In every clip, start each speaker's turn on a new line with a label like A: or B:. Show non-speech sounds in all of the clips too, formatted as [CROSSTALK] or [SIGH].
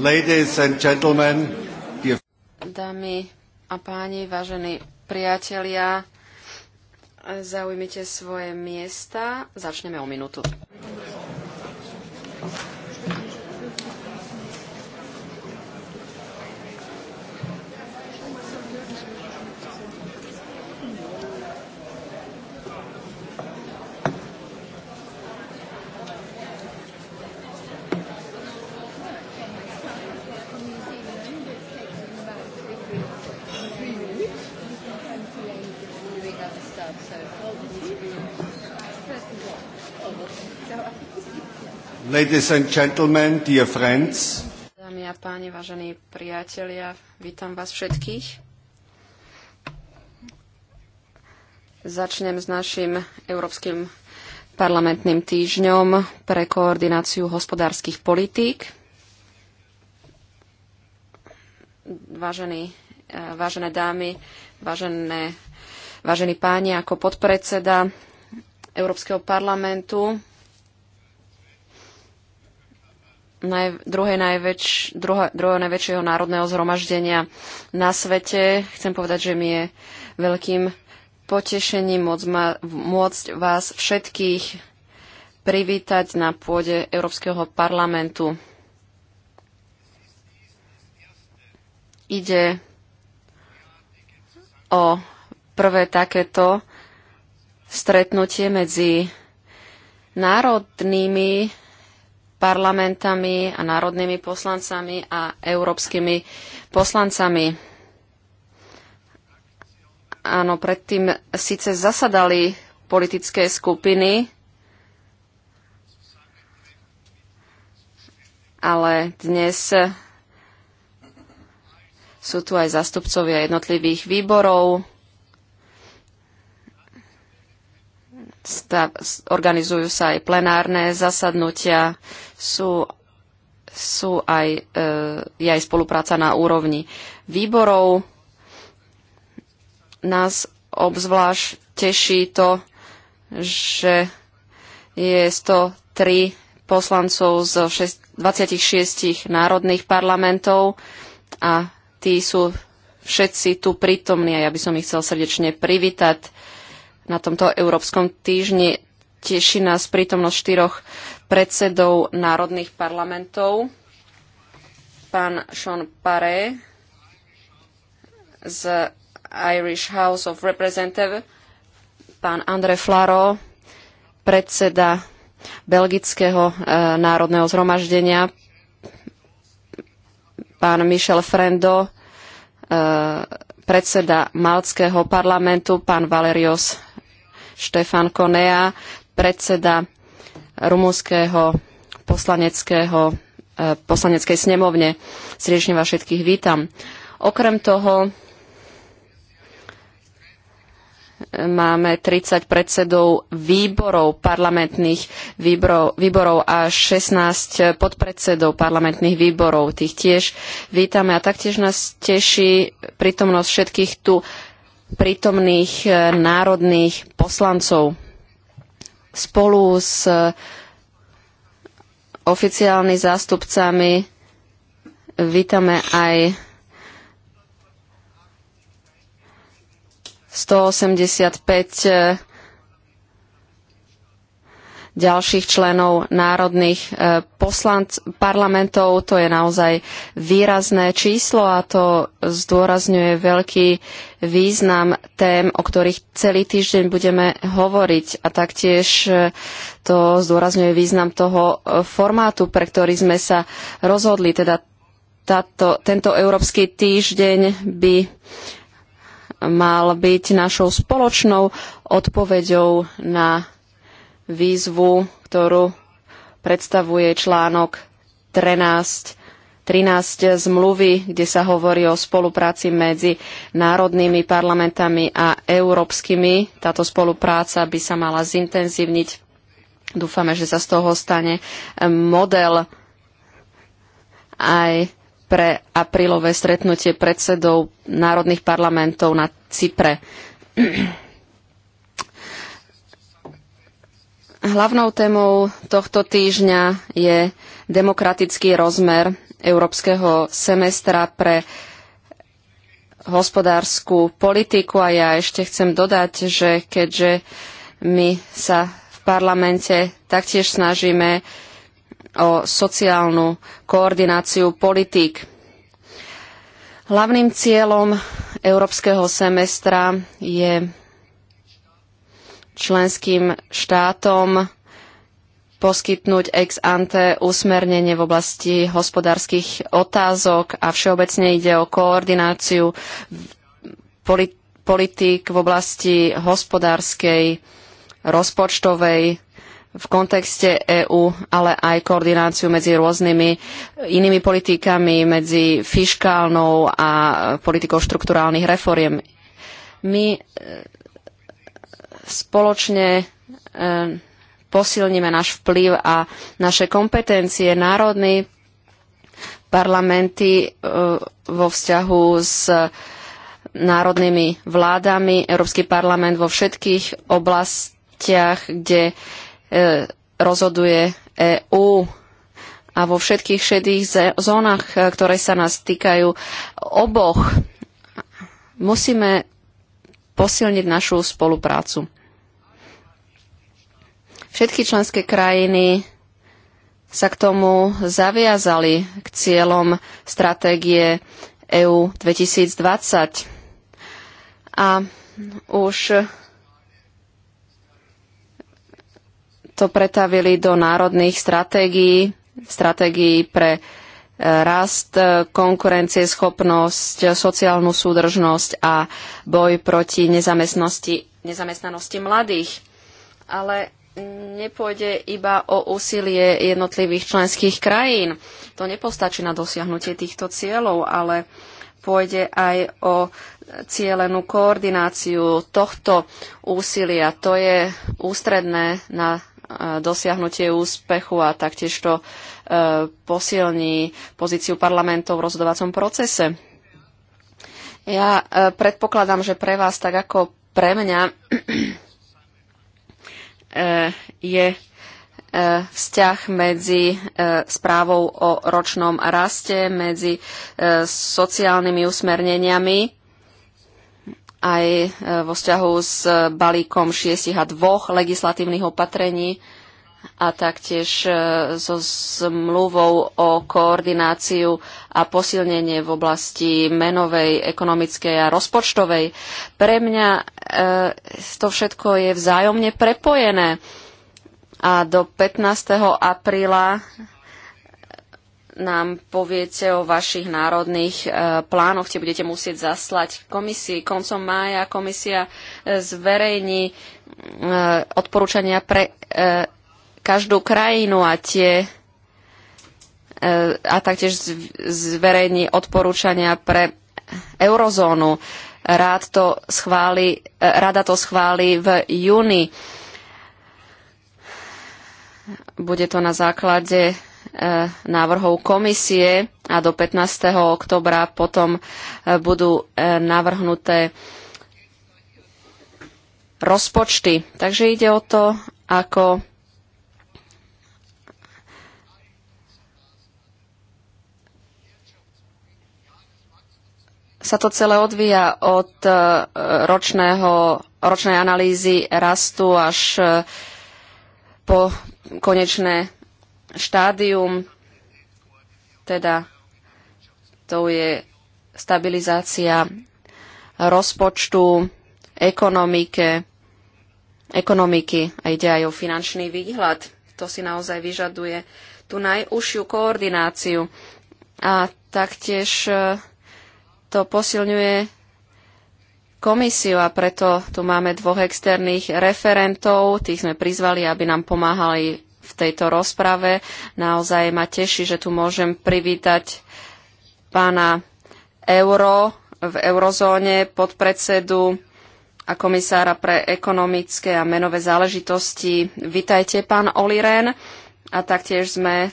A: Ladies and gentlemen,
B: Dámy a páni, vážení priatelia, zaujmite svoje miesta. Začneme o minútu. Ladies and gentlemen, dear friends. Dámy a páni, vážení priatelia, vítam vás všetkých. Začnem s našim Európskym parlamentným týždňom pre koordináciu hospodárskych politík. Vážení, eh, vážené dámy, vážené, vážení páni, ako podpredseda Európskeho parlamentu naj, druhej najväč, druha, druhého najväčšieho národného zhromaždenia na svete. Chcem povedať, že mi je veľkým potešením môcť, ma, môcť vás všetkých privítať na pôde Európskeho parlamentu. Ide o prvé takéto stretnutie medzi národnými parlamentami a národnými poslancami a európskymi poslancami. Áno, predtým síce zasadali politické skupiny, ale dnes sú tu aj zastupcovia jednotlivých výborov, stav, organizujú sa aj plenárne zasadnutia, sú, sú aj, e, je aj spolupráca na úrovni výborov. Nás obzvlášť teší to, že je 103 poslancov z 26 národných parlamentov a tí sú všetci tu prítomní a ja by som ich chcel srdečne privítať na tomto Európskom týždni. Teší nás prítomnosť štyroch predsedov národných parlamentov. Pán Sean Paré z Irish House of Representatives, pán André Flaro, predseda Belgického e, národného zhromaždenia, pán Michel Frendo, e, predseda Malckého parlamentu, pán Valerios Štefan Konea, predseda rumúnskeho poslaneckého, e, poslaneckej snemovne. Srdečne vás všetkých vítam. Okrem toho e, máme 30 predsedov výborov parlamentných výborov, výborov a 16 podpredsedov parlamentných výborov. Tých tiež vítame a taktiež nás teší prítomnosť všetkých tu prítomných e, národných poslancov. Spolu s e, oficiálnymi zástupcami vítame aj 185 ďalších členov národných e, poslanc, parlamentov. To je naozaj výrazné číslo a to zdôrazňuje veľký význam tém, o ktorých celý týždeň budeme hovoriť a taktiež e, to zdôrazňuje význam toho e, formátu, pre ktorý sme sa rozhodli, teda táto, tento Európsky týždeň by mal byť našou spoločnou odpoveďou na výzvu, ktorú predstavuje článok 13 13 zmluvy, kde sa hovorí o spolupráci medzi národnými parlamentami a európskymi. Táto spolupráca by sa mala zintenzívniť. Dúfame, že sa z toho stane eh, model aj pre aprílové stretnutie predsedov národných parlamentov na Cypre. [CLEARS THROAT] Hlavnou témou tohto týždňa je demokratický rozmer európskeho semestra pre hospodárskú politiku a ja ešte chcem dodať, že keďže my sa v parlamente taktiež snažíme o sociálnu koordináciu politík. Hlavným cieľom európskeho semestra je členským štátom poskytnúť ex ante usmernenie v oblasti hospodárskych otázok a všeobecne ide o koordináciu polit- politík v oblasti hospodárskej, rozpočtovej, v kontexte EÚ, ale aj koordináciu medzi rôznymi inými politikami, medzi fiškálnou a politikou štrukturálnych refóriem. My spoločne e, posilníme náš vplyv a naše kompetencie. Národný parlamenty e, vo vzťahu s národnými vládami, Európsky parlament vo všetkých oblastiach, kde e, rozhoduje EÚ a vo všetkých šedých zónach, ktoré sa nás týkajú oboch. Musíme posilniť našu spoluprácu. Všetky členské krajiny sa k tomu zaviazali k cieľom stratégie EU 2020. A už to pretavili do národných stratégií, stratégií pre rast, konkurencieschopnosť, sociálnu súdržnosť a boj proti nezamestnanosti mladých. Ale nepôjde iba o úsilie jednotlivých členských krajín. To nepostačí na dosiahnutie týchto cieľov, ale pôjde aj o cielenú koordináciu tohto úsilia. To je ústredné na eh, dosiahnutie úspechu a taktiež to posilní pozíciu parlamentov v rozhodovacom procese. Ja e, predpokladám, že pre vás, tak ako pre mňa, [CLEARS THROAT] e, je e, vzťah medzi správou o ročnom raste, medzi sociálnymi usmerneniami aj vo vzťahu s balíkom 6 a 2 legislatívnych opatrení a taktiež e, so zmluvou o koordináciu a posilnenie v oblasti menovej, ekonomickej a rozpočtovej. Pre mňa e, to všetko je vzájomne prepojené a do 15. apríla nám poviete o vašich národných e, plánoch, tie budete musieť zaslať komisii. Koncom mája komisia zverejní odporúčania pre každú krajinu a tie e, a taktiež zverejní odporúčania pre eurozónu. Rád to schváli, e, rada to schváli v júni. Bude to na základe e, návrhov komisie a do 15. oktobra potom budú navrhnuté rozpočty. Takže ide o to, ako sa to celé odvíja od e, ročného, ročnej analýzy rastu až e, po konečné štádium, teda to je stabilizácia rozpočtu, ekonomike, ekonomiky a ide aj o finančný výhľad. To si naozaj vyžaduje tú najúžšiu koordináciu a taktiež e, to posilňuje komisiu a preto tu máme dvoch externých referentov. Tých sme prizvali, aby nám pomáhali v tejto rozprave. Naozaj ma teší, že tu môžem privítať pána Euro v eurozóne, podpredsedu a komisára pre ekonomické a menové záležitosti. Vitajte, pán Oliren. A taktiež sme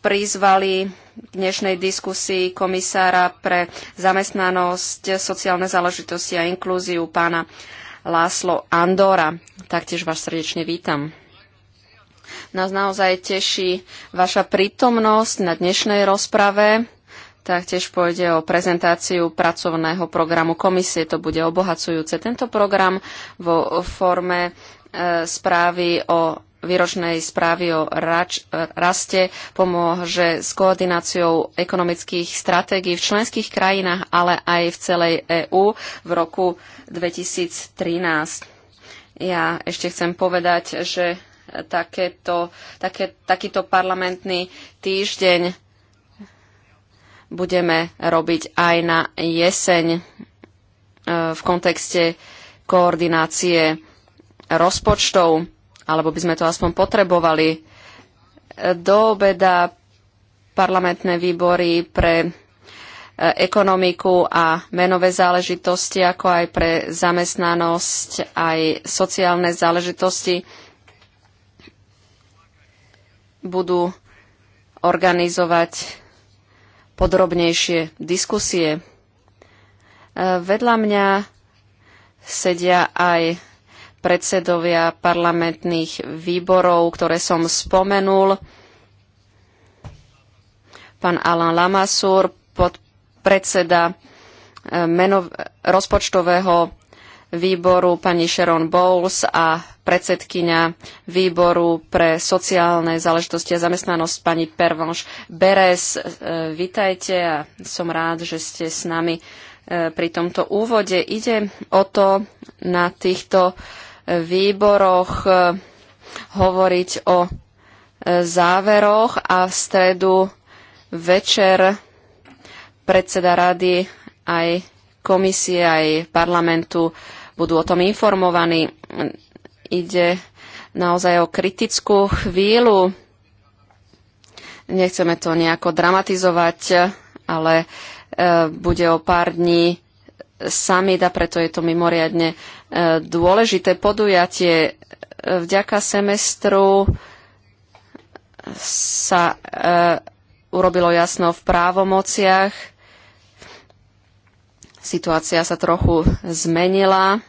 B: prizvali k dnešnej diskusii komisára pre zamestnanosť, sociálne záležitosti a inklúziu pána Láslo Andora. Taktiež vás srdečne vítam. Nás naozaj teší vaša prítomnosť na dnešnej rozprave. Taktiež pôjde o prezentáciu pracovného programu komisie. To bude obohacujúce. Tento program vo forme e, správy o výročnej správy o rač, raste pomôže s koordináciou ekonomických stratégií v členských krajinách, ale aj v celej EÚ v roku 2013. Ja ešte chcem povedať, že takéto, také, takýto parlamentný týždeň budeme robiť aj na jeseň e, v kontekste koordinácie rozpočtov alebo by sme to aspoň potrebovali. Do obeda parlamentné výbory pre e, ekonomiku a menové záležitosti, ako aj pre zamestnanosť, aj sociálne záležitosti budú organizovať podrobnejšie diskusie. E, vedľa mňa sedia aj predsedovia parlamentných výborov, ktoré som spomenul. Pán Alain Lamassur, podpredseda eh, menov, rozpočtového výboru pani Sharon Bowles a predsedkyňa výboru pre sociálne záležitosti a zamestnanosť pani Pervanš Beres. Eh, vítajte a som rád, že ste s nami eh, pri tomto úvode. Ide o to na týchto výboroch e, hovoriť o e, záveroch a v stredu večer predseda rady aj komisie, aj parlamentu budú o tom informovaní. Ide naozaj o kritickú chvíľu. Nechceme to nejako dramatizovať, ale e, bude o pár dní summit a preto je to mimoriadne e, dôležité podujatie. E, vďaka semestru sa e, urobilo jasno v právomociach. Situácia sa trochu zmenila.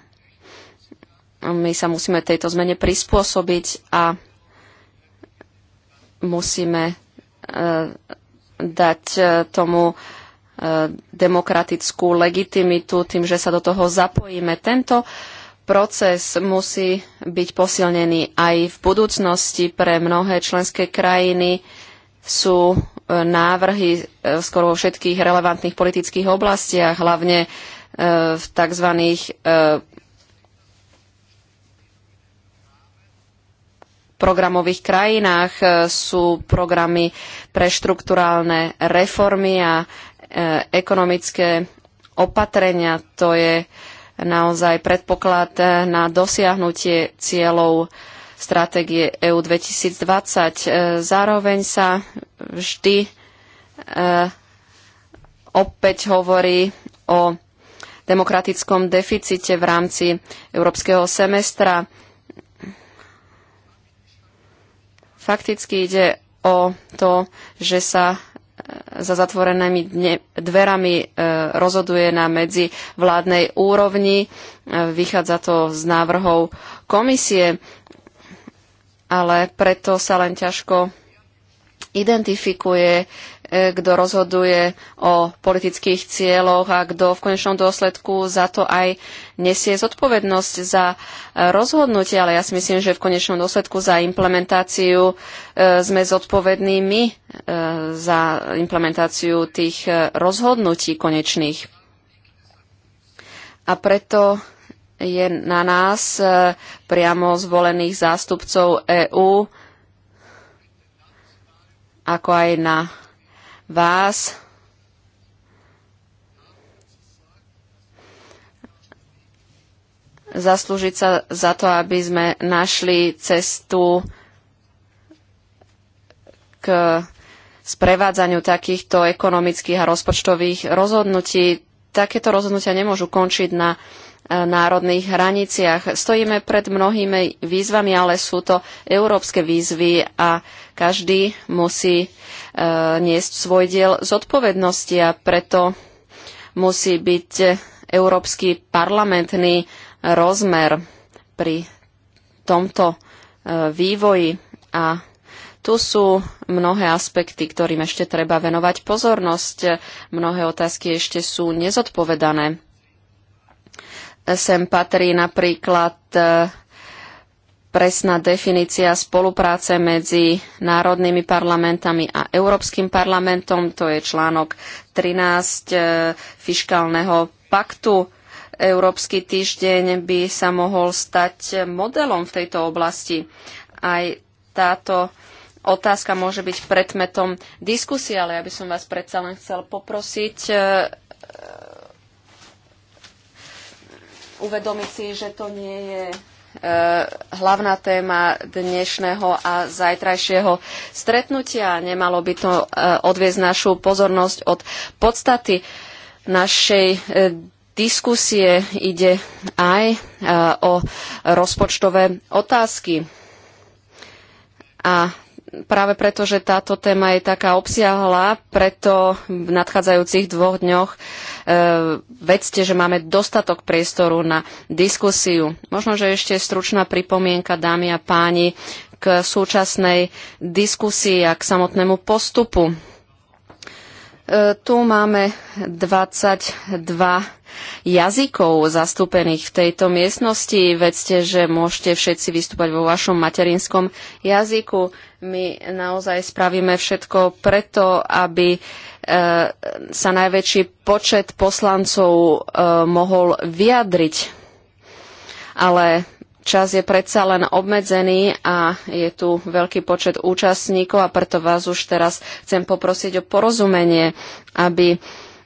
B: My sa musíme tejto zmene prispôsobiť a musíme dať tomu demokratickú legitimitu tým, že sa do toho zapojíme. Tento proces musí byť posilnený aj v budúcnosti pre mnohé členské krajiny. Sú e, návrhy e, skoro vo všetkých relevantných politických oblastiach, hlavne e, v tzv. programových krajinách sú programy pre štrukturálne reformy a Eh, ekonomické opatrenia. To je naozaj predpoklad na dosiahnutie cieľov stratégie EU 2020. Eh, zároveň sa vždy eh, opäť hovorí o demokratickom deficite v rámci európskeho semestra. Fakticky ide o to, že sa za zatvorenými dne, dverami e, rozhoduje na medzi vládnej úrovni. E, vychádza to z návrhov komisie, ale preto sa len ťažko identifikuje kto rozhoduje o politických cieľoch a kto v konečnom dôsledku za to aj nesie zodpovednosť za e, rozhodnutie, ale ja si myslím, že v konečnom dôsledku za implementáciu e, sme zodpovední my e, za implementáciu tých rozhodnutí konečných. A preto je na nás priamo zvolených zástupcov EÚ, ako aj na vás zaslúžiť sa za to, aby sme našli cestu k sprevádzaniu takýchto ekonomických a rozpočtových rozhodnutí. Takéto rozhodnutia nemôžu končiť na e, národných hraniciach. Stojíme pred mnohými výzvami, ale sú to európske výzvy a každý musí Eh, niesť svoj diel zodpovednosti a preto musí byť európsky parlamentný rozmer pri tomto eh, vývoji a tu sú mnohé aspekty, ktorým ešte treba venovať pozornosť. Mnohé otázky ešte sú nezodpovedané. Sem patrí napríklad eh, presná definícia spolupráce medzi národnými parlamentami a Európskym parlamentom. To je článok 13 e, fiškálneho paktu. Európsky týždeň by sa mohol stať modelom v tejto oblasti. Aj táto otázka môže byť predmetom diskusie, ale ja by som vás predsa len chcel poprosiť e, e, uvedomiť si, že to nie je Eh, hlavná téma dnešného a zajtrajšieho stretnutia. Nemalo by to eh, odviezť našu pozornosť od podstaty našej eh, diskusie. Ide aj o rozpočtové otázky. A práve preto, že táto téma je taká obsiahla, preto v nadchádzajúcich dvoch dňoch e, vedzte, že máme dostatok priestoru na diskusiu. Možno, že ešte stručná pripomienka, dámy a páni, k súčasnej diskusii a k samotnému postupu. E, tu máme 22 jazykov zastúpených v tejto miestnosti. Vedzte, že môžete všetci vystúpať vo vašom materinskom jazyku. My naozaj spravíme všetko preto, aby e, sa najväčší počet poslancov e, mohol vyjadriť. Ale Čas je predsa len obmedzený a je tu veľký počet účastníkov a preto vás už teraz chcem poprosiť o porozumenie, aby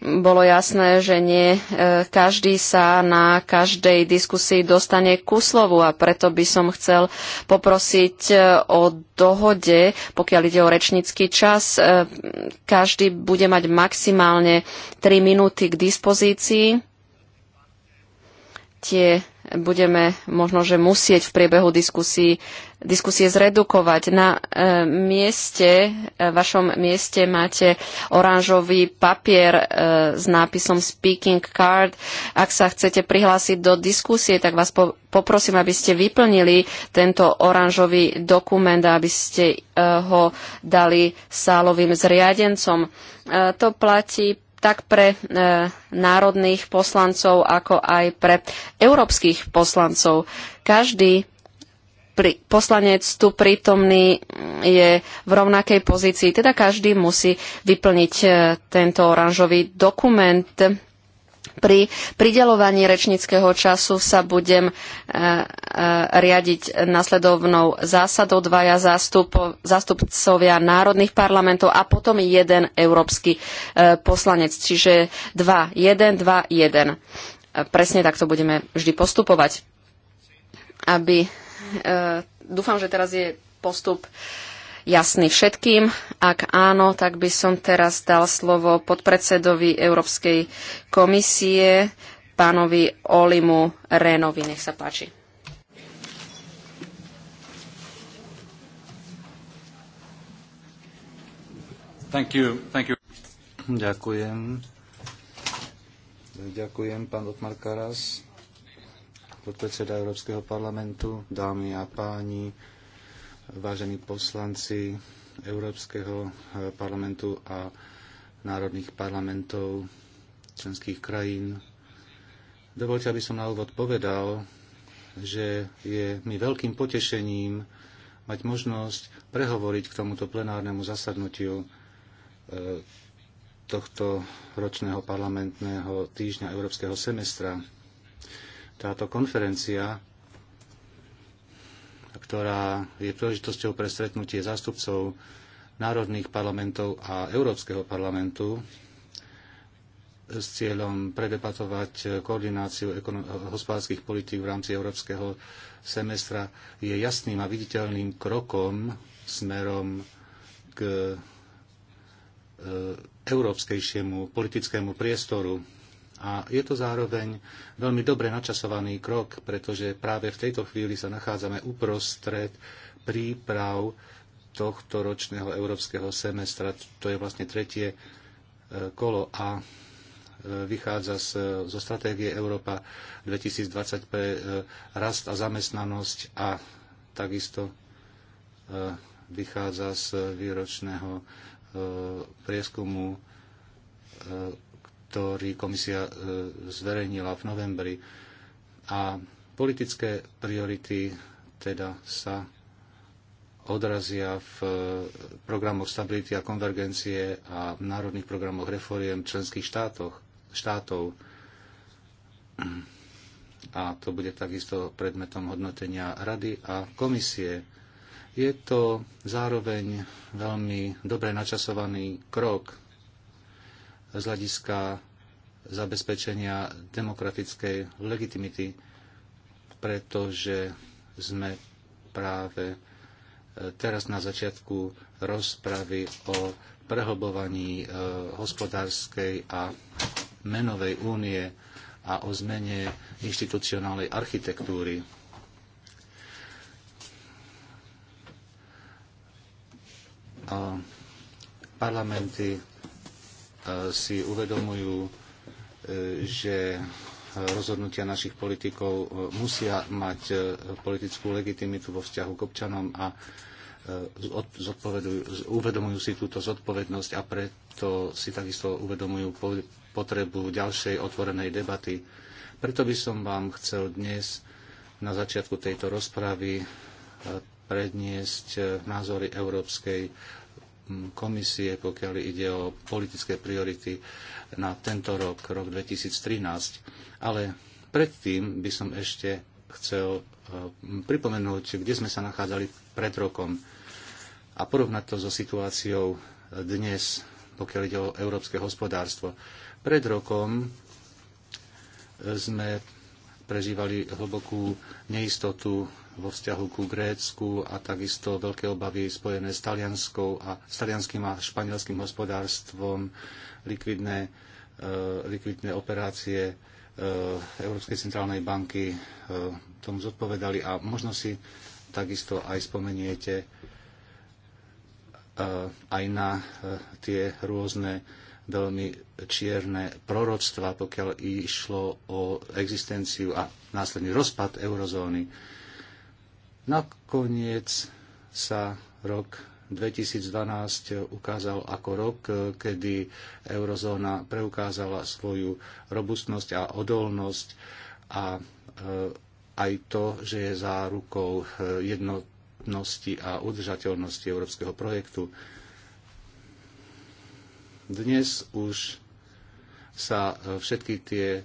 B: bolo jasné, že nie e, každý sa na každej diskusii dostane ku slovu a preto by som chcel poprosiť e, o dohode, pokiaľ ide o rečnícky čas. E, každý bude mať maximálne 3 minúty k dispozícii. Tie budeme možno, že musieť v priebehu diskusí, diskusie zredukovať. Na e, mieste, e, vašom mieste máte oranžový papier e, s nápisom Speaking Card. Ak sa chcete prihlásiť do diskusie, tak vás po, poprosím, aby ste vyplnili tento oranžový dokument a aby ste e, ho dali sálovým zriadencom. E, to platí tak pre e, národných poslancov, ako aj pre európskych poslancov. Každý pri, poslanec tu prítomný je v rovnakej pozícii, teda každý musí vyplniť e, tento oranžový dokument. Pri pridelovaní rečníckého času sa budem e, e, riadiť nasledovnou zásadou dvaja zástupcovia národných parlamentov a potom jeden európsky e, poslanec. Čiže 2, 1, 2, 1. Presne takto budeme vždy postupovať. Aby, dúfam, že teraz je postup jasný všetkým. Ak áno, tak by som teraz dal slovo podpredsedovi Európskej komisie, pánovi Olimu Renovi. Nech sa páči.
A: Thank you. Thank you. Ďakujem. Ďakujem, pán Otmar Karas, podpredseda Európskeho parlamentu, dámy a páni vážení poslanci Európskeho eh, parlamentu a národných parlamentov členských krajín. Dovolte, aby som na úvod povedal, že je mi veľkým potešením mať možnosť prehovoriť k tomuto plenárnemu zasadnutiu eh, tohto ročného parlamentného týždňa Európskeho semestra. Táto konferencia ktorá je príležitosťou pre stretnutie zástupcov národných parlamentov a Európskeho parlamentu s cieľom predebatovať koordináciu hospodárskych politík v rámci Európskeho semestra je jasným a viditeľným krokom smerom k e, európskejšiemu politickému priestoru a je to zároveň veľmi dobre načasovaný krok, pretože práve v tejto chvíli sa nachádzame uprostred príprav tohto ročného európskeho semestra. To je vlastne tretie e, kolo a e, vychádza z, zo stratégie Európa 2020 pre e, rast a zamestnanosť a takisto vychádza z výročného prieskumu ktorý komisia e, zverejnila v novembri. A politické priority teda sa odrazia v e, programoch stability a konvergencie a v národných programoch reforiem členských štátoch, štátov. A to bude takisto predmetom hodnotenia Rady a komisie. Je to zároveň veľmi dobre načasovaný krok z hľadiska zabezpečenia demokratickej legitimity, pretože sme práve e, teraz na začiatku rozpravy o prehlbovaní e, hospodárskej a menovej únie a o zmene inštitucionálnej architektúry. parlamenty si uvedomujú, e, že rozhodnutia našich politikov e, musia mať e, politickú legitimitu vo vzťahu k občanom a uvedomujú si túto zodpovednosť a preto si takisto uvedomujú potrebu ďalšej otvorenej debaty. Preto by som vám chcel dnes na začiatku tejto rozpravy predniesť názory Európskej komisie, pokiaľ ide o politické priority na tento rok, rok 2013. Ale predtým by som ešte chcel e, pripomenúť, kde sme sa nachádzali pred rokom a porovnať to so situáciou dnes, pokiaľ ide o európske hospodárstvo. Pred rokom e, sme prežívali hlbokú neistotu vo vzťahu ku Grécku a takisto veľké obavy spojené s, talianskou a, s talianským a španielským hospodárstvom, likvidné, e, likvidné operácie e, Európskej centrálnej banky e, tomu zodpovedali a možno si takisto aj spomeniete e, aj na e, tie rôzne veľmi čierne proroctva, pokiaľ išlo o existenciu a následný rozpad eurozóny. Nakoniec sa rok 2012 ukázal ako rok, kedy eurozóna preukázala svoju robustnosť a odolnosť a e, aj to, že je zárukou e, jednotnosti a udržateľnosti európskeho projektu. Dnes už sa e, všetky tie e,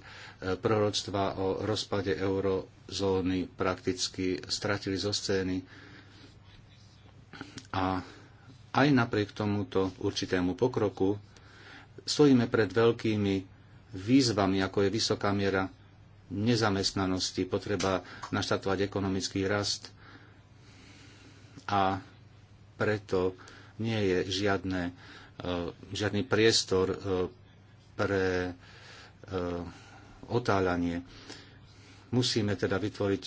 A: proroctvá o rozpade eurozóny prakticky stratili zo scény. A aj napriek tomuto určitému pokroku stojíme pred veľkými výzvami, ako je vysoká miera nezamestnanosti, potreba naštatovať ekonomický rast a preto nie je žiadne E, žiadny priestor e, pre e, otáľanie. Musíme teda vytvoriť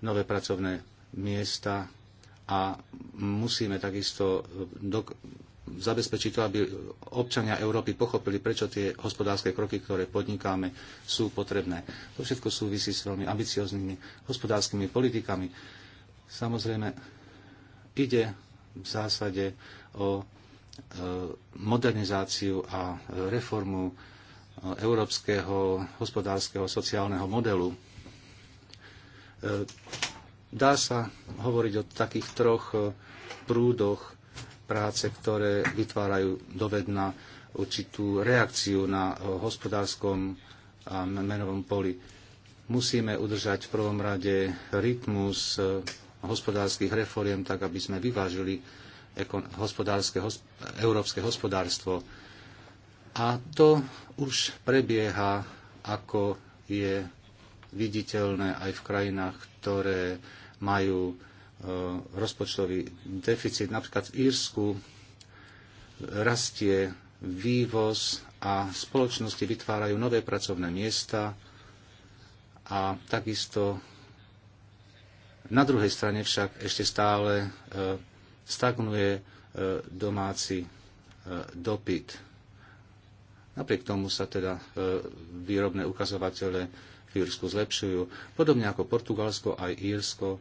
A: nové pracovné miesta a musíme takisto zabezpečiť to, aby občania Európy pochopili, prečo tie hospodárske kroky, ktoré podnikáme, sú potrebné. To všetko súvisí s veľmi ambicioznými hospodárskymi politikami. Samozrejme, ide v zásade o e, modernizáciu a reformu e, európskeho hospodárskeho sociálneho modelu. E, dá sa hovoriť o takých troch prúdoch práce, ktoré vytvárajú dovedna určitú reakciu na hospodárskom a menovom poli. Musíme udržať v prvom rade rytmus hospodárskych refóriem, tak aby sme vyvážili hospodárske, európske hospodárstvo. A to už prebieha, ako je viditeľné aj v krajinách, ktoré majú e, rozpočtový deficit. Napríklad v Írsku rastie vývoz a spoločnosti vytvárajú nové pracovné miesta a takisto na druhej strane však ešte stále e, stagnuje e, domáci e, dopyt. Napriek tomu sa teda e, výrobné ukazovatele v Írsku zlepšujú. Podobne ako Portugalsko, aj Írsko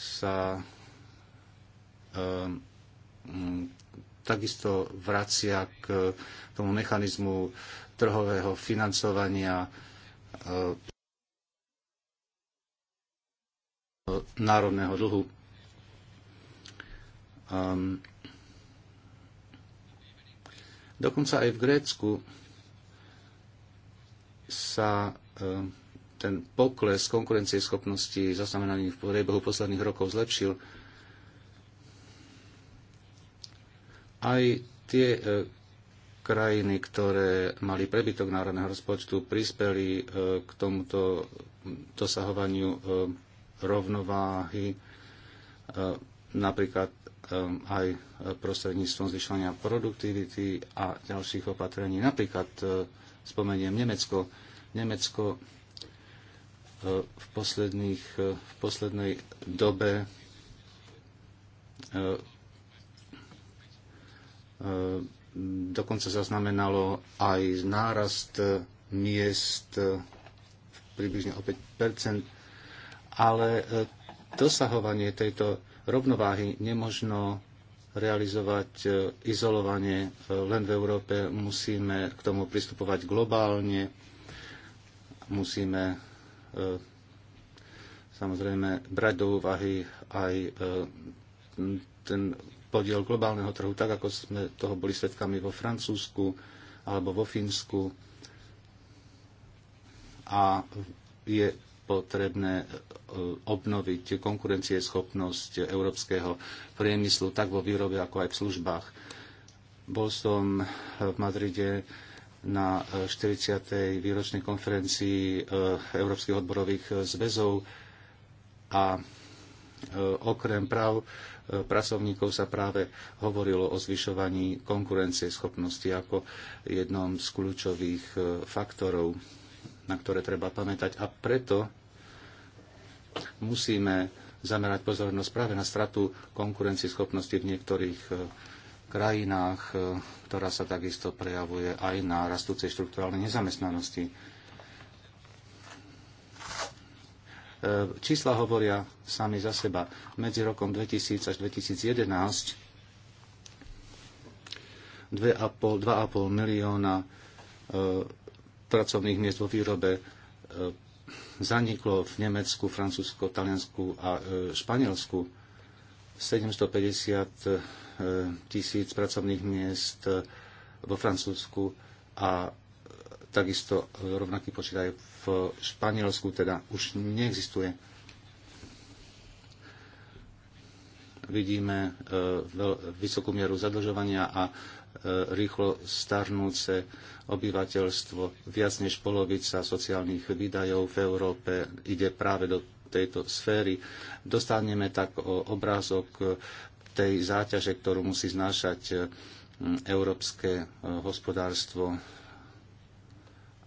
A: sa takisto vracia k tomu mechanizmu trhového financovania národného dlhu Um, dokonca aj v Grécku sa um, ten pokles konkurencieschopnosti zaznamenaný v priebehu posledných rokov zlepšil. Aj tie e, krajiny, ktoré mali prebytok národného rozpočtu, prispeli e, k tomuto dosahovaniu e, rovnováhy. E, napríklad Um, aj prostredníctvom zvyšovania produktivity a ďalších opatrení. Napríklad uh, spomeniem Nemecko. Nemecko uh, v, posledných, uh, v poslednej dobe dokonca zaznamenalo aj nárast miest približne o 5 ale dosahovanie tejto rovnováhy nemožno realizovať e, izolovanie e, len v Európe. Musíme k tomu pristupovať globálne. Musíme e, samozrejme brať do úvahy aj ten podiel globálneho trhu, tak ako sme toho boli svetkami vo Francúzsku alebo vo Fínsku. A je potrebné e, obnoviť konkurencieschopnosť európskeho priemyslu tak vo výrobe, ako aj v službách. Bol som v Madride na 40. E, výročnej konferencii e, Európskych odborových zväzov a okrem práv pracovníkov sa práve hovorilo o zvyšovaní konkurencie schopnosti ako jednom z kľúčových faktorov, na ktoré treba pamätať. A preto musíme zamerať pozornosť práve na stratu konkurencieschopnosti v niektorých e, krajinách, e, ktorá sa takisto prejavuje aj na rastúcej štruktúrálnej nezamestnanosti. E, čísla hovoria sami za seba. Medzi rokom 2000 až 2011 2,5, 2,5 milióna pracovných miest vo výrobe zaniklo v Nemecku, Francúzsku, Taliansku a e, Španielsku. 750 e, tisíc pracovných miest e, vo Francúzsku a takisto rovnaký počet aj v Španielsku, teda už neexistuje. Vidíme vysokú mieru zadlžovania a E, rýchlo starnúce obyvateľstvo. Viac než polovica sociálnych výdajov v Európe ide práve do tejto sféry. Dostaneme tak obrázok tej záťaže, ktorú musí znášať e, európske e, hospodárstvo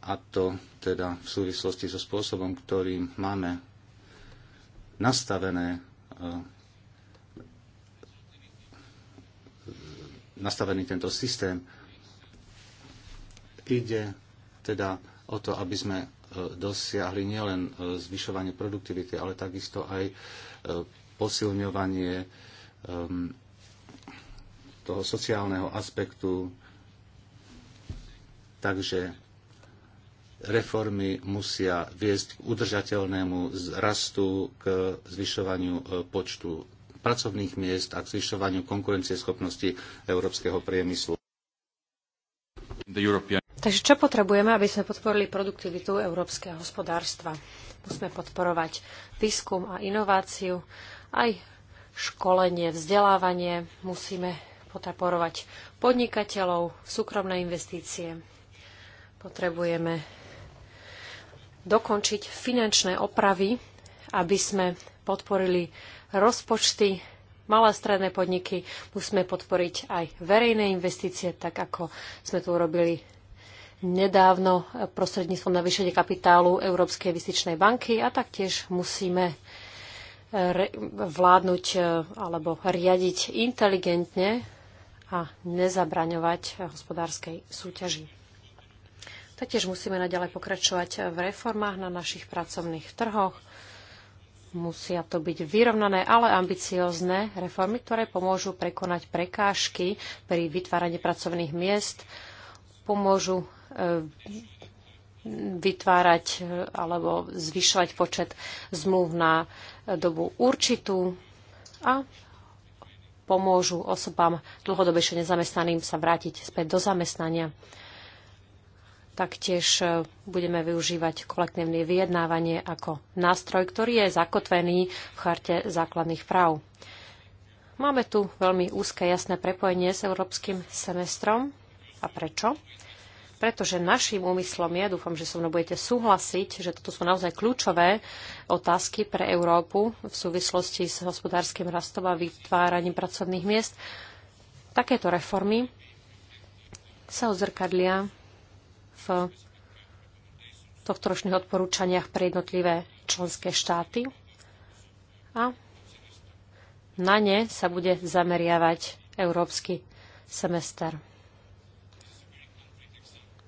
A: a to teda v súvislosti so spôsobom, ktorým máme nastavené nastavený tento systém. Ide teda o to, aby sme e, dosiahli nielen e, zvyšovanie produktivity, ale takisto aj e, posilňovanie toho sociálneho aspektu. Takže reformy musia viesť k udržateľnému rastu, k zvyšovaniu počtu pracovných miest a k zvyšovaniu konkurencieschopnosti európskeho priemyslu.
C: Takže čo potrebujeme, aby sme podporili produktivitu európskeho hospodárstva? Musíme podporovať výskum a inováciu, aj školenie, vzdelávanie. Musíme podporovať podnikateľov, súkromné investície. Potrebujeme dokončiť finančné opravy, aby sme podporili rozpočty, malé stredné podniky, musíme podporiť aj verejné investície, tak ako sme to urobili nedávno prostredníctvom navýšenia kapitálu Európskej investičnej banky a taktiež musíme vládnuť e, alebo riadiť inteligentne a nezabraňovať hospodárskej súťaži. Taktiež musíme naďalej pokračovať v reformách na našich pracovných trhoch. Musia to byť vyrovnané, ale ambiciozne reformy, ktoré pomôžu prekonať prekážky pri vytváraní pracovných miest, pomôžu e, vytvárať e, alebo zvyšovať počet zmluv na e, dobu určitú a pomôžu osobám dlhodobejšie nezamestnaným sa vrátiť späť do zamestnania. Taktiež e, budeme využívať kolektívne vyjednávanie ako nástroj, ktorý je zakotvený v charte základných práv. Máme tu veľmi úzke jasné prepojenie s európskym semestrom. A prečo? Pretože našim úmyslom je, dúfam, že so mnou budete súhlasiť, že toto sú naozaj kľúčové otázky pre Európu v súvislosti s hospodárskym rastom a vytváraním pracovných miest. Takéto reformy sa ozrkadlia v tohtoročných odporúčaniach pre jednotlivé členské štáty a na ne sa bude zameriavať európsky semester.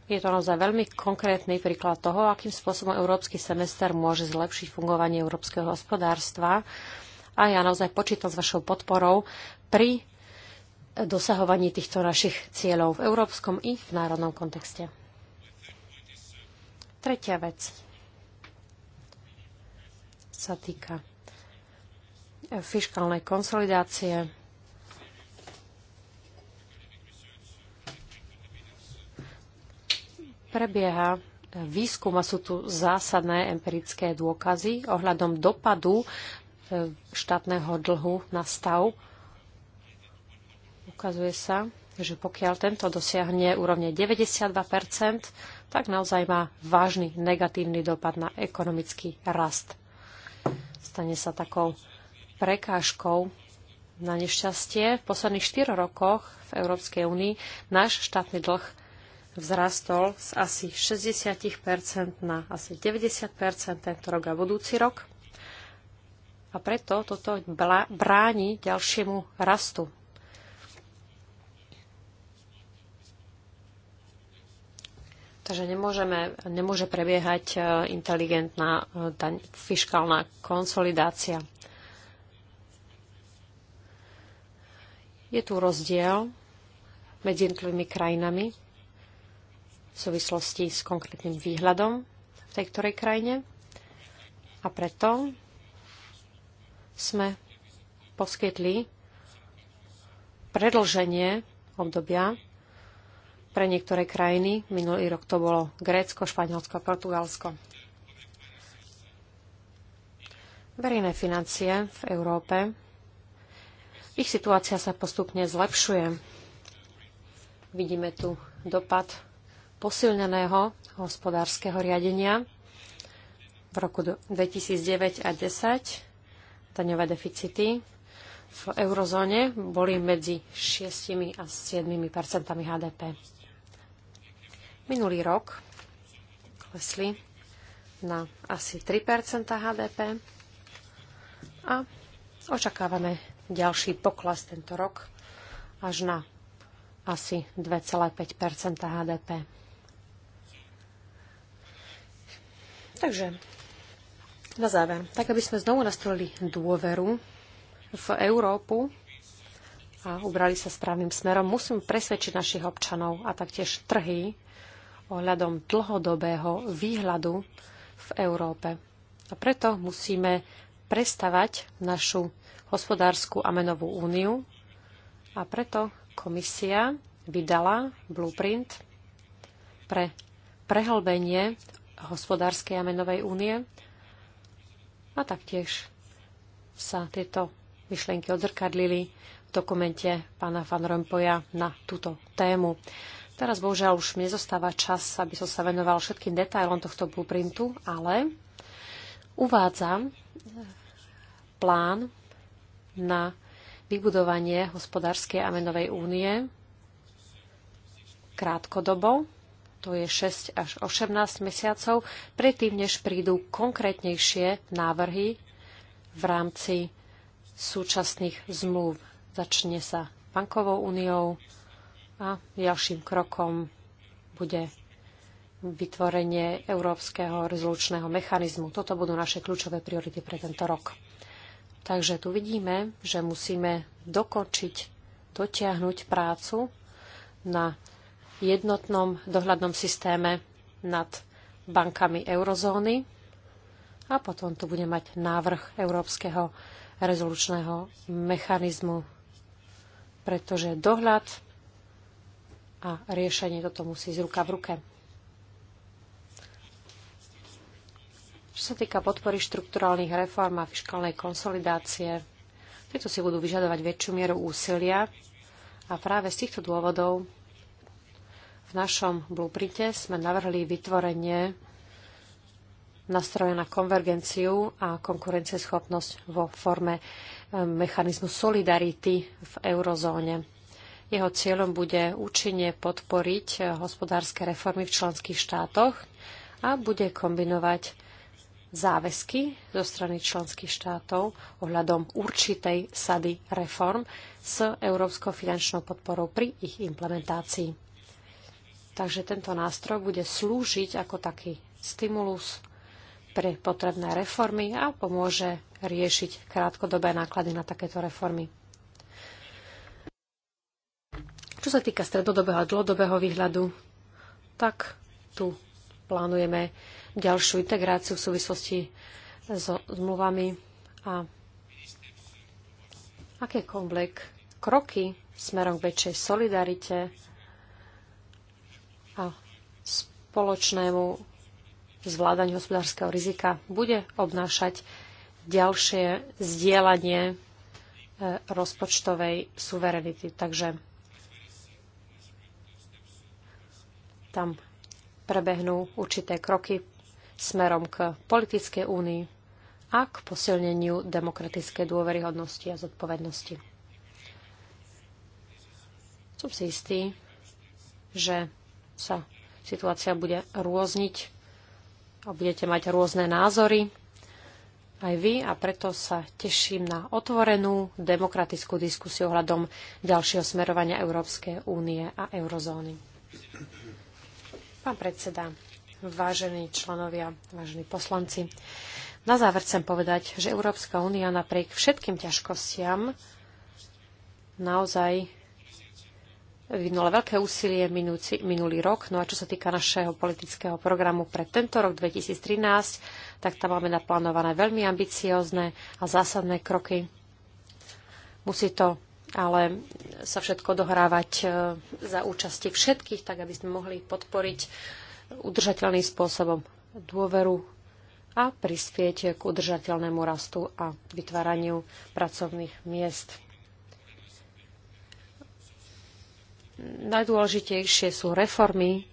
C: Je to naozaj veľmi konkrétny príklad toho, akým spôsobom európsky semester môže zlepšiť fungovanie európskeho hospodárstva. A ja naozaj počítam s vašou podporou pri dosahovaní týchto našich cieľov v európskom i v národnom kontexte. Tretia vec sa týka eh, fiskálnej konsolidácie. Prebieha eh, výskum a sú tu zásadné empirické dôkazy ohľadom dopadu eh, štátneho dlhu na stav. Ukazuje sa, že pokiaľ tento dosiahne úrovne 92 tak naozaj má vážny negatívny dopad na ekonomický rast. Stane sa takou prekážkou na nešťastie. V posledných 4 rokoch v Európskej únii náš štátny dlh vzrastol z asi 60% na asi 90% tento rok a budúci rok. A preto toto bráni ďalšiemu rastu Takže nemôžeme, nemôže prebiehať e, inteligentná e, daň, fiskálna konsolidácia. Je tu rozdiel medzi jednotlivými krajinami v súvislosti s konkrétnym výhľadom v tej ktorej krajine. A preto sme poskytli predlženie obdobia pre niektoré krajiny. Minulý rok to bolo Grécko, Španielsko a Portugalsko. Verejné financie v Európe. Ich situácia sa postupne zlepšuje. Vidíme tu dopad posilneného hospodárskeho riadenia v roku 2009 a 2010 daňové deficity v eurozóne boli medzi 6 a 7 percentami HDP. Minulý rok klesli na asi 3 HDP a očakávame ďalší pokles tento rok až na asi 2,5 HDP. Takže na záver, tak aby sme znovu nastolili dôveru v Európu a ubrali sa správnym smerom, musím presvedčiť našich občanov a taktiež trhy, ohľadom dlhodobého výhľadu v Európe. A preto musíme prestavať našu hospodárskú a menovú úniu a preto komisia vydala blueprint pre prehlbenie hospodárskej a menovej únie a taktiež sa tieto myšlienky odzrkadlili v dokumente pána Van Rompuya na túto tému. Teraz bohužiaľ už mi nezostáva čas, aby som sa venoval všetkým detailom tohto blueprintu, ale uvádzam eh, plán na vybudovanie hospodárskej a menovej únie krátkodobo, to je 6 až 18 mesiacov, predtým, než prídu konkrétnejšie návrhy v rámci súčasných zmluv. Začne sa bankovou úniou, a ďalším krokom bude vytvorenie európskeho rezolučného mechanizmu. Toto budú naše kľúčové priority pre tento rok. Takže tu vidíme, že musíme dokončiť, dotiahnuť prácu na jednotnom dohľadnom systéme nad bankami eurozóny a potom tu bude mať návrh európskeho rezolučného mechanizmu, pretože dohľad a riešenie toto musí z ruka v ruke. Čo sa týka podpory štrukturálnych reform a fiskálnej konsolidácie, tieto si budú vyžadovať väčšiu mieru úsilia a práve z týchto dôvodov v našom blueprinte sme navrhli vytvorenie nastroje na konvergenciu a konkurencieschopnosť vo forme eh, mechanizmu solidarity v eurozóne. Jeho cieľom bude účinne podporiť hospodárske reformy v členských štátoch a bude kombinovať záväzky zo strany členských štátov ohľadom určitej sady reform s európskou finančnou podporou pri ich implementácii. Takže tento nástroj bude slúžiť ako taký stimulus pre potrebné reformy a pomôže riešiť krátkodobé náklady na takéto reformy. Čo sa týka stredodobého a dlhodobého výhľadu, tak tu plánujeme ďalšiu integráciu v súvislosti so zmluvami a akékoľvek kroky smerom k väčšej solidarite a spoločnému zvládaniu hospodárskeho rizika bude obnášať ďalšie zdieľanie e, rozpočtovej suverenity. Takže Tam prebehnú určité kroky smerom k politickej únii a k posilneniu demokratickej dôveryhodnosti a zodpovednosti. Som si istý, že sa situácia bude rôzniť a budete mať rôzne názory aj vy a preto sa teším na otvorenú demokratickú diskusiu ohľadom ďalšieho smerovania Európskej únie a eurozóny. Pán predseda, vážení členovia, vážení poslanci, na záver chcem povedať, že Európska únia napriek všetkým ťažkostiam naozaj vyvinula veľké úsilie minúci, minulý rok. No a čo sa týka našeho politického programu pre tento rok 2013, tak tam máme naplánované veľmi ambiciózne a zásadné kroky. Musí to ale sa všetko dohrávať e, za účasti všetkých, tak aby sme mohli podporiť udržateľným spôsobom dôveru a prispieť k udržateľnému rastu a vytváraniu pracovných miest. Najdôležitejšie sú reformy,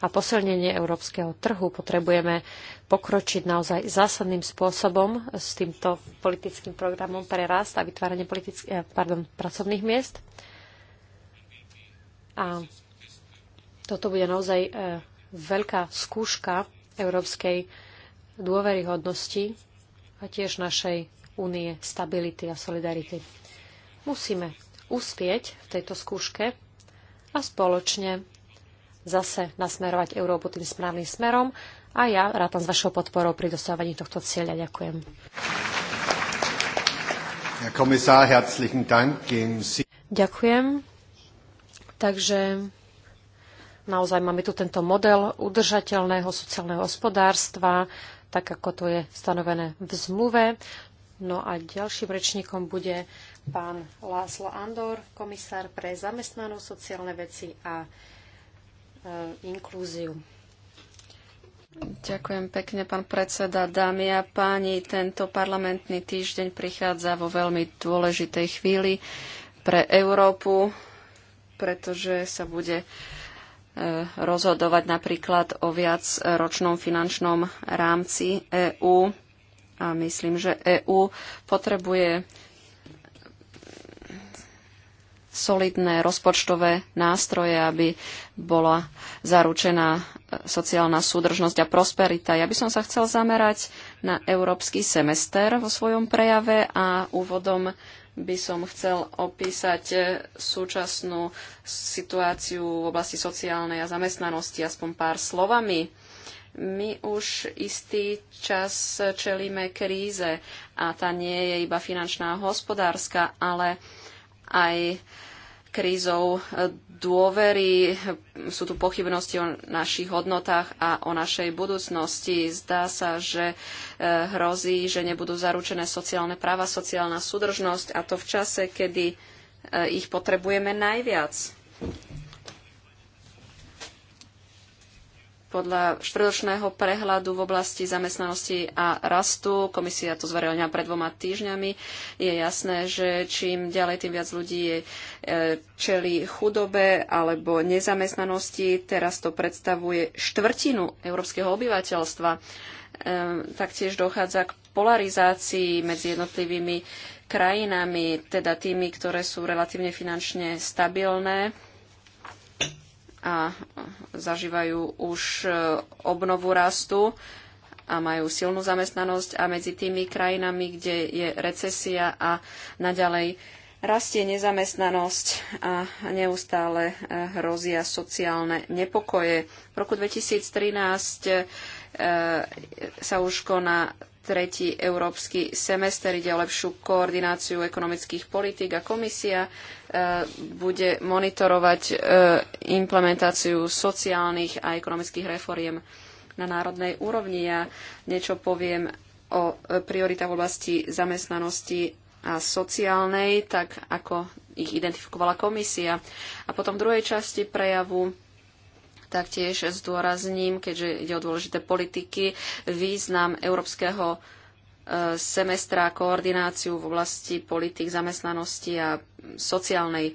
C: a posilnenie európskeho trhu. Potrebujeme pokročiť naozaj zásadným spôsobom s týmto politickým programom pre rast a vytváranie eh, pardon, pracovných miest. A toto bude naozaj eh, veľká skúška európskej dôveryhodnosti a tiež našej únie stability a solidarity. Musíme uspieť v tejto skúške a spoločne zase nasmerovať Európu tým správnym smerom a ja rátam s vašou podporou pri dosahovaní tohto cieľa. Ďakujem.
A: herzlichen Dank.
C: Ďakujem. Takže naozaj máme tu tento model udržateľného sociálneho hospodárstva, tak ako to je stanovené v zmluve. No a ďalším rečníkom bude pán Láslo Andor, komisár pre zamestnanú sociálne veci a E, inklúziu.
B: Ďakujem pekne, pán predseda. Dámy a páni, tento parlamentný týždeň prichádza vo veľmi dôležitej chvíli pre Európu, pretože sa bude e, rozhodovať napríklad o viacročnom finančnom rámci EÚ. A myslím, že EÚ potrebuje solidné rozpočtové nástroje, aby bola zaručená e, sociálna súdržnosť a prosperita. Ja by som sa chcel zamerať na európsky semester vo svojom prejave a úvodom by som chcel opísať e, súčasnú situáciu v oblasti sociálnej a zamestnanosti aspoň pár slovami. My už istý čas čelíme kríze a tá nie je iba finančná a hospodárska, ale aj krízou e, dôvery. E, sú tu pochybnosti o našich hodnotách a o našej budúcnosti. Zdá sa, že e, hrozí, že nebudú zaručené sociálne práva, sociálna súdržnosť a to v čase, kedy ich potrebujeme najviac. Podľa štvrtočného prehľadu v oblasti zamestnanosti a rastu, komisia to zverejňa pred dvoma týždňami, je jasné, že čím ďalej, tým viac ľudí je, e, čeli chudobe alebo nezamestnanosti. Teraz to predstavuje štvrtinu európskeho obyvateľstva. E, taktiež dochádza k polarizácii medzi jednotlivými krajinami, teda tými, ktoré sú relatívne finančne stabilné a zažívajú už e, obnovu rastu a majú silnú zamestnanosť a medzi tými krajinami, kde je recesia a naďalej rastie nezamestnanosť a neustále e, hrozia sociálne nepokoje. V roku 2013 e, sa už koná tretí európsky semester ide o lepšiu koordináciu ekonomických politík a komisia e, bude monitorovať e, implementáciu sociálnych a ekonomických reforiem na národnej úrovni. Ja niečo poviem o e, prioritách v oblasti zamestnanosti a sociálnej, tak ako ich identifikovala komisia. A potom v druhej časti prejavu Taktiež zdôrazním, keďže ide o dôležité politiky, význam európskeho e, semestra, a koordináciu v oblasti politik zamestnanosti a sociálnej. E,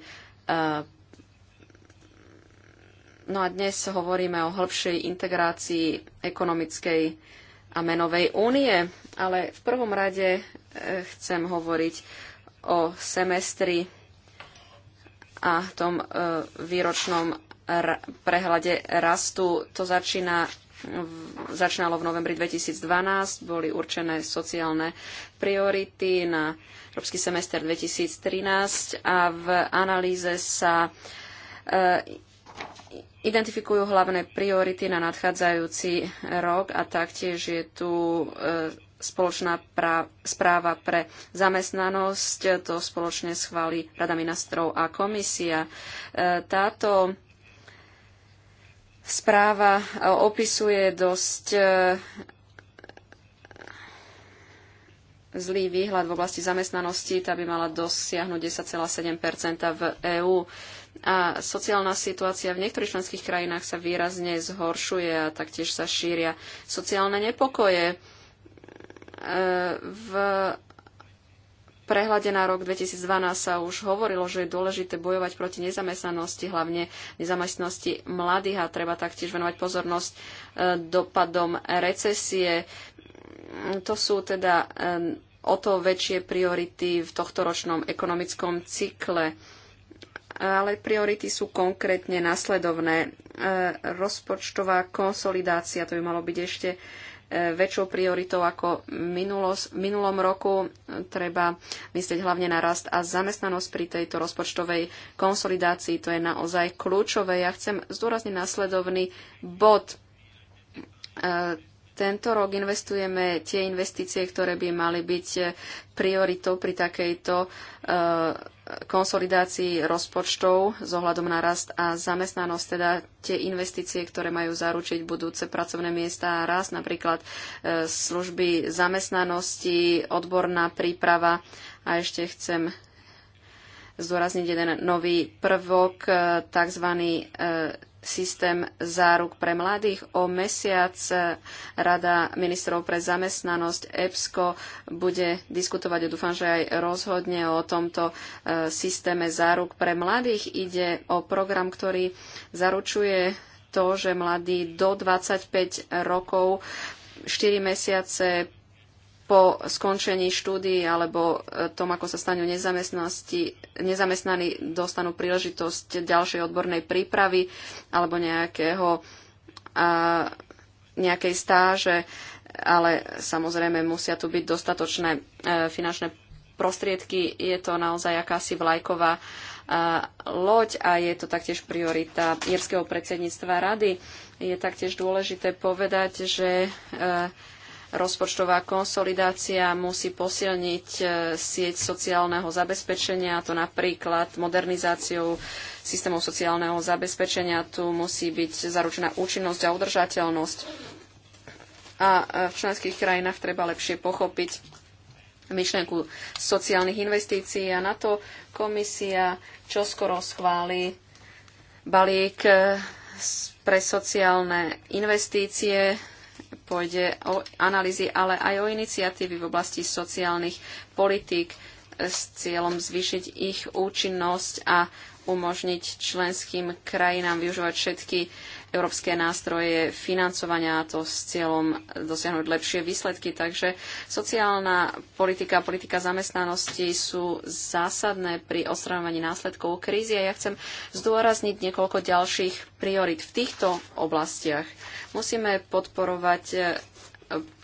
B: no a dnes hovoríme o hĺbšej integrácii ekonomickej a menovej únie, ale v prvom rade e, chcem hovoriť o semestri a tom výročnom prehľade rastu. To začína začínalo v novembri 2012, boli určené sociálne priority na Európsky semester 2013 a v analýze sa e, identifikujú hlavné priority na nadchádzajúci rok a taktiež je tu e, spoločná správa pre zamestnanosť. To spoločne schváli Rada ministrov a komisia. E, táto Správa e, opisuje dosť e, zlý výhľad v oblasti zamestnanosti, tá by mala dosiahnuť 10,7 v EÚ. A sociálna situácia v niektorých členských krajinách sa výrazne zhoršuje a taktiež sa šíria sociálne nepokoje. E, v prehľade na rok 2012 sa už hovorilo, že je dôležité bojovať proti nezamestnanosti, hlavne nezamestnanosti mladých a treba taktiež venovať pozornosť e, dopadom recesie. To sú teda e, o to väčšie priority v ročnom ekonomickom cykle. Ale priority sú konkrétne nasledovné. E, rozpočtová konsolidácia, to by malo byť ešte väčšou prioritou ako minulos, minulom roku. Treba myslieť hlavne na rast a zamestnanosť pri tejto rozpočtovej konsolidácii. To je naozaj kľúčové. Ja chcem zdôrazniť následovný bod e, tento rok investujeme tie investície, ktoré by mali byť prioritou pri takejto eh, konsolidácii rozpočtov s ohľadom na rast a zamestnanosť, teda tie investície, ktoré majú zaručiť budúce pracovné miesta a rast, napríklad eh, služby zamestnanosti, odborná príprava. A ešte chcem zdôrazniť jeden nový prvok, eh, tzv systém záruk pre mladých. O mesiac e, Rada ministrov pre zamestnanosť EPSCO bude diskutovať, a dúfam, že aj rozhodne o tomto e, systéme záruk pre mladých. Ide o program, ktorý zaručuje to, že mladí do 25 rokov 4 mesiace po skončení štúdií alebo e, tom, ako sa stanú nezamestnaní, dostanú príležitosť ďalšej odbornej prípravy alebo nejakého, a, nejakej stáže, ale samozrejme musia tu byť dostatočné e, finančné prostriedky. Je to naozaj akási vlajková a e, loď a je to taktiež priorita írskeho predsedníctva rady. Je taktiež dôležité povedať, že e, Rozpočtová konsolidácia musí posilniť e, sieť sociálneho zabezpečenia, to napríklad modernizáciou systémov sociálneho zabezpečenia. Tu musí byť zaručená účinnosť a udržateľnosť. A e, v členských krajinách treba lepšie pochopiť myšlenku sociálnych investícií a na to komisia čoskoro schváli balík e, pre sociálne investície pôjde o analýzy, ale aj o iniciatívy v oblasti sociálnych politík s cieľom zvýšiť ich účinnosť a umožniť členským krajinám využívať všetky európske nástroje financovania a to s cieľom dosiahnuť lepšie výsledky. Takže sociálna politika a politika zamestnanosti sú zásadné pri odstraňovaní následkov krízy a ja chcem zdôrazniť niekoľko ďalších priorit v týchto oblastiach. Musíme podporovať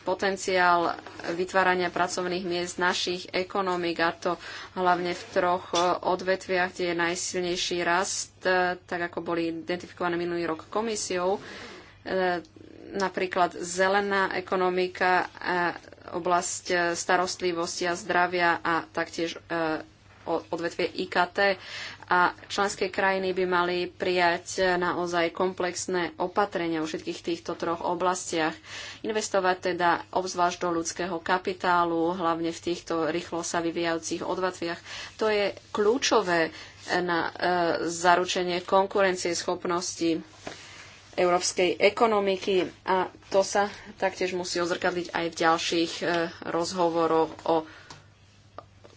B: potenciál vytvárania pracovných miest našich ekonomik a to hlavne v troch e, odvetviach, kde je najsilnejší rast, e, tak ako boli identifikované minulý rok komisiou. E, napríklad zelená ekonomika, oblasť starostlivosti a zdravia a taktiež odvetvie IKT a členské krajiny by mali prijať e, naozaj komplexné opatrenia vo všetkých týchto troch oblastiach. Investovať teda obzvlášť do ľudského kapitálu, hlavne v týchto rýchlo sa vyvíjajúcich odvatviach. To je kľúčové e, na e, zaručenie schopnosti európskej ekonomiky a to sa taktiež musí ozrkadliť aj v ďalších e, rozhovoroch o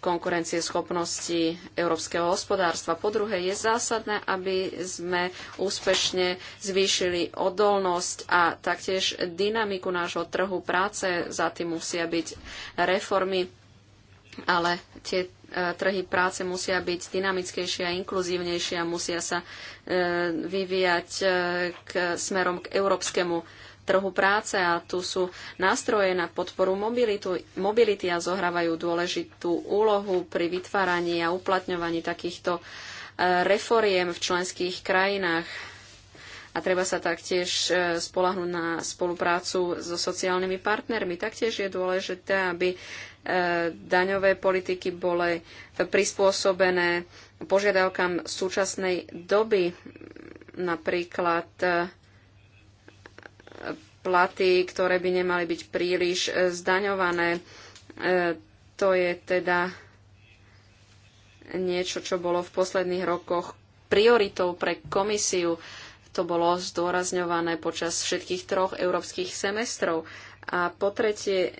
B: konkurencieschopnosti európskeho hospodárstva. Po druhé, je zásadné, aby sme úspešne zvýšili odolnosť a taktiež dynamiku nášho trhu práce. Za tým musia byť reformy, ale tie e, trhy práce musia byť dynamickejšie a inkluzívnejšie a musia sa e, vyvíjať e, k, smerom k európskemu trhu práce a tu sú nástroje na podporu mobilitu, mobility a zohrávajú dôležitú úlohu pri vytváraní a uplatňovaní takýchto e, reforiem v členských krajinách. A treba sa taktiež e, spolahnúť na spoluprácu so sociálnymi partnermi. Taktiež je dôležité, aby e, daňové politiky boli prispôsobené požiadavkám súčasnej doby. Napríklad platy, ktoré by nemali byť príliš e, zdaňované. E, to je teda niečo, čo bolo v posledných rokoch prioritou pre komisiu. To bolo zdôrazňované počas všetkých troch európskych semestrov. A po tretie, e,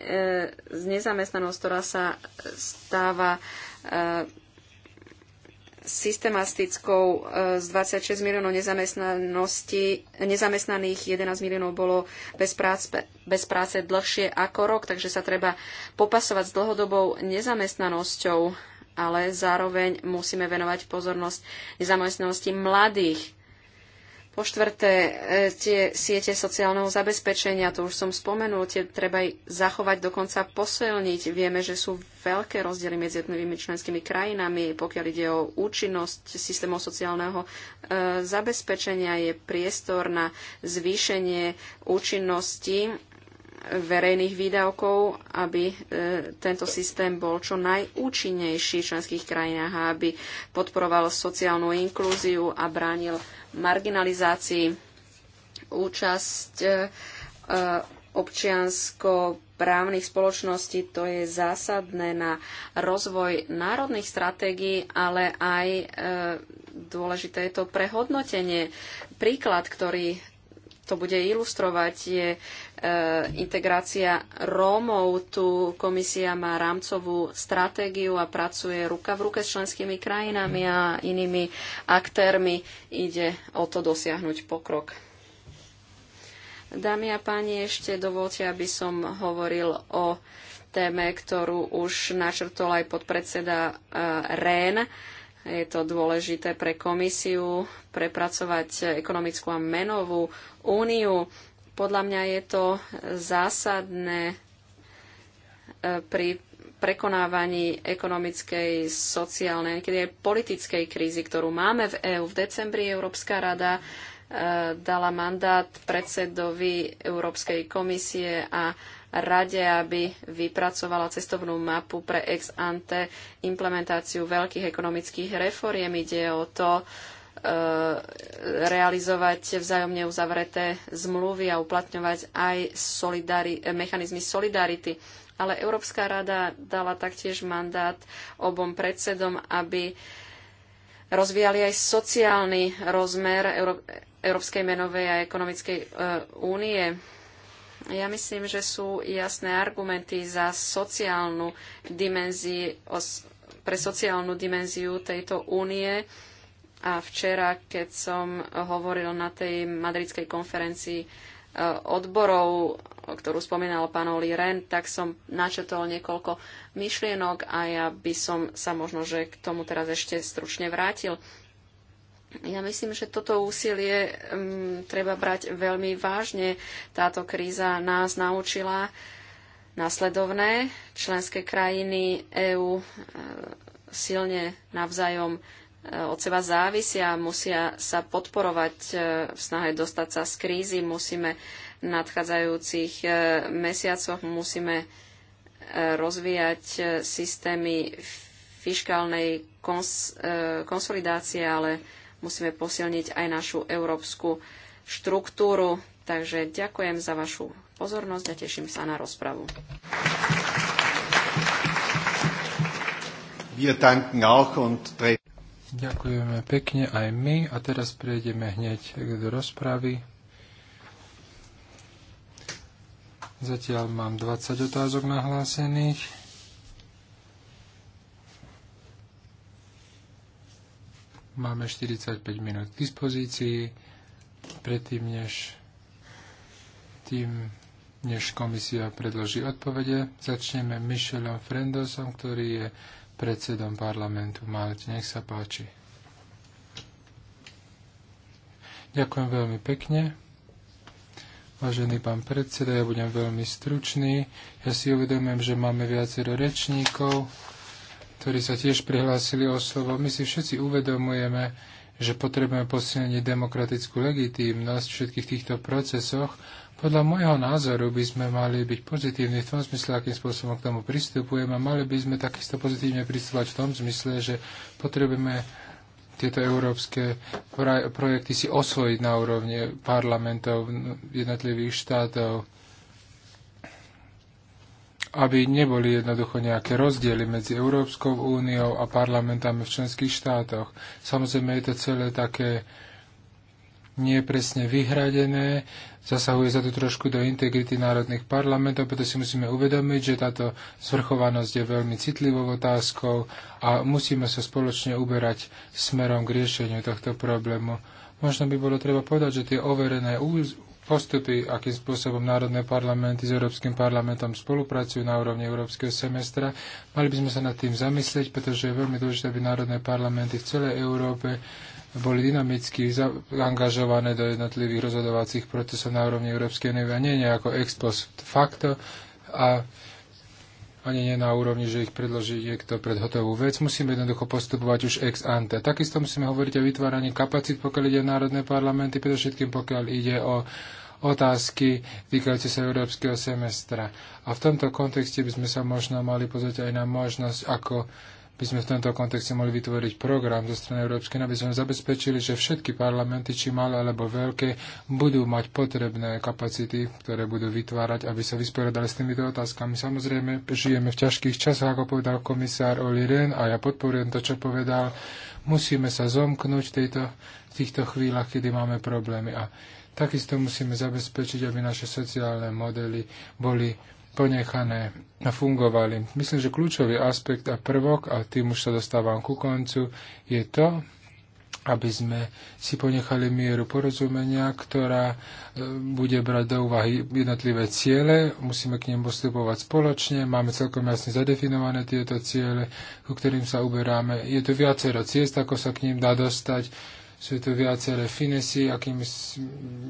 B: z nezamestnanosť, ktorá sa stáva systematickou e, z 26 miliónov nezamestnaných 11 miliónov bolo bez práce, bez práce dlhšie ako rok, takže sa treba popasovať s dlhodobou nezamestnanosťou, ale zároveň musíme venovať pozornosť nezamestnanosti mladých. Po štvrté, e, tie siete sociálneho zabezpečenia, to už som spomenul, tie treba aj zachovať, dokonca posilniť. Vieme, že sú veľké rozdiely medzi jednotlivými členskými krajinami, pokiaľ ide o účinnosť systémov sociálneho e, zabezpečenia. Je priestor na zvýšenie účinnosti verejných výdavkov, aby e, tento systém bol čo najúčinnejší v členských krajinách a aby podporoval sociálnu inklúziu a bránil marginalizácii. Účasť e, občiansko-právnych spoločností to je zásadné na rozvoj národných stratégií, ale aj e, dôležité je to prehodnotenie. Príklad, ktorý to bude ilustrovať, je e, integrácia Rómov. Tu komisia má rámcovú stratégiu a pracuje ruka v ruke s členskými krajinami a inými aktérmi. Ide o to dosiahnuť pokrok. Dámy a páni, ešte dovolte, aby som hovoril o téme, ktorú už načrtol aj podpredseda e, Rén. Je to dôležité pre komisiu prepracovať ekonomickú a menovú úniu. Podľa mňa je to zásadné e, pri prekonávaní ekonomickej, sociálnej, niekedy aj politickej krízy, ktorú máme v EÚ. V decembri Európska rada e, dala mandát predsedovi Európskej komisie a rade, aby vypracovala cestovnú mapu pre ex ante implementáciu veľkých ekonomických reforiem. Ide o to e, realizovať vzájomne uzavreté zmluvy a uplatňovať aj solidari- mechanizmy solidarity. Ale Európska rada dala taktiež mandát obom predsedom, aby rozvíjali aj sociálny rozmer Euró- Európskej menovej a ekonomickej e, únie. E, ja myslím, že sú jasné argumenty za sociálnu dimenziu, pre sociálnu dimenziu tejto únie. A včera, keď som hovoril na tej madridskej konferencii e, odborov, ktorú spomínal pán Oli Ren, tak som načetol niekoľko myšlienok a ja by som sa možno, že k tomu teraz ešte stručne vrátil. Ja myslím, že toto úsilie um, treba brať veľmi vážne. Táto kríza nás naučila nasledovné Členské krajiny EÚ e, silne navzájom e, od seba závisia, musia sa podporovať e, v snahe dostať sa z krízy. Musíme v nadchádzajúcich e, mesiacoch musíme e, rozvíjať e, systémy fiskálnej kons, e, konsolidácie, ale musíme posilniť aj našu európsku štruktúru. Takže ďakujem za vašu pozornosť a teším sa na rozpravu.
D: Ďakujeme pekne aj my a teraz prejdeme hneď do rozpravy. Zatiaľ mám 20 otázok nahlásených. Máme 45 minút k dispozícii. Predtým, než, tým, než komisia predloží odpovede, začneme Michelom Frendosom, ktorý je predsedom parlamentu Malty. Nech sa páči. Ďakujem veľmi pekne. Vážený pán predseda, ja budem veľmi stručný. Ja si uvedomujem, že máme viacero rečníkov ktorí sa tiež prihlásili o slovo. My si všetci uvedomujeme, že potrebujeme posilniť demokratickú legitímnosť v všetkých týchto procesoch. Podľa môjho názoru by sme mali byť pozitívni v tom zmysle, akým spôsobom k tomu pristupujeme a mali by sme takisto pozitívne pristupovať v tom zmysle, že potrebujeme tieto európske projekty si osvojiť na úrovni parlamentov jednotlivých štátov aby neboli jednoducho nejaké rozdiely medzi Európskou úniou a parlamentami v členských štátoch. Samozrejme je to celé také nepresne vyhradené, zasahuje sa to trošku do integrity národných parlamentov, preto si musíme uvedomiť, že táto zvrchovanosť je veľmi citlivou otázkou a musíme sa spoločne uberať smerom k riešeniu tohto problému. Možno by bolo treba povedať, že tie overené postupy, akým spôsobom národné parlamenty s Európskym parlamentom spolupracujú na úrovni Európskeho semestra. Mali by sme sa nad tým zamyslieť, pretože je veľmi dôležité, aby národné parlamenty v celej Európe boli dynamicky zaangažované do jednotlivých rozhodovacích procesov na úrovni Európskej únie a nie nejako ex post facto. A ani nie na úrovni, že ich predloží niekto pred hotovú vec. Musíme jednoducho postupovať už ex ante. Takisto musíme hovoriť o vytváraní kapacít, pokiaľ ide o národné parlamenty, predovšetkým pokiaľ ide o otázky týkajúce sa európskeho semestra. A v tomto kontexte by sme sa možno mali pozrieť aj na možnosť, ako by sme v tomto kontexte mohli vytvoriť program zo strany Európskej, aby sme zabezpečili, že všetky parlamenty, či malé alebo veľké, budú mať potrebné kapacity, ktoré budú vytvárať, aby sa vysporiadali s týmito otázkami. Samozrejme, žijeme v ťažkých časoch, ako povedal komisár Oli Ren, a ja podporujem to, čo povedal. Musíme sa zomknúť v, tejto, v týchto chvíľach, kedy máme problémy. A takisto musíme zabezpečiť, aby naše sociálne modely boli ponechané a fungovali. Myslím, že kľúčový aspekt a prvok, a tým už sa dostávam ku koncu, je to, aby sme si ponechali mieru porozumenia, ktorá e, bude brať do úvahy jednotlivé ciele. Musíme k nim postupovať spoločne. Máme celkom jasne zadefinované tieto ciele, ku ktorým sa uberáme. Je tu viacero ciest, ako sa k ním dá dostať sú tu viaceré finesy, akým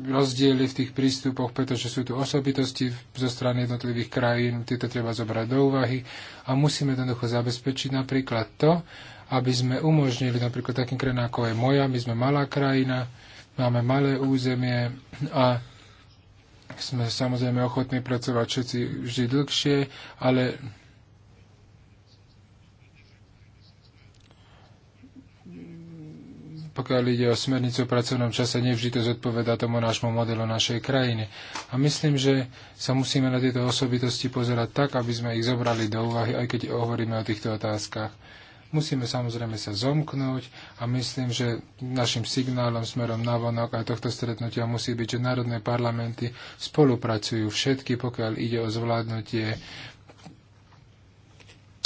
D: rozdiely v tých prístupoch, pretože sú tu osobitosti zo strany jednotlivých krajín, tieto treba zobrať do úvahy a musíme jednoducho zabezpečiť napríklad to, aby sme umožnili napríklad takým krajinám, ako je moja, my sme malá krajina, máme malé územie a sme samozrejme ochotní pracovať všetci vždy dlhšie, ale pokiaľ ide o smernicu o pracovnom čase, nevždy to zodpoveda tomu nášmu modelu našej krajiny. A myslím, že sa musíme na tieto osobitosti pozerať tak, aby sme ich zobrali do úvahy, aj keď hovoríme o týchto otázkach. Musíme samozrejme sa zomknúť a myslím, že našim signálom smerom na vonok aj tohto stretnutia musí byť, že národné parlamenty spolupracujú všetky, pokiaľ ide o zvládnutie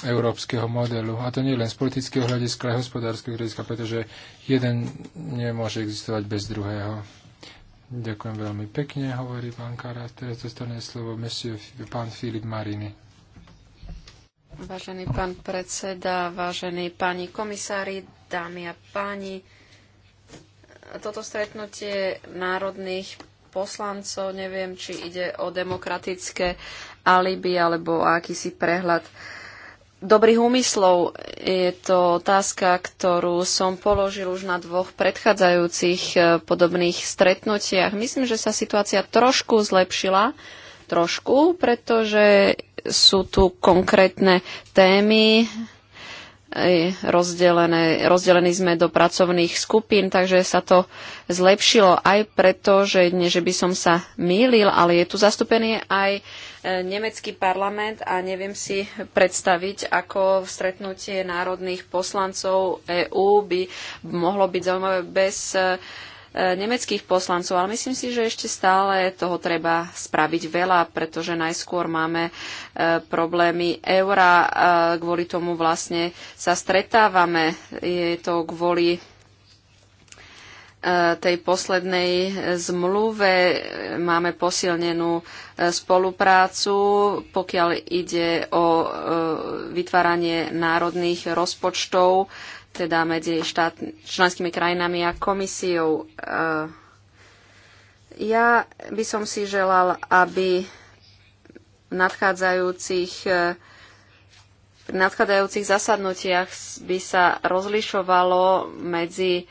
D: európskeho modelu. A to nie len z politického hľadiska, ale hospodárskeho hľadiska, pretože jeden nemôže existovať bez druhého. Ďakujem veľmi pekne, hovorí pán Kara. Teraz dostane slovo monsieur, pán Filip Marini.
B: Vážený pán predseda, vážení páni komisári, dámy a páni, toto stretnutie národných poslancov, neviem, či ide o demokratické alibi alebo o akýsi prehľad dobrých úmyslov. Je to otázka, ktorú som položil už na dvoch predchádzajúcich e, podobných stretnutiach. Myslím, že sa situácia trošku zlepšila, trošku, pretože sú tu konkrétne témy, rozdelené, rozdelení sme do pracovných skupín, takže sa to zlepšilo aj preto, že nie, že by som sa mýlil, ale je tu zastúpený aj e, nemecký parlament a neviem si predstaviť, ako stretnutie národných poslancov EÚ by mohlo byť zaujímavé bez uh, nemeckých poslancov, ale myslím si, že ešte stále toho treba spraviť veľa, pretože najskôr máme e, problémy eura, e, kvôli tomu vlastne sa stretávame. Je to kvôli e, tej poslednej zmluve máme posilnenú spoluprácu, pokiaľ ide o vytváranie národných rozpočtov teda medzi štát, členskými krajinami a komisiou. Eh, ja by som si želal, aby v nadchádzajúcich eh, nadchádzajúcich zasadnutiach by sa rozlišovalo medzi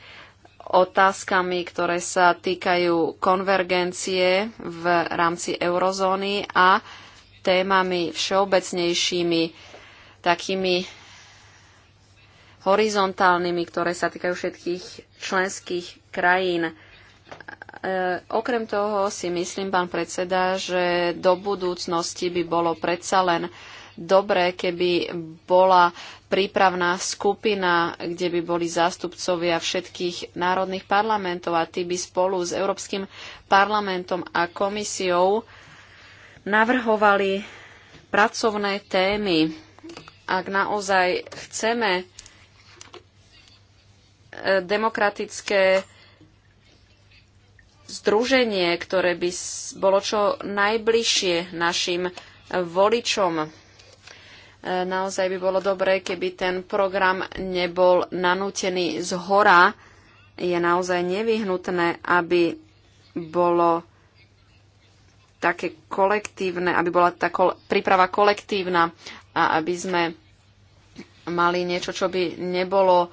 B: otázkami, ktoré sa týkajú konvergencie v rámci eurozóny a témami všeobecnejšími, takými horizontálnymi, ktoré sa týkajú všetkých členských krajín. E, okrem toho si myslím, pán predseda, že do budúcnosti by bolo predsa len dobré, keby bola prípravná skupina, kde by boli zástupcovia všetkých národných parlamentov a tí by spolu s Európskym parlamentom a komisiou navrhovali pracovné témy. Ak naozaj chceme demokratické združenie, ktoré by bolo čo najbližšie našim voličom. E, naozaj by bolo dobré, keby ten program nebol nanútený z hora. Je naozaj nevyhnutné, aby bolo také kolektívne, aby bola tá kol- príprava kolektívna a aby sme mali niečo, čo by nebolo uh,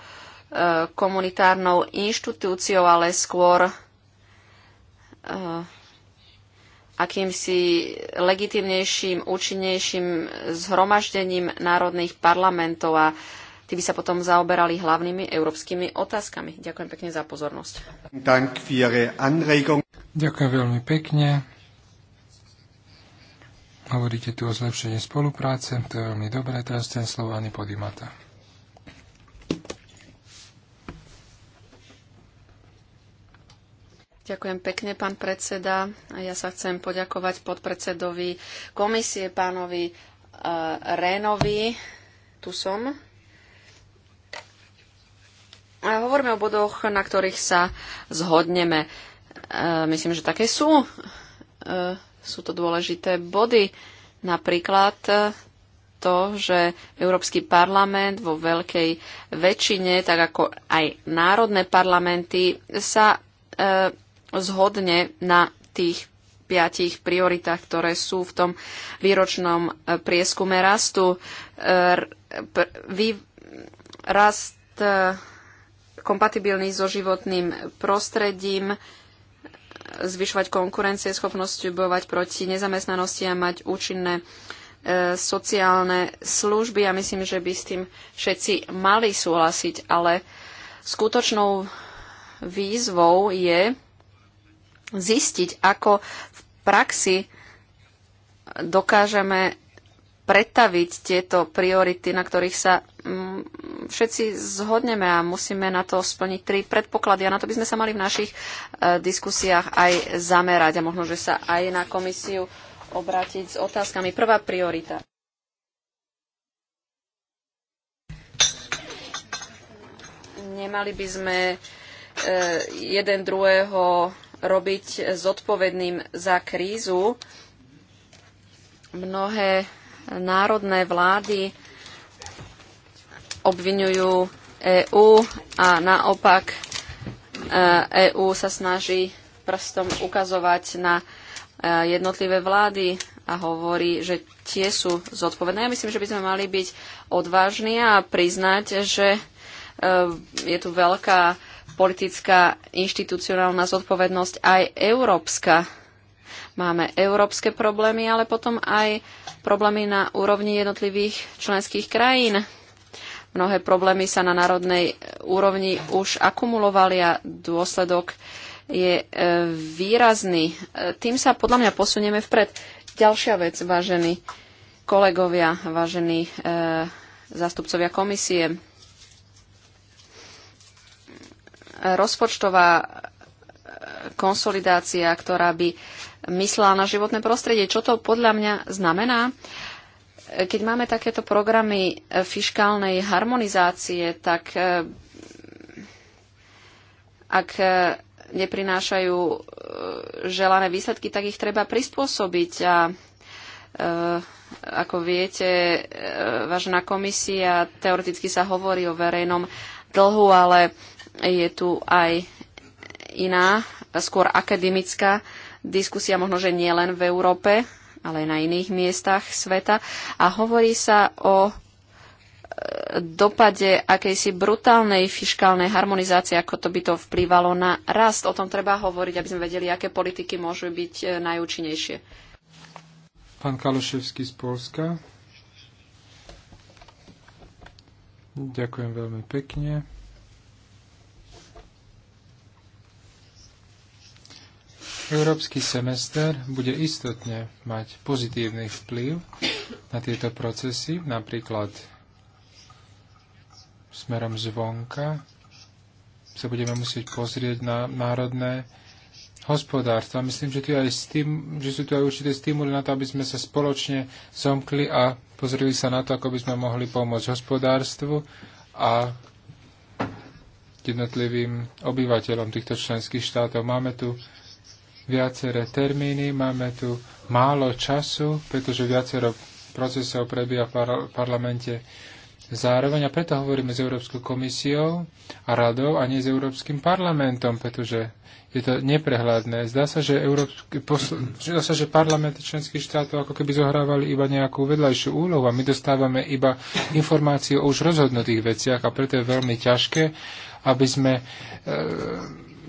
B: komunitárnou inštitúciou, ale skôr e, akýmsi legitimnejším, účinnejším zhromaždením národných parlamentov a tí by sa potom zaoberali hlavnými európskymi otázkami. Ďakujem pekne za pozornosť.
D: Ďakujem veľmi pekne. Hovoríte tu o zlepšení spolupráce, to je veľmi dobré. Teraz ten slovo Ani Podimata.
B: Ďakujem pekne, pán predseda. Ja sa chcem poďakovať podpredsedovi komisie, pánovi uh, Rénovi. Tu som. A hovoríme o bodoch, na ktorých sa zhodneme. Uh, myslím, že také sú. Uh, sú to dôležité body. Napríklad to, že Európsky parlament vo veľkej väčšine, tak ako aj národné parlamenty, sa uh, zhodne na tých piatich prioritách, ktoré sú v tom výročnom e, prieskume rastu. E, rast e, kompatibilný so životným prostredím, zvyšovať konkurencie schopnosť bojovať proti nezamestnanosti a mať účinné sociálne služby. Ja myslím, že by s tým všetci mali súhlasiť, ale skutočnou výzvou je zistiť, ako v praxi dokážeme pretaviť tieto priority, na ktorých sa mm, všetci zhodneme a musíme na to splniť tri predpoklady a na to by sme sa mali v našich e, diskusiách aj zamerať a možno, že sa aj na komisiu obrátiť s otázkami. Prvá priorita. Nemali by sme e, jeden druhého robiť zodpovedným za krízu. Mnohé národné vlády obvinujú EÚ a naopak EÚ e sa snaží prstom ukazovať na e, jednotlivé vlády a hovorí, že tie sú zodpovedné. Ja myslím, že by sme mali byť odvážni a priznať, že e, je tu veľká politická inštitucionálna zodpovednosť aj európska. Máme európske problémy, ale potom aj problémy na úrovni jednotlivých členských krajín. Mnohé problémy sa na národnej úrovni už akumulovali a dôsledok je e, výrazný. E, tým sa podľa mňa posunieme vpred. Ďalšia vec, vážení kolegovia, vážení e, zástupcovia komisie rozpočtová e, konsolidácia, ktorá by myslela na životné prostredie. Čo to podľa mňa znamená? E, keď máme takéto programy e, fiskálnej harmonizácie, tak ak neprinášajú želané výsledky, tak ich treba prispôsobiť a ako viete, vážená komisia, teoreticky sa hovorí o verejnom dlhu, ale je tu aj iná, skôr akademická diskusia, možno, že nie len v Európe, ale aj na iných miestach sveta. A hovorí sa o e, dopade akejsi brutálnej fiškálnej harmonizácie, ako to by to vplývalo na rast. O tom treba hovoriť, aby sme vedeli, aké politiky môžu byť e, najúčinnejšie.
D: Pán Kaloševský z Polska. Ďakujem veľmi pekne. Európsky semester bude istotne mať pozitívny vplyv na tieto procesy, napríklad smerom zvonka sa budeme musieť pozrieť na národné hospodárstva. Myslím, že, tu aj stim, že sú tu aj určité stimuly na to, aby sme sa spoločne zomkli a pozreli sa na to, ako by sme mohli pomôcť hospodárstvu a jednotlivým obyvateľom týchto členských štátov. Máme tu viaceré termíny, máme tu málo času, pretože viacero procesov prebieha v par- parlamente zároveň a preto hovoríme s Európskou komisiou a radou a nie s Európskym parlamentom, pretože je to neprehľadné. Zdá sa, že, Európsky, zdá sa, že parlamenty členských štátov ako keby zohrávali iba nejakú vedľajšiu úlohu a my dostávame iba informáciu o už rozhodnutých veciach a preto je veľmi ťažké, aby sme e,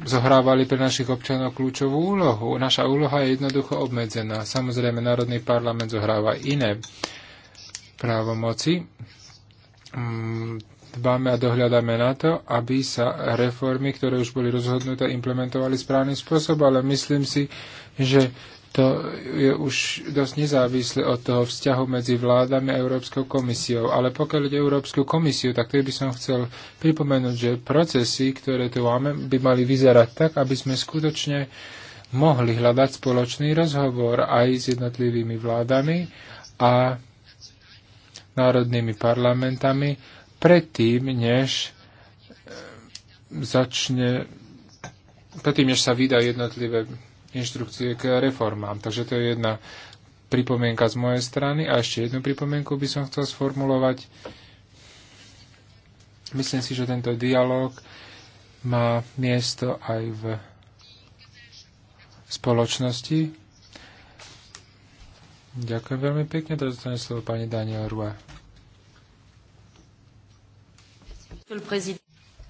D: zohrávali pre našich občanov kľúčovú úlohu. Naša úloha je jednoducho obmedzená. Samozrejme, Národný parlament zohráva iné právomoci. Mm, dbáme a dohľadáme na to, aby sa reformy, ktoré už boli rozhodnuté, implementovali správnym spôsobom, ale myslím si, že to je už dosť nezávislé od toho vzťahu medzi vládami a Európskou komisiou. Ale pokiaľ ide Európsku komisiu, tak to by som chcel pripomenúť, že procesy, ktoré tu máme, by mali vyzerať tak, aby sme skutočne mohli hľadať spoločný rozhovor aj s jednotlivými vládami a národnými parlamentami predtým, než eh, začne predtým, než sa vydá jednotlivé inštrukcie k reformám. Takže to je jedna pripomienka z mojej strany. A ešte jednu pripomienku by som chcel sformulovať. Myslím si, že tento dialog má miesto aj v spoločnosti. Ďakujem veľmi pekne. Teraz zostane slovo pani Daniel Rua.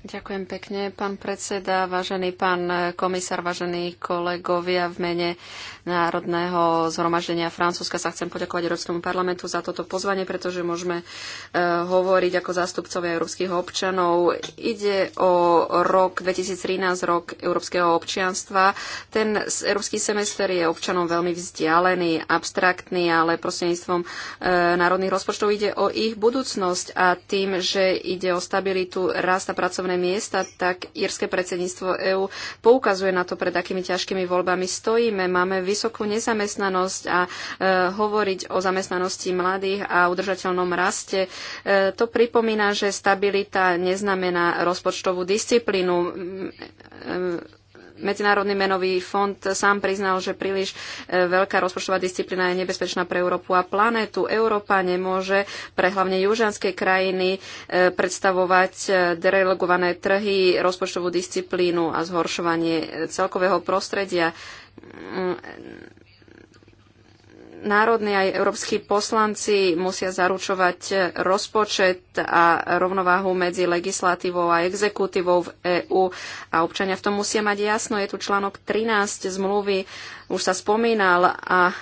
B: Ďakujem pekne, pán predseda, vážený pán komisár, vážení kolegovia. V mene Národného zhromaždenia Francúzska sa chcem poďakovať Európskemu parlamentu za toto pozvanie, pretože môžeme e, hovoriť ako zástupcovia európskych občanov. Ide o rok 2013, rok európskeho občianstva. Ten európsky semester je občanom veľmi vzdialený, abstraktný, ale prostredníctvom e, národných rozpočtov ide o ich budúcnosť a tým, že ide o stabilitu, rast a pracovné pracovné miesta, tak írske predsedníctvo EÚ poukazuje na to, pred akými ťažkými voľbami stojíme. Máme vysokú nezamestnanosť a e, hovoriť o zamestnanosti mladých a udržateľnom raste. E, to pripomína, že stabilita neznamená rozpočtovú disciplínu. E, e, Medzinárodný menový fond sám priznal, že príliš e, veľká rozpočtová disciplína je nebezpečná pre Európu a planétu. Európa nemôže pre hlavne južanské krajiny e, predstavovať e, deregulované trhy, rozpočtovú disciplínu a zhoršovanie celkového prostredia mm, národní aj európsky poslanci musia zaručovať rozpočet a rovnováhu medzi legislatívou a exekutívou v EÚ a občania v tom musia mať jasno. Je tu článok 13 zmluvy, už sa spomínal a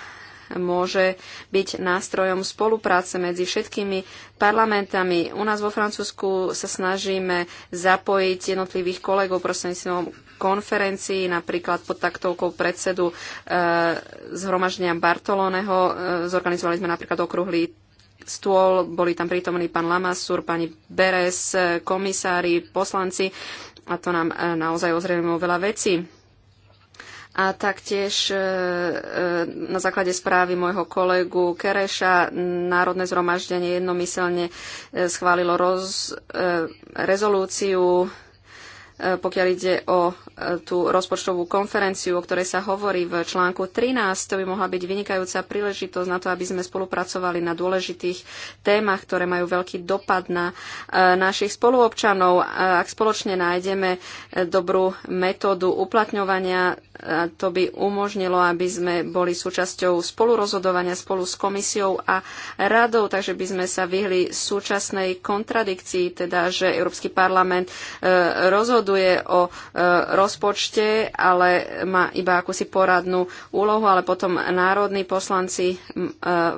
B: môže byť nástrojom spolupráce medzi všetkými parlamentami. U nás vo Francúzsku sa snažíme zapojiť jednotlivých kolegov prostredníctvom konferencií, napríklad pod taktovkou predsedu e, zhromaždenia Bartoloneho. E, zorganizovali sme napríklad okrúhly stôl, boli tam prítomní pán Lamassur, pani Beres, e, komisári, poslanci a to nám e, naozaj ozrejme veľa vecí. A taktiež e, e, na základe správy môjho kolegu Kereša Národné zhromaždenie jednomyselne e, schválilo roz, rezolúciu Eh, pokiaľ ide o eh, tú rozpočtovú konferenciu, o ktorej sa hovorí v článku 13, to by mohla byť vynikajúca príležitosť na to, aby sme spolupracovali na dôležitých témach, ktoré majú veľký dopad na eh, našich spoluobčanov. Ak spoločne nájdeme dobrú metódu uplatňovania, to by umožnilo, aby sme boli súčasťou spolurozhodovania spolu s komisiou a radou, takže by sme sa vyhli súčasnej kontradikcii, teda že Európsky parlament rozhoduje rozhoduje o e, rozpočte, ale má iba akúsi poradnú úlohu, ale potom národní poslanci e,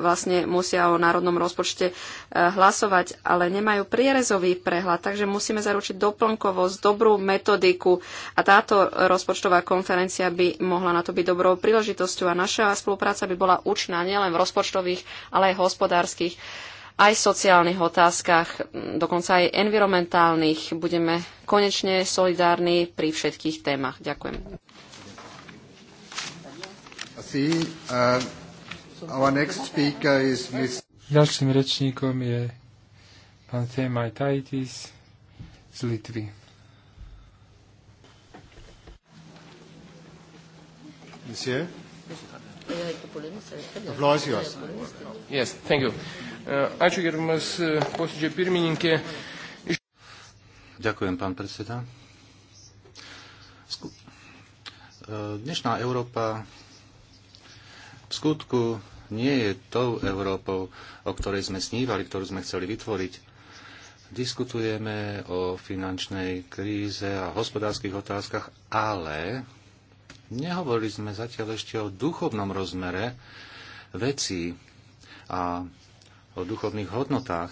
B: vlastne musia o národnom rozpočte e, hlasovať, ale nemajú prierezový prehľad, takže musíme zaručiť doplnkovosť, dobrú metodiku a táto rozpočtová konferencia by mohla na to byť dobrou príležitosťou a naša spolupráca by bola účná nielen v rozpočtových, ale aj hospodárskych aj v sociálnych otázkach, dokonca aj environmentálnych. Budeme konečne solidárni pri všetkých témach. Ďakujem.
A: Uh,
D: Ďalším rečníkom je pán Témaj Tajtis z Litvy. Monsieur?
C: Yes,
A: thank you. Uh, ačiū uh, posėdžio pirmininkė. Ďakujem, pán predseda. Uh, dnešná Európa v skutku nie je tou Európou, o ktorej sme snívali, ktorú sme chceli vytvoriť. Diskutujeme o finančnej kríze a hospodárskych otázkach, ale Nehovorili sme zatiaľ ešte o duchovnom rozmere vecí a o duchovných hodnotách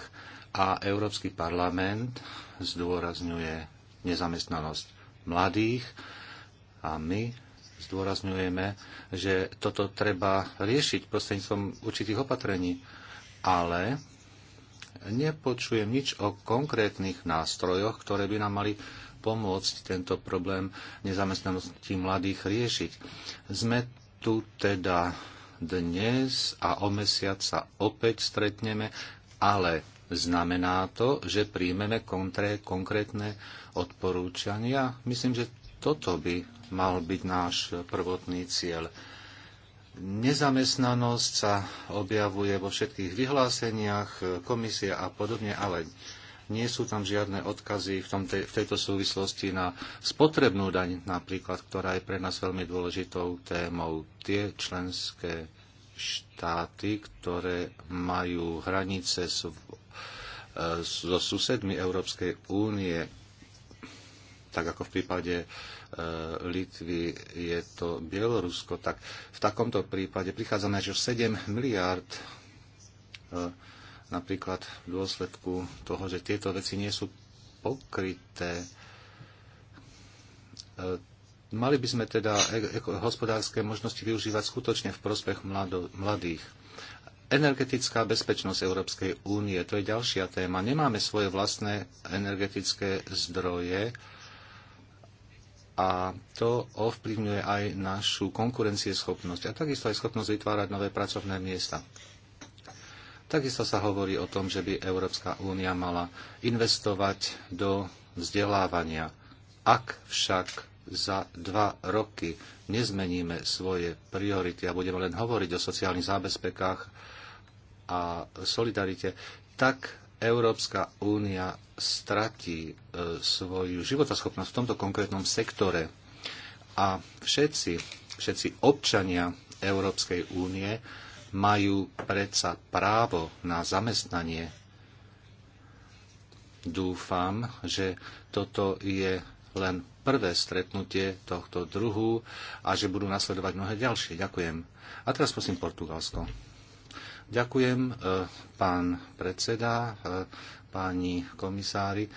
A: a Európsky parlament zdôrazňuje nezamestnanosť mladých a my zdôrazňujeme, že toto treba riešiť prostredníctvom určitých opatrení. Ale nepočujem nič o konkrétnych nástrojoch, ktoré by nám mali pomôcť tento problém nezamestnanosti mladých riešiť. Sme tu teda dnes a o mesiac sa opäť stretneme, ale znamená to, že príjmeme kontré, konkrétne odporúčania. Myslím, že toto by mal byť náš prvotný cieľ. Nezamestnanosť sa objavuje vo všetkých vyhláseniach komisie a podobne, ale nie sú tam žiadne odkazy v, tom, te, v tejto súvislosti na spotrebnú daň napríklad, ktorá je pre nás veľmi dôležitou témou. Tie členské štáty, ktoré majú hranice so, e, so susedmi Európskej únie, tak ako v prípade e, Litvy je to Bielorusko, tak v takomto prípade prichádzame až o 7 miliard e, napríklad v dôsledku toho, že tieto veci nie sú pokryté. E, mali by sme teda e, e, hospodárske možnosti využívať skutočne v prospech mladých. Energetická bezpečnosť Európskej únie, to je ďalšia téma. Nemáme svoje vlastné energetické zdroje a to ovplyvňuje aj našu konkurencieschopnosť a takisto aj schopnosť vytvárať nové pracovné miesta. Takisto sa hovorí o tom, že by Európska únia mala investovať do vzdelávania. Ak však za dva roky nezmeníme svoje priority a budeme len hovoriť o sociálnych zábezpekách a solidarite, tak Európska únia stratí e, svoju životaschopnosť v tomto konkrétnom sektore. A všetci, všetci občania Európskej únie majú predsa právo na zamestnanie. Dúfam, že toto je len prvé stretnutie tohto druhu a že budú nasledovať mnohé ďalšie. Ďakujem. A teraz prosím Portugalsko. Ďakujem, eh, pán predseda, eh, páni komisári.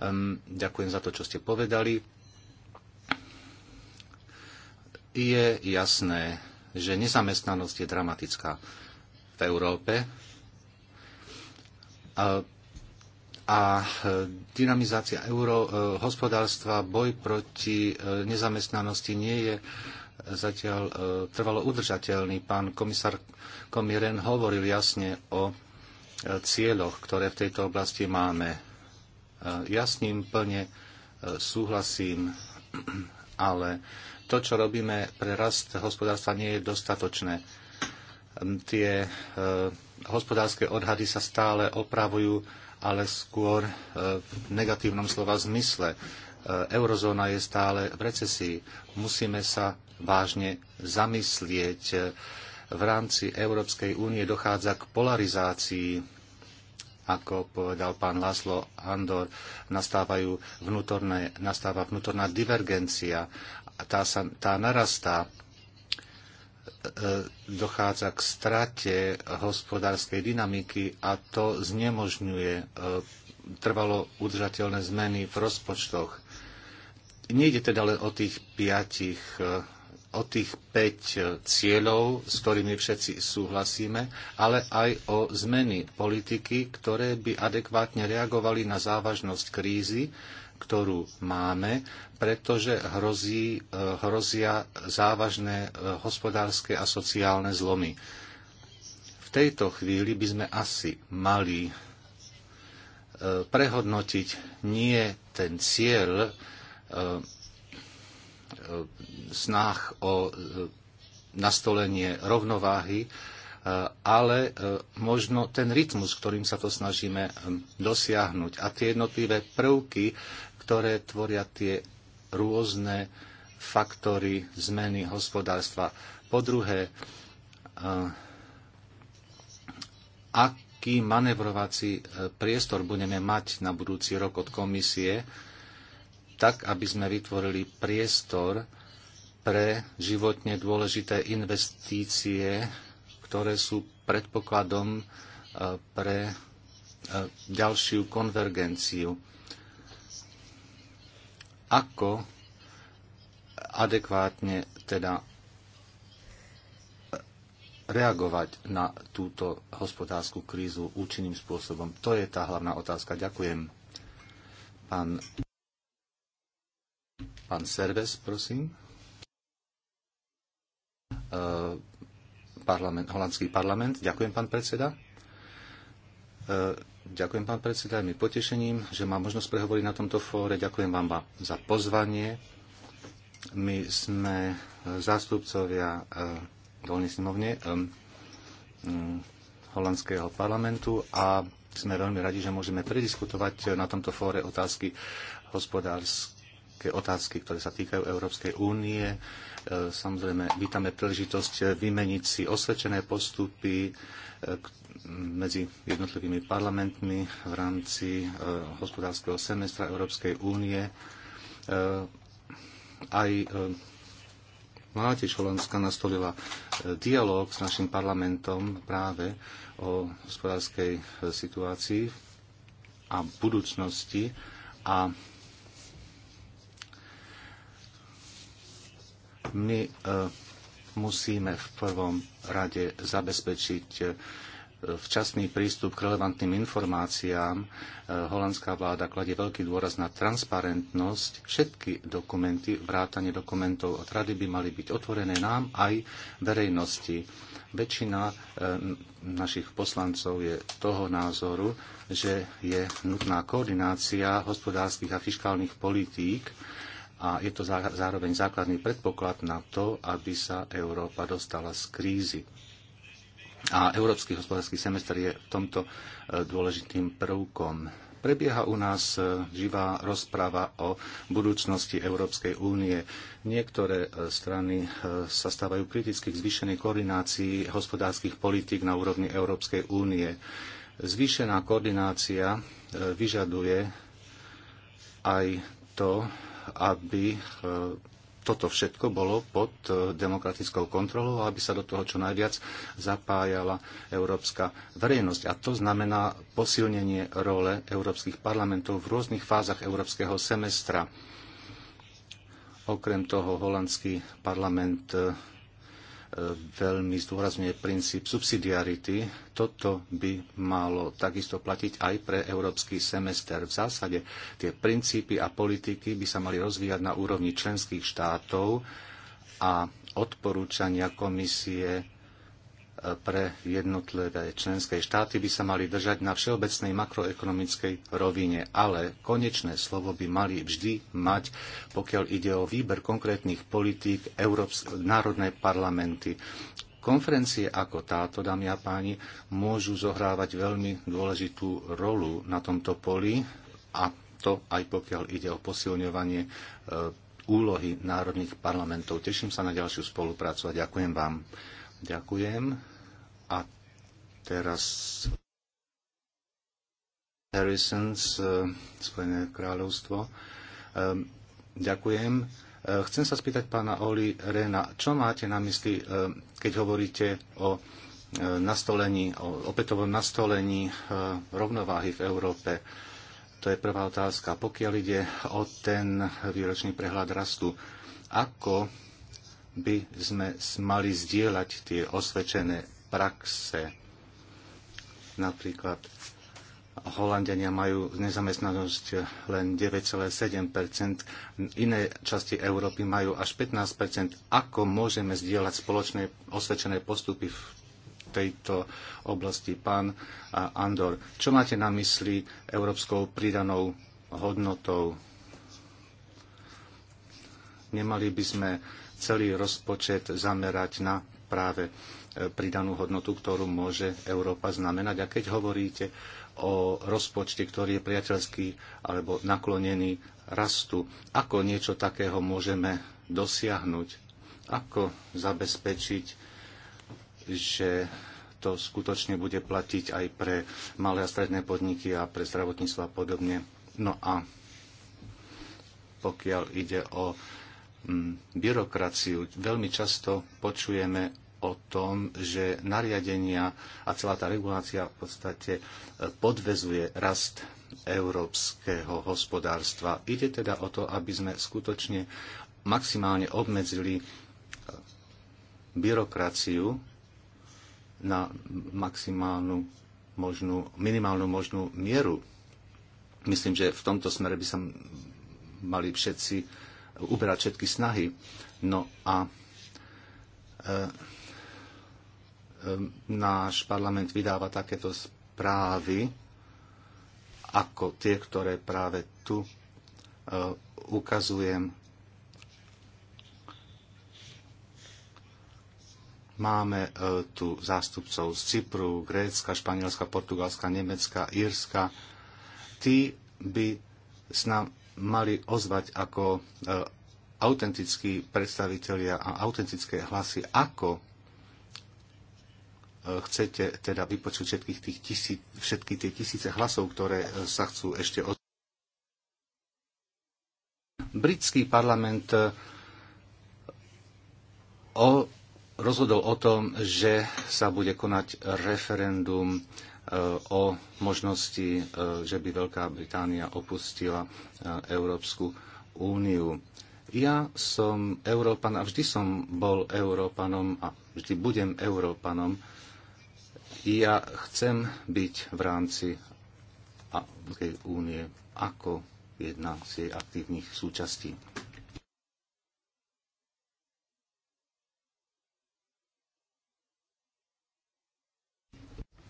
A: Ehm, ďakujem za to, čo ste povedali. Je jasné, že nezamestnanosť je dramatická v Európe a, a e, dynamizácia euro, e, hospodárstva, boj proti e, nezamestnanosti nie je zatiaľ trvalo udržateľný. Pán komisár Komiren hovoril jasne o cieľoch, ktoré v tejto oblasti máme. Ja s ním plne súhlasím ale to, čo robíme pre rast hospodárstva, nie je dostatočné. Tie e, hospodárske odhady sa stále opravujú, ale skôr e, v negatívnom slova zmysle. E, eurozóna je stále v recesii. Musíme sa vážne zamyslieť. V rámci Európskej únie dochádza k polarizácii ako povedal pán Laslo Andor, nastávajú vnútorné, nastáva vnútorná divergencia a tá, sa, tá narastá e, e, dochádza k strate hospodárskej dynamiky a to znemožňuje e, trvalo udržateľné zmeny v rozpočtoch. Nejde teda len o tých piatich o tých 5 e, cieľov, s ktorými všetci súhlasíme, ale aj o zmeny politiky, ktoré by adekvátne reagovali na závažnosť krízy, ktorú máme, pretože hrozí, e, hrozia závažné e, hospodárske a sociálne zlomy. V tejto chvíli by sme asi mali prehodnotiť nie ten cieľ, E, snách o e, nastolenie rovnováhy, e, ale možno ten rytmus, ktorým sa to snažíme dosiahnuť a tie jednotlivé prvky, ktoré tvoria tie rôzne faktory zmeny hospodárstva. Po druhé, aký manevrovací priestor budeme mať na budúci rok od komisie, tak, aby sme vytvorili priestor pre životne dôležité investície, ktoré sú predpokladom e, pre e, ďalšiu konvergenciu. Ako adekvátne teda reagovať na túto hospodárskú krízu účinným spôsobom? To je tá hlavná otázka. Ďakujem. Pán Pán Serves, prosím. Eh, parlament, holandský parlament. Ďakujem, pán predseda. Eh, ďakujem, pán predseda. Je mi potešením, že mám možnosť prehovoriť na tomto fóre. Ďakujem vám za pozvanie. My sme eh, zástupcovia dolnej snemovne mm, holandského parlamentu a sme veľmi radi, že môžeme prediskutovať na tomto fóre otázky hospodárskej také otázky, ktoré sa týkajú Európskej únie. E, samozrejme, vítame príležitosť e, vymeniť si osvedčené postupy e, medzi jednotlivými parlamentmi v rámci hospodárskeho semestra Európskej únie. Aj mládež Holandska nastolila dialog s našim parlamentom práve o hospodárskej situácii a budúcnosti a My e, musíme v prvom rade zabezpečiť e, včasný prístup k relevantným informáciám. E, holandská vláda kladie veľký dôraz na transparentnosť. Všetky dokumenty, vrátanie dokumentov od rady by mali byť otvorené nám aj verejnosti. Väčšina našich poslancov je toho názoru, že je nutná koordinácia hospodárskych a fiskálnych politík a je to zároveň základný predpoklad na to, aby sa Európa dostala z krízy. A Európsky hospodársky semester je v tomto e, dôležitým prvkom. Prebieha u nás e, živá rozprava o budúcnosti Európskej únie. Niektoré e, strany sa stávajú kriticky k zvýšenej koordinácii hospodárskych politík na úrovni Európskej únie. Zvýšená koordinácia vyžaduje aj to, aby e, toto všetko bolo pod e, demokratickou kontrolou a aby sa do toho čo najviac zapájala európska verejnosť. A to znamená posilnenie role európskych parlamentov v rôznych fázach európskeho semestra. Okrem toho holandský parlament e, veľmi zdôrazňuje princíp subsidiarity. Toto by malo takisto platiť aj pre európsky semester. V zásade tie princípy a politiky by sa mali rozvíjať na úrovni členských štátov a odporúčania komisie pre jednotlivé členské štáty by sa mali držať na všeobecnej makroekonomickej rovine, ale konečné slovo by mali vždy mať, pokiaľ ide o výber konkrétnych politík Európs- národné parlamenty. Konferencie ako táto, dámy a páni, môžu zohrávať veľmi dôležitú rolu na tomto poli a to aj pokiaľ ide o posilňovanie e, úlohy národných parlamentov. Teším sa na ďalšiu spoluprácu a ďakujem vám. Ďakujem. A teraz Harrison z eh, Spojené kráľovstvo. Eh, ďakujem. Eh, chcem sa spýtať pána Oli Rena, čo máte na mysli, keď hovoríte o nastolení, o opätovom nastolení rovnováhy v Európe? To je prvá otázka. Pokiaľ ide o ten výročný prehľad rastu, ako by sme mali zdieľať tie osvedčené praxe. Napríklad Holandiania majú nezamestnanosť len 9,7%, iné časti Európy majú až 15%. Ako môžeme zdieľať spoločné osvedčené postupy v tejto oblasti, pán Andor? Čo máte na mysli európskou pridanou hodnotou? Nemali by sme celý rozpočet zamerať na práve pridanú hodnotu, ktorú môže Európa znamenať. A keď hovoríte o rozpočte, ktorý je priateľský alebo naklonený rastu, ako niečo takého môžeme dosiahnuť? Ako zabezpečiť, že to skutočne bude platiť aj pre malé a stredné podniky a pre zdravotníctvo a podobne. No a pokiaľ ide o mm, byrokraciu. Veľmi často počujeme o tom, že nariadenia a celá tá regulácia v podstate e, podvezuje rast európskeho hospodárstva. Ide teda o to, aby sme skutočne maximálne obmedzili e, byrokraciu na maximálnu možnú, minimálnu možnú mieru. Myslím, že v tomto smere by sa mali všetci uberať všetky snahy. No a e, Ehm, náš parlament vydáva takéto správy, ako tie, ktoré práve tu eh, ukazujem. Máme eh, tu zástupcov z Cypru, Grécka, Španielska, Portugalska, Nemecka, Írska. Tí by s nám mali ozvať ako eh, autentickí predstavitelia a autentické hlasy, ako chcete teda vypočuť všetkých tých tisíc, všetky tie tisíce hlasov, ktoré e, sa chcú ešte od... Britský parlament e, o, rozhodol o tom, že sa bude konať referendum e, o možnosti, že by Veľká Británia opustila Európsku úniu. Ja som Európan a vždy som bol Európanom a vždy budem Európanom ja chcem byť v rámci Európskej únie ako jedna z jej aktívnych súčastí.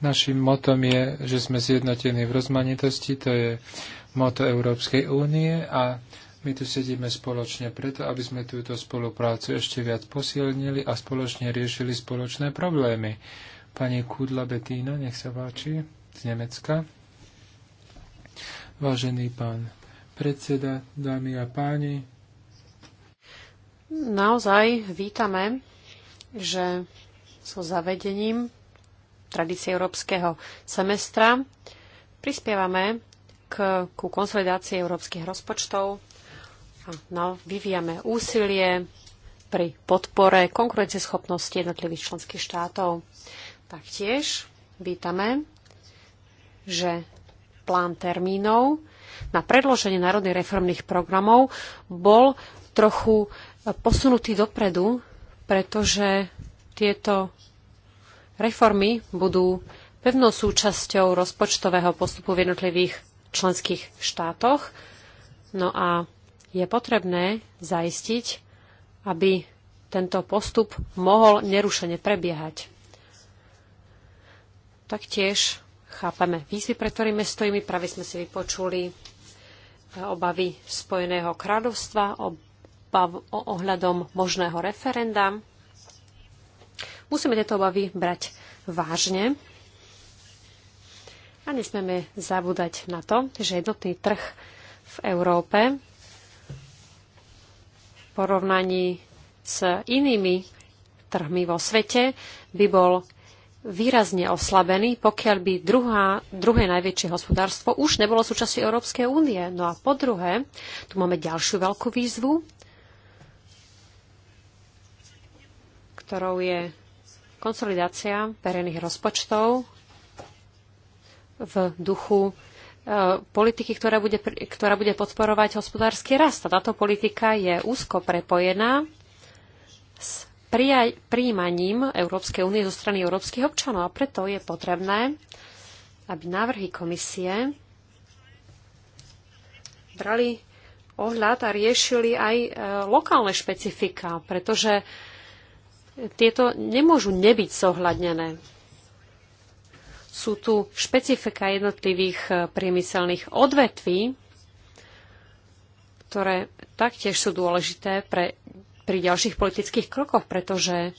D: Našim motom je, že sme zjednotení v rozmanitosti, to je moto Európskej únie a my tu sedíme spoločne preto, aby sme túto spoluprácu ešte viac posilnili a spoločne riešili spoločné problémy. Pani Kudla Betína, nech sa páči, z Nemecka. Vážený pán predseda, dámy a páni.
C: Naozaj vítame, že so zavedením tradície európskeho semestra prispievame k, ku konsolidácii európskych rozpočtov a no, vyvíjame úsilie pri podpore konkurencieschopnosti jednotlivých členských štátov. Taktiež vítame, že plán termínov na predloženie národných reformných programov bol trochu posunutý dopredu, pretože tieto reformy budú pevnou súčasťou rozpočtového postupu v jednotlivých členských štátoch. No a je potrebné zaistiť, aby tento postup mohol nerušene prebiehať. Taktiež chápame výzvy, pre ktorými stojíme. Práve sme si vypočuli e, obavy Spojeného kráľovstva obav, o ohľadom možného referenda. Musíme tieto obavy brať vážne a nesmieme zabúdať na to, že jednotný trh v Európe v porovnaní s inými trhmi vo svete by bol výrazne oslabený, pokiaľ by druhá, druhé najväčšie hospodárstvo už nebolo súčasťou Európskej únie. No a po druhé, tu máme ďalšiu veľkú výzvu, ktorou je konsolidácia verejných rozpočtov v duchu e, politiky, ktorá bude, ktorá bude podporovať hospodársky rast. A táto politika je úzko prepojená s prijímaním príjmaním Európskej únie zo strany európskych občanov a preto je potrebné, aby návrhy komisie brali ohľad a riešili aj e, lokálne špecifika, pretože tieto nemôžu nebyť zohľadnené. Sú tu špecifika jednotlivých e, priemyselných odvetví, ktoré taktiež sú dôležité pre pri ďalších politických krokoch, pretože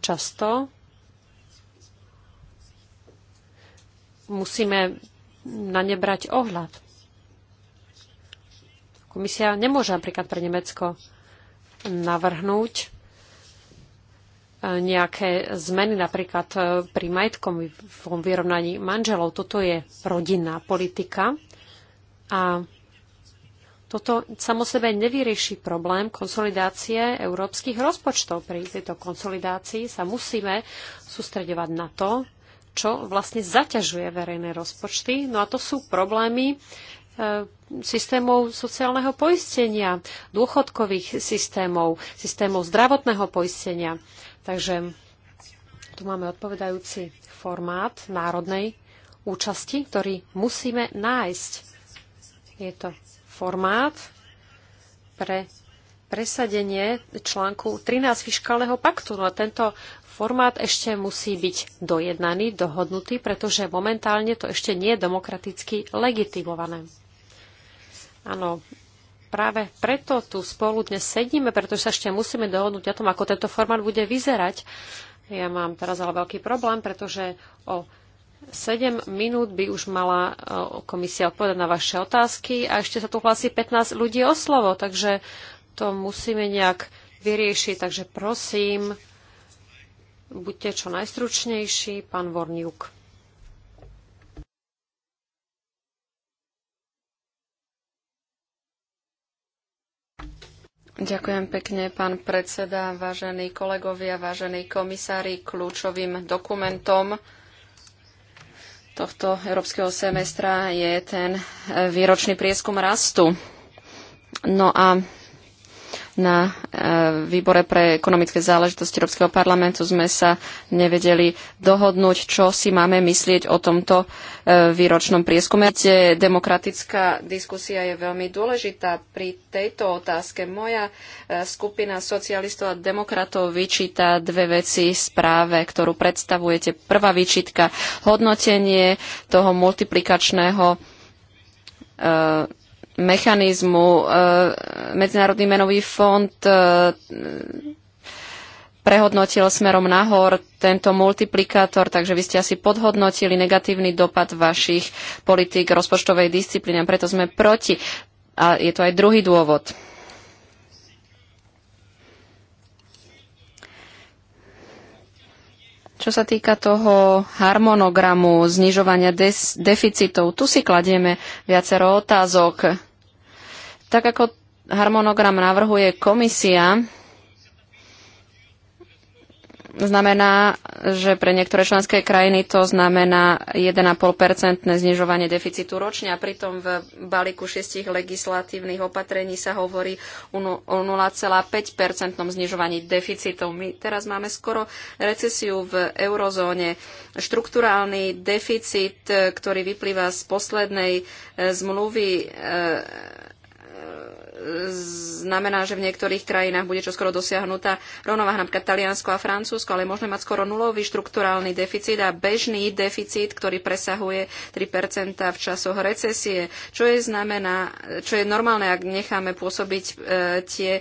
C: často musíme na ne brať ohľad. Komisia nemôže napríklad pre Nemecko navrhnúť e, nejaké zmeny napríklad e, pri majetkom v vyrovnaní manželov. Toto je rodinná politika a toto samo sebe nevyrieši problém konsolidácie európskych rozpočtov. Pri tejto konsolidácii sa musíme sústredovať na to, čo vlastne zaťažuje verejné rozpočty. No a to sú problémy e, systémov sociálneho poistenia, dôchodkových systémov, systémov zdravotného poistenia. Takže tu máme odpovedajúci formát národnej účasti, ktorý musíme nájsť. Je to formát pre presadenie článku 13 fiskálneho paktu. No a tento formát ešte musí byť dojednaný, dohodnutý, pretože momentálne to ešte nie je demokraticky legitimované. Áno, práve preto tu spolu dnes sedíme, pretože sa ešte musíme dohodnúť o tom, ako tento formát bude vyzerať. Ja mám teraz ale veľký problém, pretože o 7 minút by už mala e, komisia odpovedať na vaše otázky a ešte sa tu hlasí 15 ľudí o slovo, takže to musíme nejak vyriešiť. Takže prosím, buďte čo najstručnejší, pán Vorniuk.
B: Ďakujem pekne, pán predseda, vážení kolegovia, vážení komisári. Kľúčovým dokumentom tohto európskeho semestra je ten e, výročný prieskum rastu. No a na e, výbore pre ekonomické záležitosti Európskeho parlamentu sme sa nevedeli dohodnúť, čo si máme myslieť o tomto e, výročnom prieskume. Demokratická diskusia je veľmi dôležitá. Pri tejto otázke moja e, skupina socialistov a demokratov vyčíta dve veci správe, ktorú predstavujete. Prvá výčitka hodnotenie toho multiplikačného mechanizmu. E, Medzinárodný menový fond e, prehodnotil smerom nahor tento multiplikátor, takže vy ste asi podhodnotili negatívny dopad vašich politík rozpočtovej disciplíny a preto sme proti. A je to aj druhý dôvod. Čo sa týka toho harmonogramu znižovania deficitov, tu si kladieme viacero otázok. Tak ako harmonogram navrhuje komisia, znamená, že pre niektoré členské krajiny to znamená 15 znižovanie deficitu ročne a pritom v balíku šestich legislatívnych opatrení sa hovorí o 05 znižovaní deficitov. My teraz máme skoro recesiu v eurozóne. Štrukturálny deficit, ktorý vyplýva z poslednej e, zmluvy e, znamená, že v niektorých krajinách bude čoskoro dosiahnutá rovnováha, napríklad Taliansko a Francúzsko, ale môžeme mať skoro nulový štrukturálny deficit a bežný deficit, ktorý presahuje 3 v časoch recesie. Čo je znamená, čo je normálne, ak necháme pôsobiť e, tie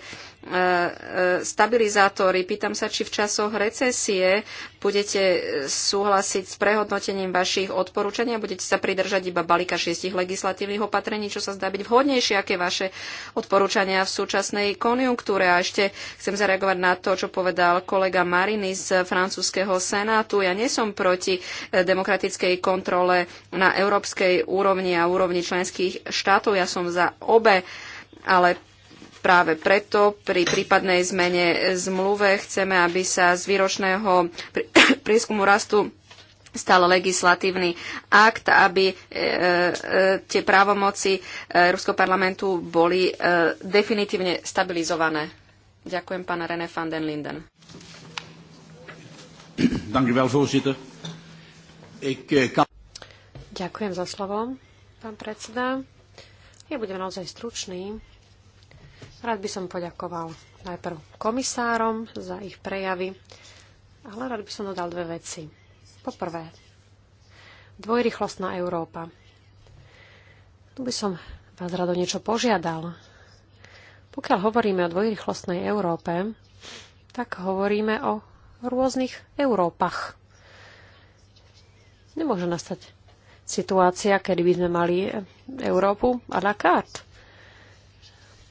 B: E, e, stabilizátory. Pýtam sa, či v časoch recesie budete súhlasiť s prehodnotením vašich odporúčania, budete sa pridržať iba balíka šiestich legislatívnych opatrení, čo sa zdá byť vhodnejšie, aké vaše odporúčania v súčasnej konjunktúre. A ešte chcem zareagovať na to, čo povedal kolega Mariny z francúzského senátu. Ja nie som proti e, demokratickej kontrole na európskej úrovni a úrovni členských štátov. Ja som za obe ale Práve preto pri prípadnej zmene zmluve chceme, aby sa z výročného [COUGHS] prieskumu rastu stal legislatívny akt, aby e, e, tie právomoci Európskeho parlamentu boli e, definitívne stabilizované. Ďakujem, pán René van den Linden.
A: [COUGHS] Eh,
C: Ďakujem za slovo, pán predseda. Ja budem naozaj stručný. Rád by som poďakoval najprv komisárom za ich prejavy, ale rád by som dodal dve veci. Poprvé, dvojrychlostná Európa. Tu by som vás rado niečo požiadal. Pokiaľ hovoríme o dvojrychlostnej Európe, tak hovoríme o rôznych Európach. Nemôže nastať situácia, kedy by sme mali Európu a la carte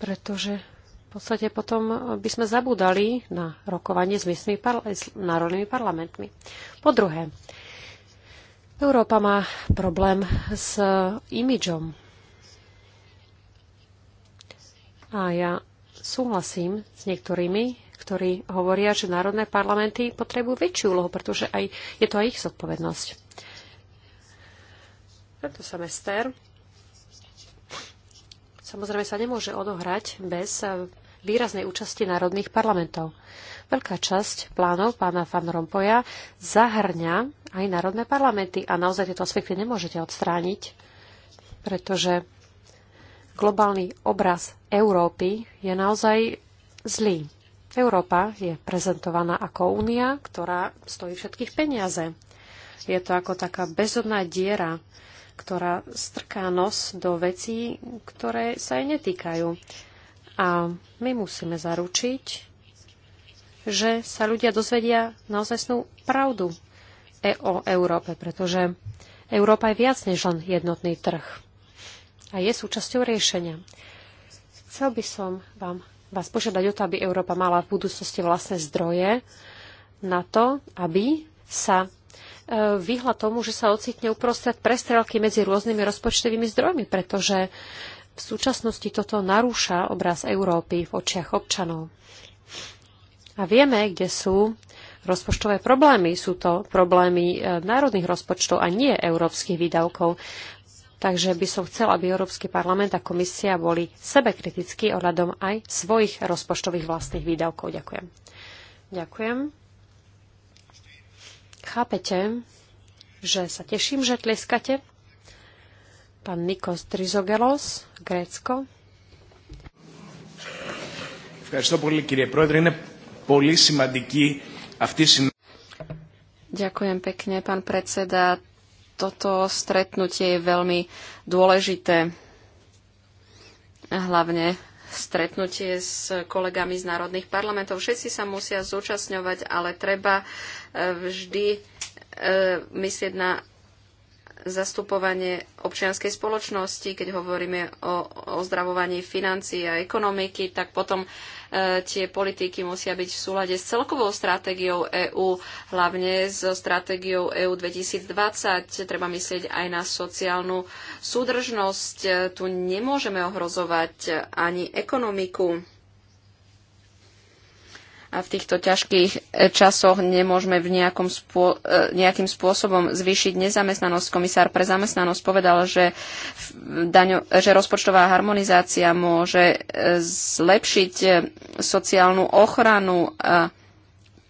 C: pretože v podstate potom by sme zabúdali na rokovanie s, miestnymi parla- s národnými parlamentmi. Po druhé, Európa má problém s imidžom. A ja súhlasím s niektorými, ktorí hovoria, že národné parlamenty potrebujú väčšiu úlohu, pretože aj, je to aj ich zodpovednosť. Tento semester samozrejme sa nemôže odohrať bez eh, výraznej účasti národných parlamentov. Veľká časť plánov pána Van Rompoja zahrňa aj národné parlamenty a naozaj tieto aspekty nemôžete odstrániť, pretože globálny obraz Európy je naozaj zlý. Európa je prezentovaná ako únia, ktorá stojí všetkých peniaze. Je to ako taká bezodná diera, ktorá strká nos do vecí, ktoré sa jej netýkajú. A my musíme zaručiť, že sa ľudia dozvedia snú pravdu e- o Európe, pretože Európa je viac než len jednotný trh a je súčasťou riešenia. Chcel by som vám, vás požiadať o to, aby Európa mala v budúcnosti vlastné zdroje na to, aby sa vyhla tomu, že sa ocitne uprostred prestrelky medzi rôznymi rozpočtovými zdrojmi, pretože v súčasnosti toto narúša obraz Európy v očiach občanov. A vieme, kde sú rozpočtové problémy. Sú to problémy e, národných rozpočtov a nie európskych výdavkov. Takže by som chcela, aby Európsky parlament a komisia boli sebekritickí ohľadom aj svojich rozpočtových vlastných výdavkov. Ďakujem. Ďakujem. Chápete, že sa teším, že tleskate. Pán Nikos Trizogelos, Grécko.
B: Ďakujem pekne, pán predseda. Toto stretnutie je veľmi dôležité, hlavne stretnutie s kolegami z národných parlamentov. Všetci sa musia zúčastňovať, ale treba eh, vždy eh, myslieť na zastupovanie občianskej spoločnosti, keď hovoríme o ozdravovaní financií a ekonomiky, tak potom e, tie politiky musia byť v súlade s celkovou stratégiou EÚ, hlavne so stratégiou EÚ 2020. Treba myslieť aj na sociálnu súdržnosť. E, tu nemôžeme ohrozovať ani ekonomiku a v týchto ťažkých eh, časoch nemôžeme v nejakom spô- eh, nejakým spôsobom zvýšiť nezamestnanosť. Komisár pre zamestnanosť povedal, že, daňo- že rozpočtová harmonizácia môže eh, zlepšiť sociálnu ochranu,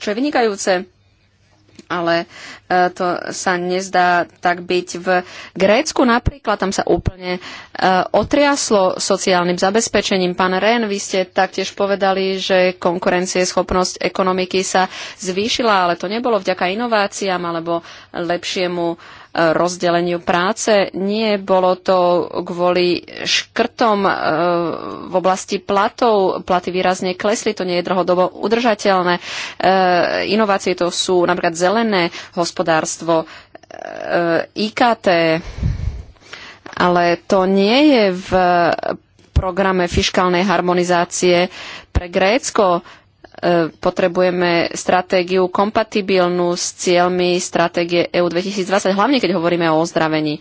B: čo je vynikajúce ale e, to sa nezdá tak byť v Grécku napríklad, tam sa úplne e, otriaslo sociálnym zabezpečením. Pán Rehn, vy ste taktiež povedali, že konkurencieschopnosť ekonomiky sa zvýšila, ale to nebolo vďaka inováciám alebo lepšiemu rozdeleniu práce. Nie bolo to kvôli škrtom e, v oblasti platov. Platy výrazne klesli, to nie je dlhodobo udržateľné. E, inovácie to sú napríklad zelené hospodárstvo, e, IKT, ale to nie je v programe fiškálnej harmonizácie pre Grécko E, potrebujeme stratégiu kompatibilnú s cieľmi stratégie EU 2020, hlavne keď hovoríme o ozdravení. E,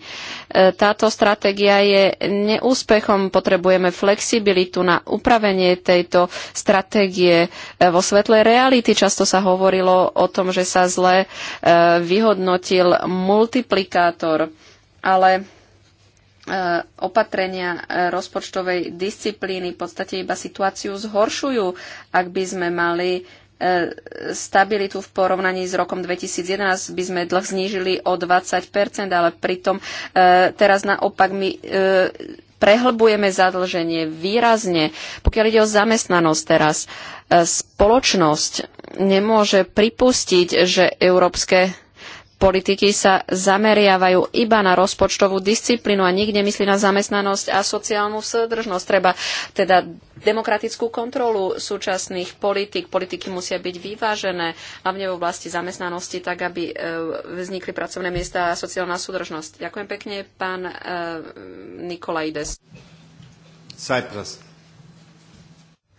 B: táto stratégia je neúspechom, potrebujeme flexibilitu na upravenie tejto stratégie e, vo svetle reality. Často sa hovorilo o tom, že sa zle vyhodnotil multiplikátor, ale E, opatrenia e, rozpočtovej disciplíny v podstate iba situáciu zhoršujú. Ak by sme mali e, stabilitu v porovnaní s rokom 2011 by sme dlh znížili o 20%, ale pritom teraz naopak my prehlbujeme zadlženie výrazne. Pokiaľ ide o zamestnanosť teraz, spoločnosť nemôže pripustiť, že európske politiky sa zameriavajú iba na rozpočtovú disciplínu a nikde myslí na zamestnanosť a sociálnu súdržnosť. Treba teda demokratickú kontrolu súčasných politik. Politiky musia byť vyvážené, hlavne v oblasti zamestnanosti, tak aby e, vznikli pracovné miesta a sociálna súdržnosť. Ďakujem pekne, pán e, Nikolaides.
A: Cyprus.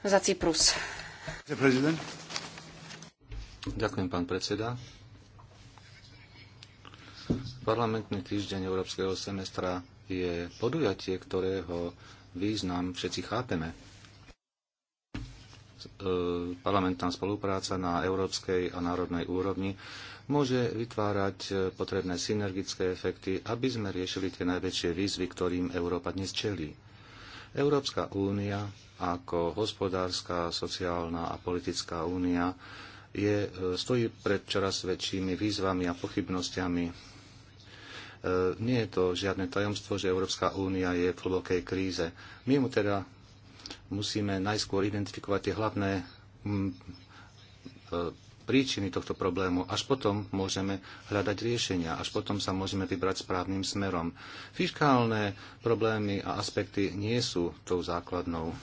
B: Za Cyprus.
A: Ďakujem, pán predseda. Parlamentný týždeň Európskeho semestra je podujatie, ktorého význam všetci chápeme. E, parlamentná spolupráca na európskej a národnej úrovni môže vytvárať e, potrebné synergické efekty, aby sme riešili tie najväčšie výzvy, ktorým Európa dnes čelí. Európska únia ako hospodárska, sociálna a politická únia je, e, stojí pred čoraz väčšími výzvami a pochybnostiami. E, nie je to žiadne tajomstvo, že Európska únia je v hlbokej kríze. My mu teda musíme najskôr identifikovať tie hlavné mm, e, príčiny tohto problému. Až potom môžeme hľadať riešenia, až potom sa môžeme vybrať správnym smerom. Fiskálne problémy a aspekty nie sú tou základnou e,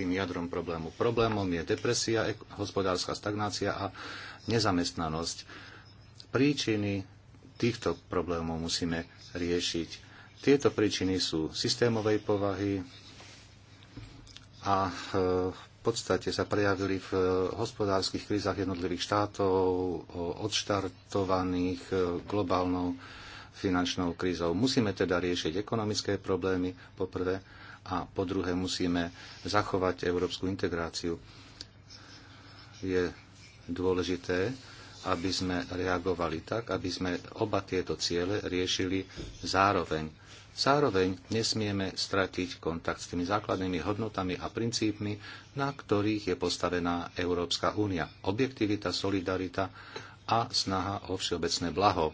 A: tým jadrom problému. Problémom je depresia, hospodárska stagnácia a nezamestnanosť. Príčiny týchto problémov musíme riešiť. Tieto príčiny sú systémovej povahy a v podstate sa prejavili v eh, hospodárskych krízach jednotlivých štátov, odštartovaných eh, globálnou finančnou krízou. Musíme teda riešiť ekonomické problémy poprvé a po druhé musíme zachovať európsku integráciu. Je dôležité, aby sme reagovali tak, aby sme oba tieto ciele riešili zároveň. Zároveň nesmieme stratiť kontakt s tými základnými hodnotami a princípmi, na ktorých je postavená Európska únia. Objektivita, solidarita a snaha o všeobecné blaho.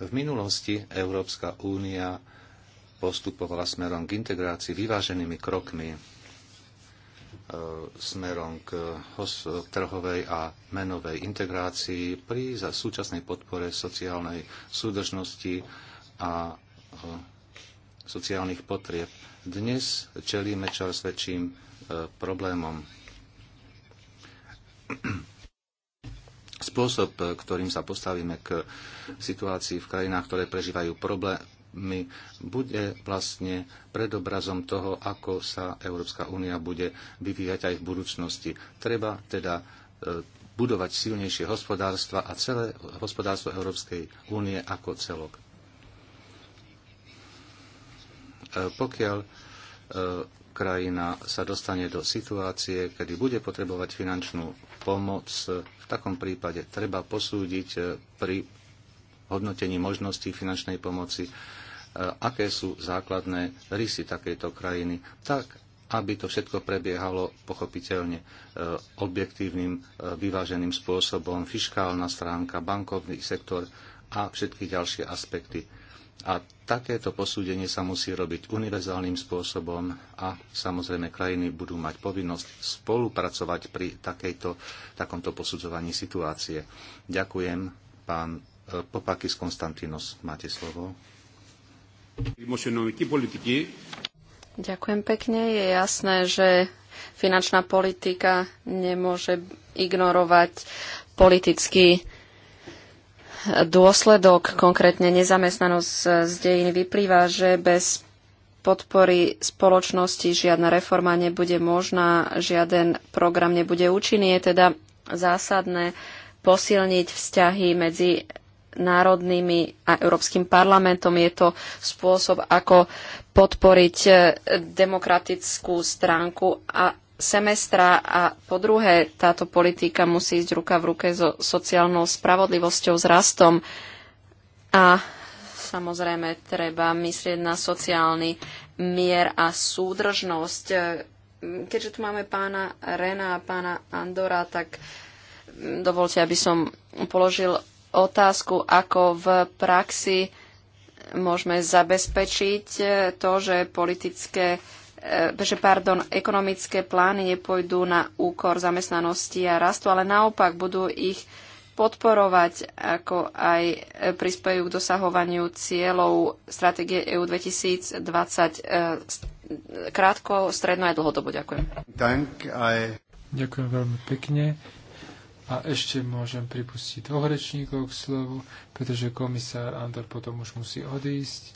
A: V minulosti Európska únia postupovala smerom k integrácii vyváženými krokmi E, smerom k trhovej a menovej integrácii pri za súčasnej podpore sociálnej súdržnosti a e, sociálnych potrieb. Dnes čelíme čas väčším e, problémom. Spôsob, ktorým sa postavíme k situácii v krajinách, ktoré prežívajú problém, mi bude vlastne predobrazom toho, ako sa Európska únia bude vyvíjať aj v budúcnosti. Treba teda e, budovať silnejšie hospodárstva a celé hospodárstvo Európskej únie ako celok. E, pokiaľ e, krajina sa dostane do situácie, kedy bude potrebovať finančnú pomoc, v takom prípade treba posúdiť pri hodnotení možností finančnej pomoci E, aké sú základné rysy takejto krajiny, tak aby to všetko prebiehalo pochopiteľne e, objektívnym, e, vyváženým spôsobom, fiškálna stránka, bankovný sektor a všetky ďalšie aspekty. A takéto posúdenie sa musí robiť univerzálnym spôsobom a samozrejme krajiny budú mať povinnosť spolupracovať pri takejto, takomto posudzovaní situácie. Ďakujem, pán Popakis Konstantinos, máte slovo.
B: Ďakujem pekne. Je jasné, že finančná politika nemôže ignorovať politický dôsledok, konkrétne nezamestnanosť z dejín vyplýva, že bez podpory spoločnosti žiadna reforma nebude možná, žiaden program nebude účinný. Je teda zásadné posilniť vzťahy medzi národnými a Európskym parlamentom. Je to spôsob, ako podporiť e, demokratickú stránku a semestra a po druhé táto politika musí ísť ruka v ruke so sociálnou spravodlivosťou, s rastom a samozrejme treba myslieť na sociálny mier a súdržnosť. E, keďže tu máme pána Rena a pána Andora, tak dovolte, aby som položil otázku, ako v praxi môžeme zabezpečiť to, že politické e, že pardon, ekonomické plány nepôjdu na úkor zamestnanosti a rastu, ale naopak budú ich podporovať, ako aj prispejú k dosahovaniu cieľov stratégie EU 2020 e, krátko, stredno aj dlhodobo. Ďakujem.
D: Ďakujem veľmi pekne. A ešte môžem
A: pripustiť
D: dvoch rečníkov k slovu, pretože komisár Andor potom už musí odísť.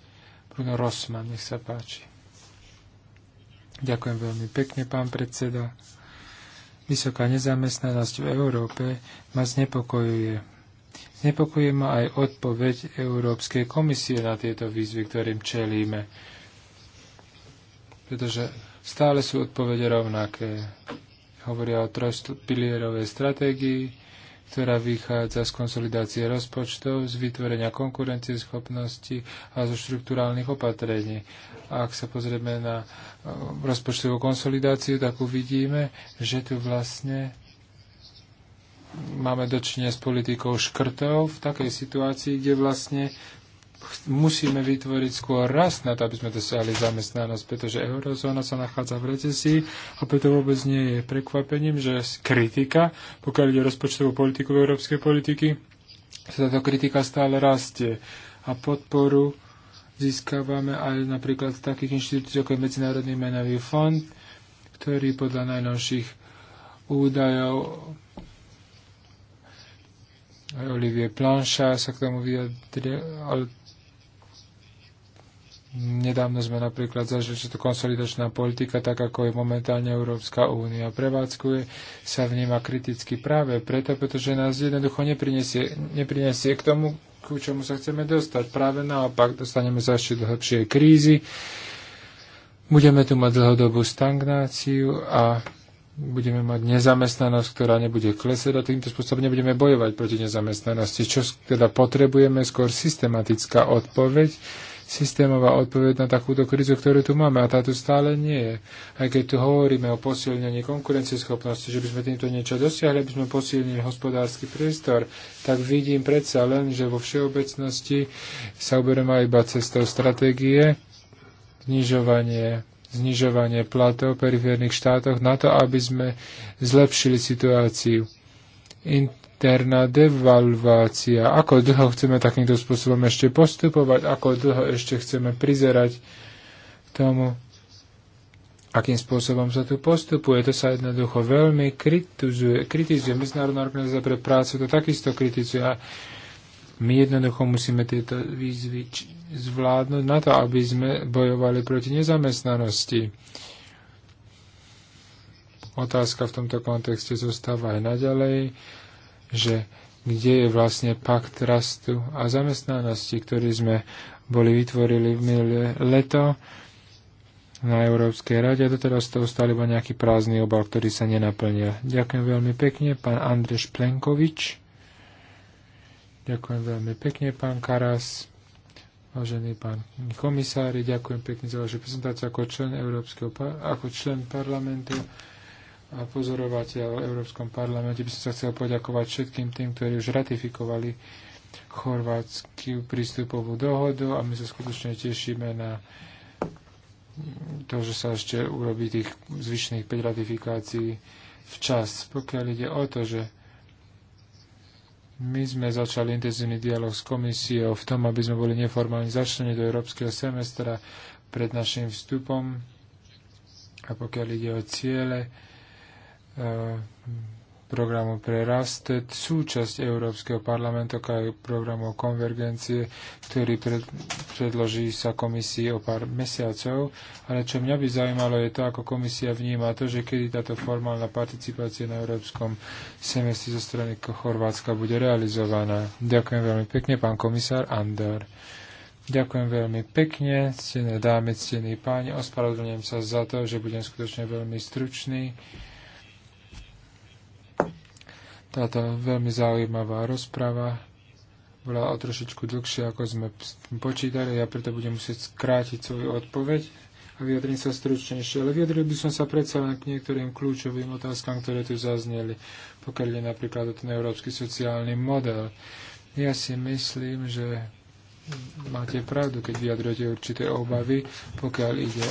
D: Bruno Rosman, nech sa páči. Ďakujem veľmi pekne, pán predseda. Vysoká nezamestnanosť v Európe ma znepokojuje. Znepokojuje ma aj odpoveď Európskej komisie na tieto výzvy, ktorým čelíme. Pretože stále sú odpovede rovnaké hovoria o trojpilierovej stratégii, ktorá vychádza z konsolidácie rozpočtov, z vytvorenia konkurencieschopnosti a zo štruktúrálnych opatrení. A ak sa pozrieme na eh, rozpočtovú konsolidáciu, tak uvidíme, že tu vlastne máme dočinenia s politikou škrtov v takej situácii, kde vlastne musíme vytvoriť skôr rast na to, aby sme dosiahli zamestnanosť, pretože eurozóna sa nachádza v recesii a preto vôbec nie je prekvapením, že kritika, pokiaľ ide o rozpočtovú politiku v európskej politiky, sa táto kritika stále rastie a podporu získavame aj napríklad v takých inštitúcií ako je Medzinárodný menový fond, ktorý podľa najnovších údajov Olivier Plancha sa k tomu vyjadril, Nedávno sme napríklad zažili, že to konsolidačná politika, tak ako je momentálne Európska únia, prevádzkuje, sa vníma kriticky práve preto, pretože nás jednoducho neprinesie, neprinesie k tomu, ku čomu sa chceme dostať. Práve naopak, dostaneme sa ešte do hĺbšej krízy, budeme tu mať dlhodobú stagnáciu a budeme mať nezamestnanosť, ktorá nebude klesať a týmto spôsobom nebudeme bojovať proti nezamestnanosti. Čo teda potrebujeme? Skôr systematická odpoveď systémová odpoveď na takúto krízu, ktorú tu máme. A táto stále nie je. Aj keď tu hovoríme o posilnení konkurencieschopnosti, že by sme týmto niečo dosiahli, aby sme posilnili hospodársky priestor, tak vidím predsa len, že vo všeobecnosti sa ubereme iba cestou stratégie, znižovanie znižovanie platov v periférnych štátoch na to, aby sme zlepšili situáciu. In, interná devalvácia. Ako dlho chceme takýmto spôsobom ešte postupovať, ako dlho ešte chceme prizerať k tomu, akým spôsobom sa tu postupuje. To sa jednoducho veľmi kritizuje. kritizuje. Medzinárodná organizácia pre prácu to takisto kritizuje. A my jednoducho musíme tieto výzvy zvládnuť na to, aby sme bojovali proti nezamestnanosti otázka v tomto kontexte zostáva aj naďalej že kde je vlastne pakt rastu a zamestnanosti, ktorý sme boli vytvorili v minulé leto na Európskej rade a doteraz to ostal iba nejaký prázdny obal, ktorý sa nenaplnil. Ďakujem veľmi pekne, pán Andreš Plenkovič. Ďakujem veľmi pekne, pán Karas. Vážený pán komisári, ďakujem pekne za vašu prezentáciu ako člen, Európskeho, ako člen parlamentu pozorovateľ v Európskom parlamente by som sa chcel poďakovať všetkým tým, ktorí už ratifikovali chorvátsku prístupovú dohodu a my sa skutočne tešíme na to, že sa ešte urobí tých zvyšných 5 ratifikácií včas. Pokiaľ ide o to, že my sme začali intenzívny dialog s komisiou v tom, aby sme boli neformálne začlení do európskeho semestra pred našim vstupom. A pokiaľ ide o ciele, programu pre rast. To je súčasť Európskeho parlamentu, ako aj programu konvergencie, ktorý pred, predloží sa komisii o pár mesiacov. Ale čo mňa by zaujímalo je to, ako komisia vníma to, že kedy táto formálna participácia na Európskom semestri zo strany Chorvátska bude realizovaná. Ďakujem veľmi pekne, pán komisár Andor. Ďakujem veľmi pekne, ctené dámy, ctení páni. Ospravedlňujem sa za to, že budem skutočne veľmi stručný. Táto veľmi zaujímavá rozprava bola o trošičku dlhšia, ako sme počítali, ja preto budem musieť skrátiť svoju odpoveď a vyjadrím sa stručnejšie. Ale vyjadril by som sa predsa len k niektorým kľúčovým otázkam, ktoré tu zazneli, pokiaľ je napríklad o ten európsky sociálny model. Ja si myslím, že máte pravdu, keď vyjadrujete určité obavy, pokiaľ ide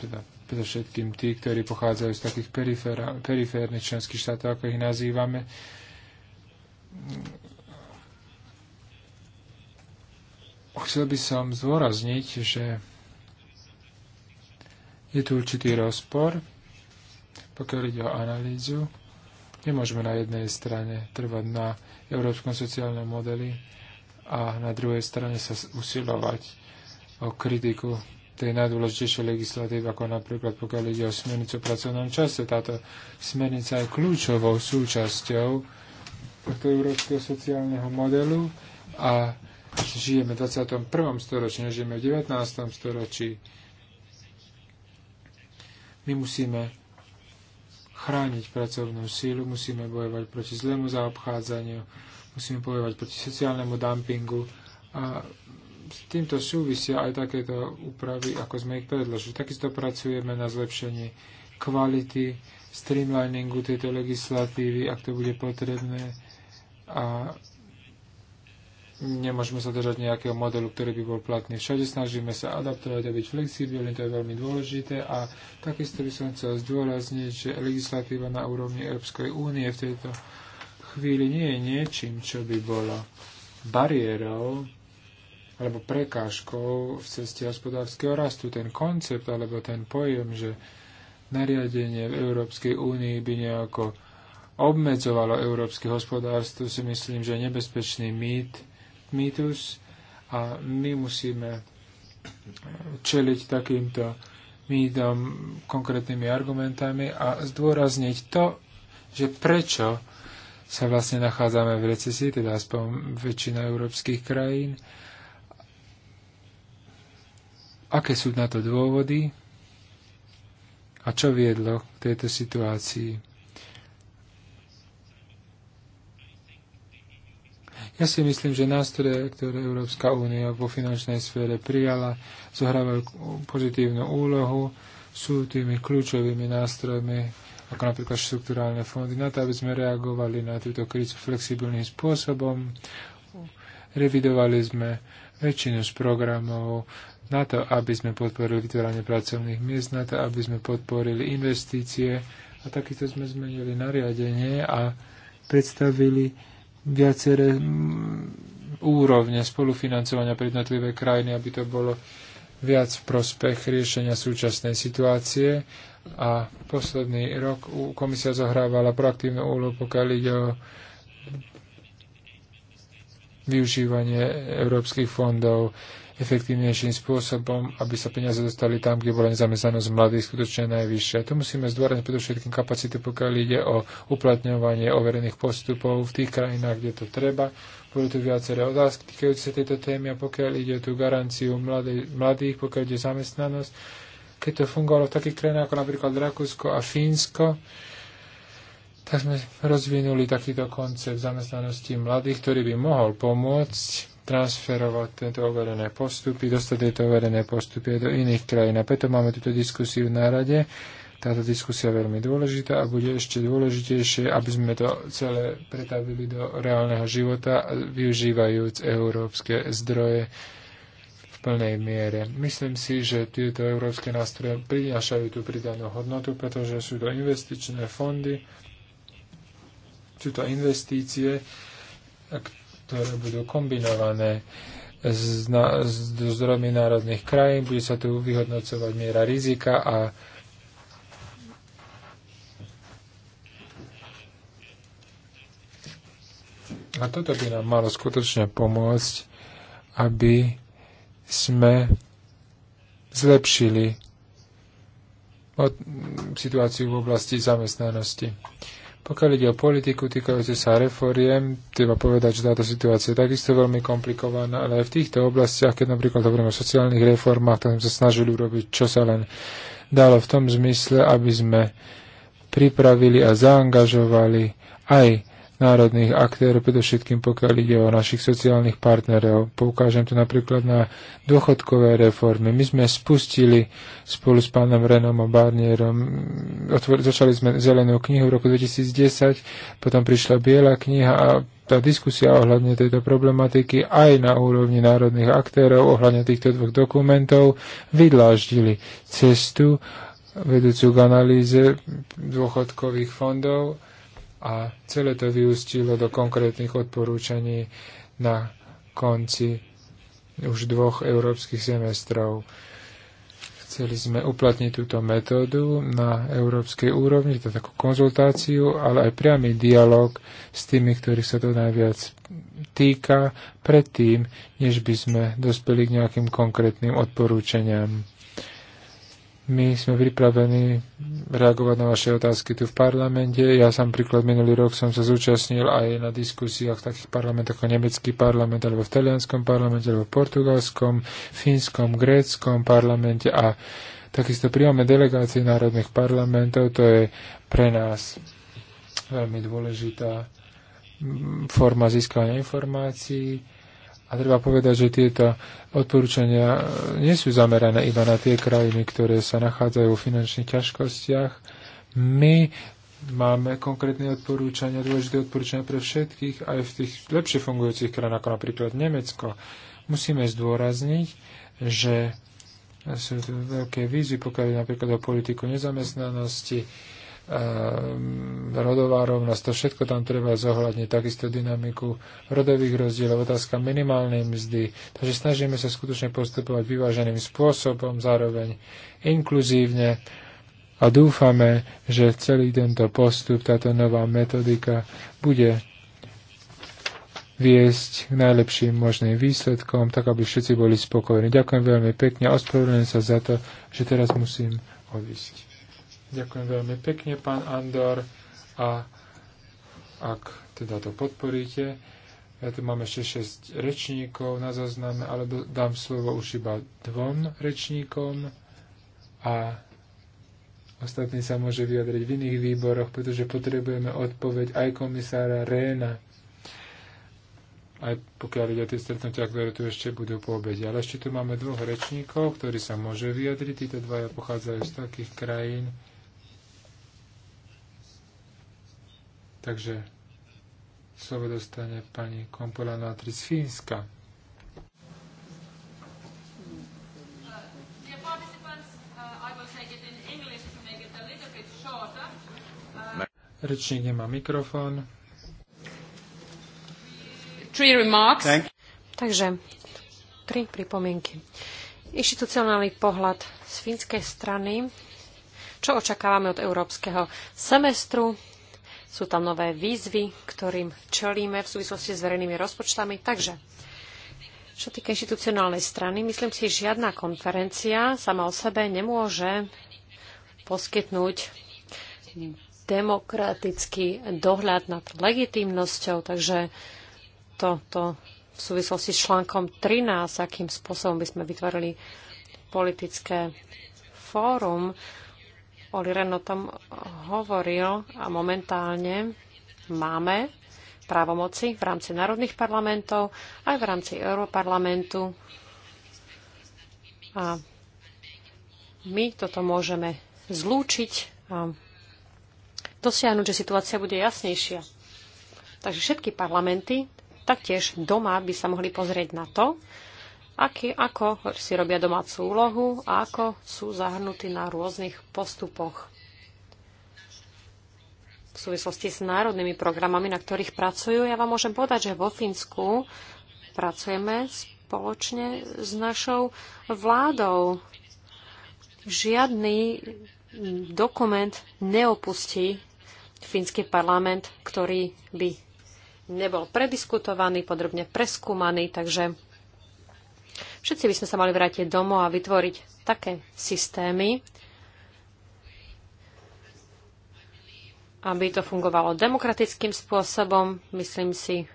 D: teda všetkým tí, ktorí pochádzajú z takých periférnych členských štátov, ako ich nazývame, chcel by som zdôrazniť, že je tu určitý rozpor, pokiaľ ide o analýzu. Nemôžeme na jednej strane trvať na európskom sociálnom modeli a na druhej strane sa usilovať o kritiku tej najdôležitejšej legislatívy, ako napríklad pokiaľ ide o smernicu o pracovnom čase. Táto smernica je kľúčovou súčasťou tohto európskeho sociálneho modelu a žijeme v 21. storočí, nežijeme v 19. storočí. My musíme chrániť pracovnú sílu, musíme bojovať proti zlému zaobchádzaniu, musíme bojovať proti sociálnemu dumpingu a s týmto súvisia aj takéto úpravy, ako sme ich predložili. Takisto pracujeme na zlepšení kvality, streamliningu tejto legislatívy, ak to bude potrebné. A nemôžeme sa držať nejakého modelu, ktorý by bol platný. Všade snažíme sa adaptovať a byť flexibilní, to je veľmi dôležité. A takisto by som chcel zdôrazniť, že legislatíva na úrovni Európskej únie v tejto chvíli nie je niečím, čo by bolo bariérou alebo prekážkou v ceste hospodárskeho rastu. Ten koncept alebo ten pojem, že nariadenie v Európskej únii by nejako obmedzovalo európske hospodárstvo, si myslím, že je nebezpečný mýt, mýtus a my musíme čeliť takýmto mýtom konkrétnymi argumentami a zdôrazniť to, že prečo sa vlastne nachádzame v recesii, teda aspoň väčšina európskych krajín, Aké sú na to dôvody a čo viedlo k tejto situácii? Ja si myslím, že nástroje, ktoré Európska únia vo finančnej sfére prijala, zohrávajú pozitívnu úlohu, sú tými kľúčovými nástrojmi, ako napríklad štruktúrálne fondy, na to, aby sme reagovali na túto krízu flexibilným spôsobom. Revidovali sme väčšinu z programov, na to, aby sme podporili vytváranie pracovných miest, na to, aby sme podporili investície a takýto sme zmenili nariadenie a predstavili viaceré úrovne spolufinancovania pre jednotlivé krajiny, aby to bolo viac v prospech riešenia súčasnej situácie a posledný rok komisia zohrávala proaktívnu úlohu, pokiaľ ide o využívanie európskych fondov efektívnejším spôsobom, aby sa peniaze dostali tam, kde bola nezamestnanosť mladých skutočne najvyššia. Tu musíme zdôrazniť predovšetkým kapacity, pokiaľ ide o uplatňovanie overených postupov v tých krajinách, kde to treba. budú tu viaceré otázky týkajúce sa tejto témy a pokiaľ ide o tú garanciu mladých, mladých pokiaľ ide o zamestnanosť, keď to fungovalo v takých krajinách ako napríklad Rakúsko a Fínsko, tak sme rozvinuli takýto koncept zamestnanosti mladých, ktorý by mohol pomôcť transferovať tieto overené postupy, dostať tieto overené postupy do iných krajín. A preto máme túto diskusiu na rade. Táto diskusia je veľmi dôležitá a bude ešte dôležitejšie, aby sme to celé pretavili do reálneho života, využívajúc európske zdroje v plnej miere. Myslím si, že tieto európske nástroje prinášajú tú pridanú hodnotu, pretože sú to investičné fondy, sú to investície, ktoré budú kombinované s, na, s zdrojmi národných krajín, bude sa tu vyhodnocovať miera rizika a A toto by nám malo skutočne pomôcť, aby sme zlepšili situáciu v oblasti zamestnanosti. Pokiaľ ide o politiku týkajúce sa reforiem, treba povedať, že táto situácia je takisto veľmi komplikovaná, ale aj v týchto oblastiach, keď napríklad hovoríme o sociálnych reformách, tak sme sa snažili urobiť, čo sa len dalo v tom zmysle, aby sme pripravili a zaangažovali aj národných aktérov, predovšetkým pokiaľ ide o našich sociálnych partnerov. Poukážem tu napríklad na dôchodkové reformy. My sme spustili spolu s pánom Renom a Barnierom, otvor, začali sme zelenú knihu v roku 2010, potom prišla biela kniha a tá diskusia ohľadne tejto problematiky aj na úrovni národných aktérov ohľadne týchto dvoch dokumentov vydláždili cestu vedúcu k analýze dôchodkových fondov a celé to vyústilo do konkrétnych odporúčaní na konci už dvoch európskych semestrov. Chceli sme uplatniť túto metódu na európskej úrovni, to takú konzultáciu, ale aj priamy dialog s tými, ktorých sa to najviac týka, predtým, než by sme dospeli k nejakým konkrétnym odporúčaniam. My sme pripravení reagovať na vaše otázky tu v parlamente. Ja som príklad minulý rok som sa zúčastnil aj na diskusiách v takých parlamentoch ako nemecký parlament, alebo v talianskom parlamente, alebo v portugalskom, fínskom, gréckom parlamente a takisto príjame delegácie národných parlamentov. To je pre nás veľmi dôležitá forma získania informácií a treba povedať, že tieto odporúčania e, nie sú zamerané iba na tie krajiny, ktoré sa nachádzajú v finančných ťažkostiach. My máme konkrétne odporúčania, dôležité odporúčania pre všetkých, aj v tých lepšie fungujúcich krajinách, ako napríklad Nemecko. Musíme zdôrazniť, že sú to veľké výzvy, pokiaľ napríklad o politiku nezamestnanosti, Ehm, rodová rovnosť, to všetko tam treba zohľadniť, takisto dynamiku rodových rozdielov, otázka minimálnej mzdy. Takže snažíme sa skutočne postupovať vyváženým spôsobom, zároveň inkluzívne a dúfame, že celý tento postup, táto nová metodika bude viesť k najlepším možným výsledkom, tak aby všetci boli spokojní. Ďakujem veľmi pekne a ospravedlňujem sa za to, že teraz musím odísť. Ďakujem veľmi pekne, pán Andor. A ak teda to podporíte, ja tu mám ešte 6 rečníkov na zozname, ale dám slovo už iba dvom rečníkom a ostatní sa môže vyjadriť v iných výboroch, pretože potrebujeme odpoveď aj komisára Réna, aj pokiaľ ide o tie stretnutia, ktoré tu ešte budú po obede. Ale ešte tu máme dvoch rečníkov, ktorí sa môže vyjadriť. Títo dvaja pochádzajú z takých krajín, Takže slovo dostane pani Kompola Natri Fínska. Uh, uh, Rečník nemá mikrofón.
C: Three remarks. Takže tri pripomienky. Inštitucionálny pohľad z fínskej strany. Čo očakávame od európskeho semestru? sú tam nové výzvy, ktorým čelíme v súvislosti s verejnými rozpočtami. Takže, čo týka inštitucionálnej strany, myslím si, že žiadna konferencia sama o sebe nemôže poskytnúť demokratický dohľad nad legitimnosťou, takže to v súvislosti s článkom 13, akým spôsobom by sme vytvorili politické fórum, Oli Ren o tom hovoril a momentálne máme právomoci v rámci národných parlamentov aj v rámci Europarlamentu. A my toto môžeme zlúčiť a dosiahnuť, že situácia bude jasnejšia. Takže všetky parlamenty taktiež doma by sa mohli pozrieť na to, aký, ako si robia domácu úlohu a ako sú zahrnutí na rôznych postupoch v súvislosti s národnými programami, na ktorých pracujú. Ja vám môžem povedať, že vo Fínsku pracujeme spoločne s našou vládou. Žiadny dokument neopustí fínsky parlament, ktorý by nebol prediskutovaný, podrobne preskúmaný, takže Všetci by sme sa mali vrátiť domov a vytvoriť také systémy, aby to fungovalo demokratickým spôsobom. Myslím si,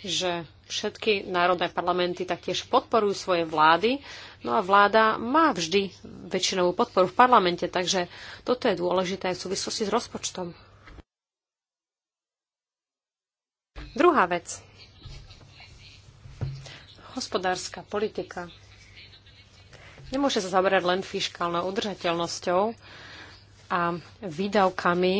C: že všetky národné parlamenty taktiež podporujú svoje vlády. No a vláda má vždy väčšinovú podporu v parlamente, takže toto je dôležité v súvislosti s rozpočtom. Druhá vec hospodárska politika nemôže sa zaberať len fiskálnou udržateľnosťou a výdavkami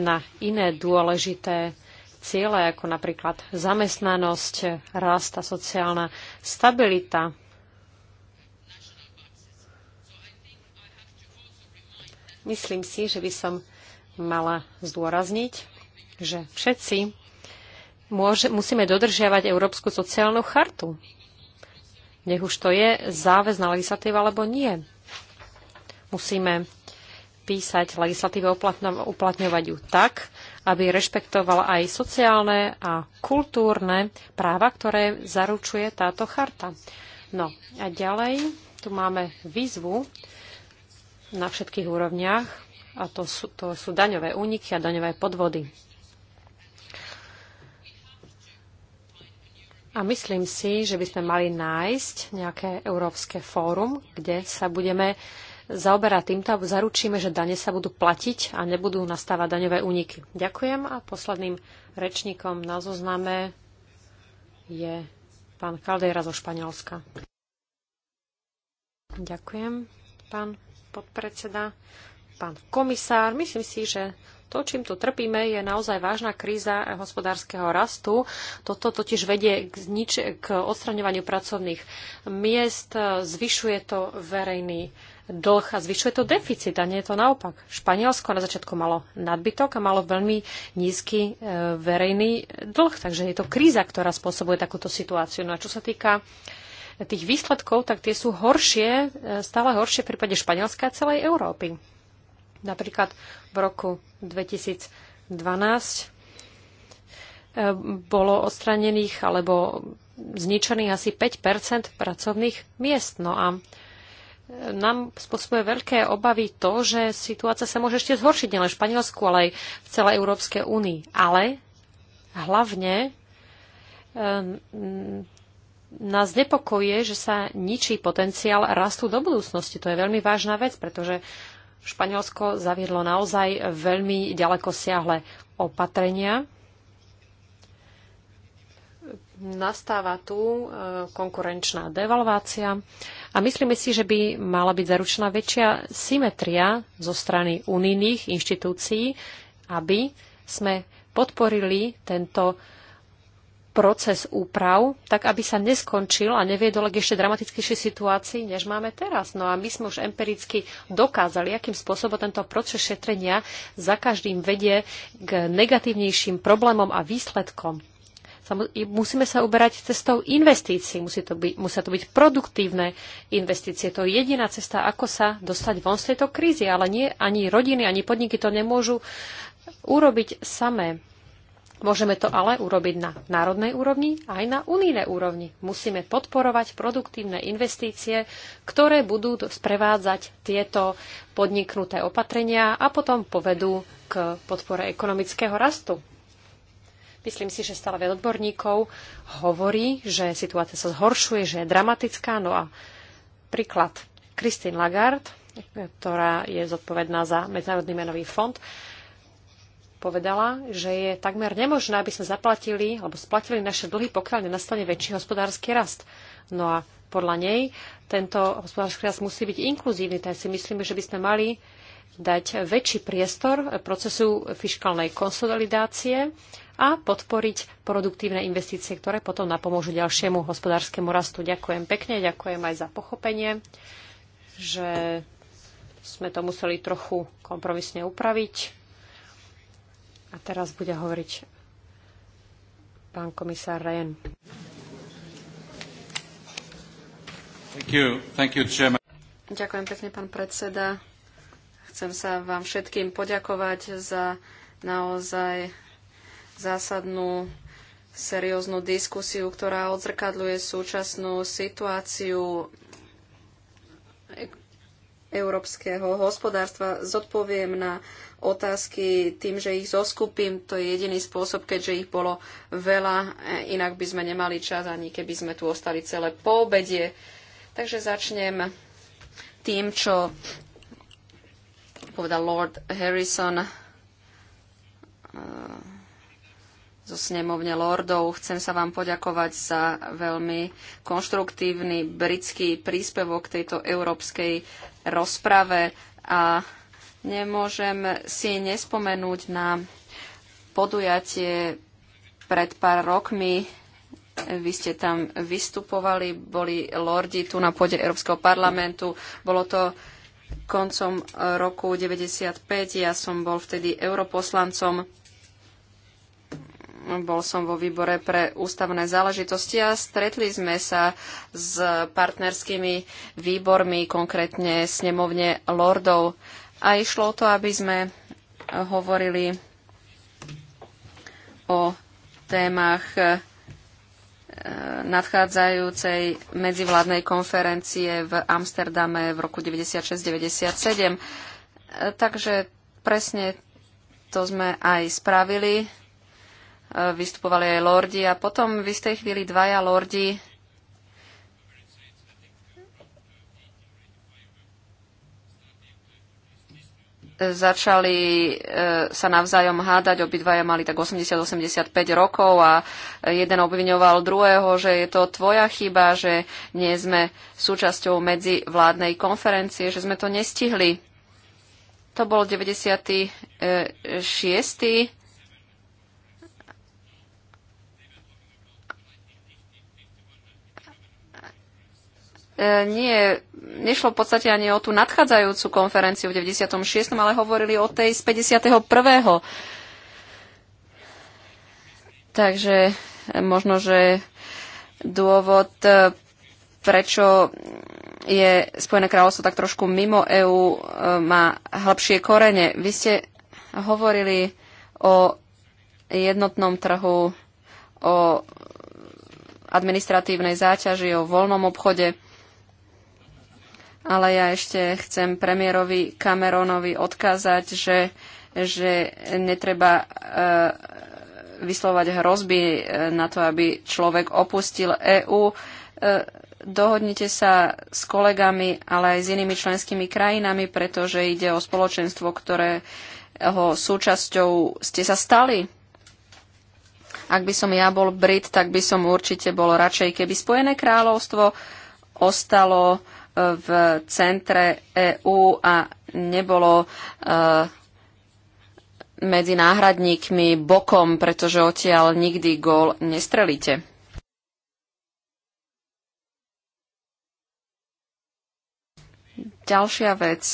C: na iné dôležité ciele, ako napríklad zamestnanosť, rast a sociálna stabilita. Myslím si, že by som mala zdôrazniť, že všetci môže, musíme dodržiavať Európsku sociálnu chartu. Nech už to je záväzná legislatíva alebo nie. Musíme písať legislatívu, uplatňovať ju tak, aby rešpektovala aj sociálne a kultúrne práva, ktoré zaručuje táto charta. No a ďalej tu máme výzvu na všetkých úrovniach a to sú, to sú daňové úniky a daňové podvody. A myslím si, že by sme mali nájsť nejaké európske fórum, kde sa budeme zaoberať týmto a zaručíme, že dane sa budú platiť a nebudú nastávať daňové úniky. Ďakujem a posledným rečníkom na zozname je pán Caldera zo Španielska. Ďakujem, pán podpredseda, pán komisár. Myslím si, že to, čím tu trpíme, je naozaj vážna kríza hospodárskeho rastu. Toto totiž vedie k, znič- k odstraňovaniu pracovných miest, zvyšuje to verejný dlh a zvyšuje to deficit a nie je to naopak. Španielsko na začiatku malo nadbytok a malo veľmi nízky e, verejný dlh, takže je to kríza, ktorá spôsobuje takúto situáciu. No a čo sa týka tých výsledkov, tak tie sú horšie, e, stále horšie v prípade Španielska a celej Európy. Napríklad v roku 2012 e, bolo odstranených alebo zničených asi 5 pracovných miest. No a e, nám spôsobuje veľké obavy to, že situácia sa môže ešte zhoršiť nielen v Španielsku, ale aj v celej Európskej únii. Ale hlavne e, nás nepokojuje, že sa ničí potenciál rastu do budúcnosti. To je veľmi vážna vec, pretože Španielsko zaviedlo naozaj veľmi ďaleko siahle opatrenia. Nastáva tu e, konkurenčná devalvácia a myslíme si, že by mala byť zaručená väčšia symetria zo strany unijných inštitúcií, aby sme podporili tento proces úprav, tak aby sa neskončil a neviedol k ešte dramatickejšej situácii, než máme teraz. No a my sme už empiricky dokázali, akým spôsobom tento proces šetrenia za každým vedie k negatívnejším problémom a výsledkom. Musíme sa uberať cestou investícií. Musí to byť, musia to byť produktívne investície. To je jediná cesta, ako sa dostať von z tejto krízy. Ale nie, ani rodiny, ani podniky to nemôžu urobiť samé Môžeme to ale urobiť na národnej úrovni aj na unijnej úrovni. Musíme podporovať produktívne investície, ktoré budú sprevádzať tieto podniknuté opatrenia a potom povedú k podpore ekonomického rastu. Myslím si, že stále veľa odborníkov hovorí, že situácia sa zhoršuje, že je dramatická. No a príklad. Christine Lagarde, ktorá je zodpovedná za Medzinárodný menový fond, povedala, že je takmer nemožné, aby sme zaplatili alebo splatili naše dlhy, pokiaľ nenastane väčší hospodársky rast. No a podľa nej tento hospodársky rast musí byť inkluzívny, tak si myslíme, že by sme mali dať väčší priestor procesu fiskálnej konsolidácie a podporiť produktívne investície, ktoré potom napomôžu ďalšiemu hospodárskemu rastu. Ďakujem pekne, ďakujem aj za pochopenie, že sme to museli trochu kompromisne upraviť. A teraz bude hovoriť pán komisár Rehn.
D: Thank you. Thank you,
B: Ďakujem pekne, pán predseda. Chcem sa vám všetkým poďakovať za naozaj zásadnú serióznu diskusiu, ktorá odzrkadľuje súčasnú situáciu európskeho hospodárstva. Zodpoviem na otázky tým, že ich zoskupím. To je jediný spôsob, keďže ich bolo veľa. E, inak by sme nemali čas, ani keby sme tu ostali celé po obede. Takže začnem tým, čo povedal Lord Harrison e, zo snemovne lordov. Chcem sa vám poďakovať za veľmi konštruktívny britský príspevok tejto európskej rozprave a nemôžem si nespomenúť na podujatie pred pár rokmi. Vy ste tam vystupovali, boli lordi tu na pôde Európskeho parlamentu. Bolo to koncom roku 95, ja som bol vtedy europoslancom bol som vo výbore pre ústavné záležitosti a stretli sme sa s partnerskými výbormi, konkrétne snemovne lordov. A išlo o to, aby sme hovorili o témach e, nadchádzajúcej medzivládnej konferencie v Amsterdame v roku 96-97. E, takže presne to sme aj spravili vystupovali aj lordi a potom v istej chvíli dvaja lordi začali e, sa navzájom hádať, obidvaja mali tak 80-85 rokov a jeden obviňoval druhého, že je to tvoja chyba, že nie sme súčasťou medzivládnej konferencie, že sme to nestihli. To bol 96. E, nie, nešlo v podstate ani o tú nadchádzajúcu konferenciu v 96., ale hovorili o tej z 51. Takže e, možno, že dôvod, e, prečo je Spojené kráľovstvo tak trošku mimo EÚ, má hĺbšie korene. Vy ste hovorili o jednotnom trhu, o administratívnej záťaži, o voľnom obchode ale ja ešte chcem premiérovi Cameronovi odkázať, že, že netreba e, vyslovať hrozby e, na to, aby človek opustil EÚ. E, dohodnite sa s kolegami, ale aj s inými členskými krajinami, pretože ide o spoločenstvo, ktorého súčasťou ste sa stali. Ak by som ja bol Brit, tak by som určite bol radšej, keby Spojené kráľovstvo ostalo v centre EÚ a nebolo eh, medzi náhradníkmi bokom, pretože odtiaľ nikdy gól nestrelíte. Ďalšia vec.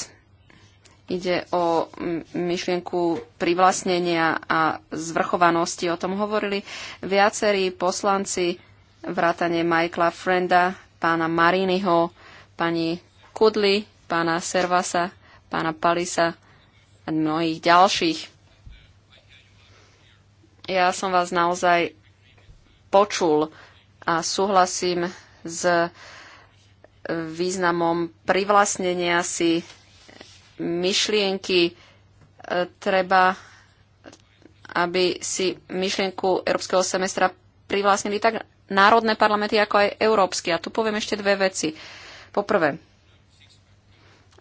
B: Ide o myšlienku privlastnenia a zvrchovanosti. O tom hovorili viacerí poslanci, vrátane Michaela Frenda, pána Mariniho, pani Kudli, pána Servasa, pána Palisa a mnohých ďalších. Ja som vás naozaj počul a súhlasím s významom privlastnenia si myšlienky. Treba, aby si myšlienku Európskeho semestra privlastnili tak národné parlamenty, ako aj európsky. A tu poviem ešte dve veci. Uh, Poprvé,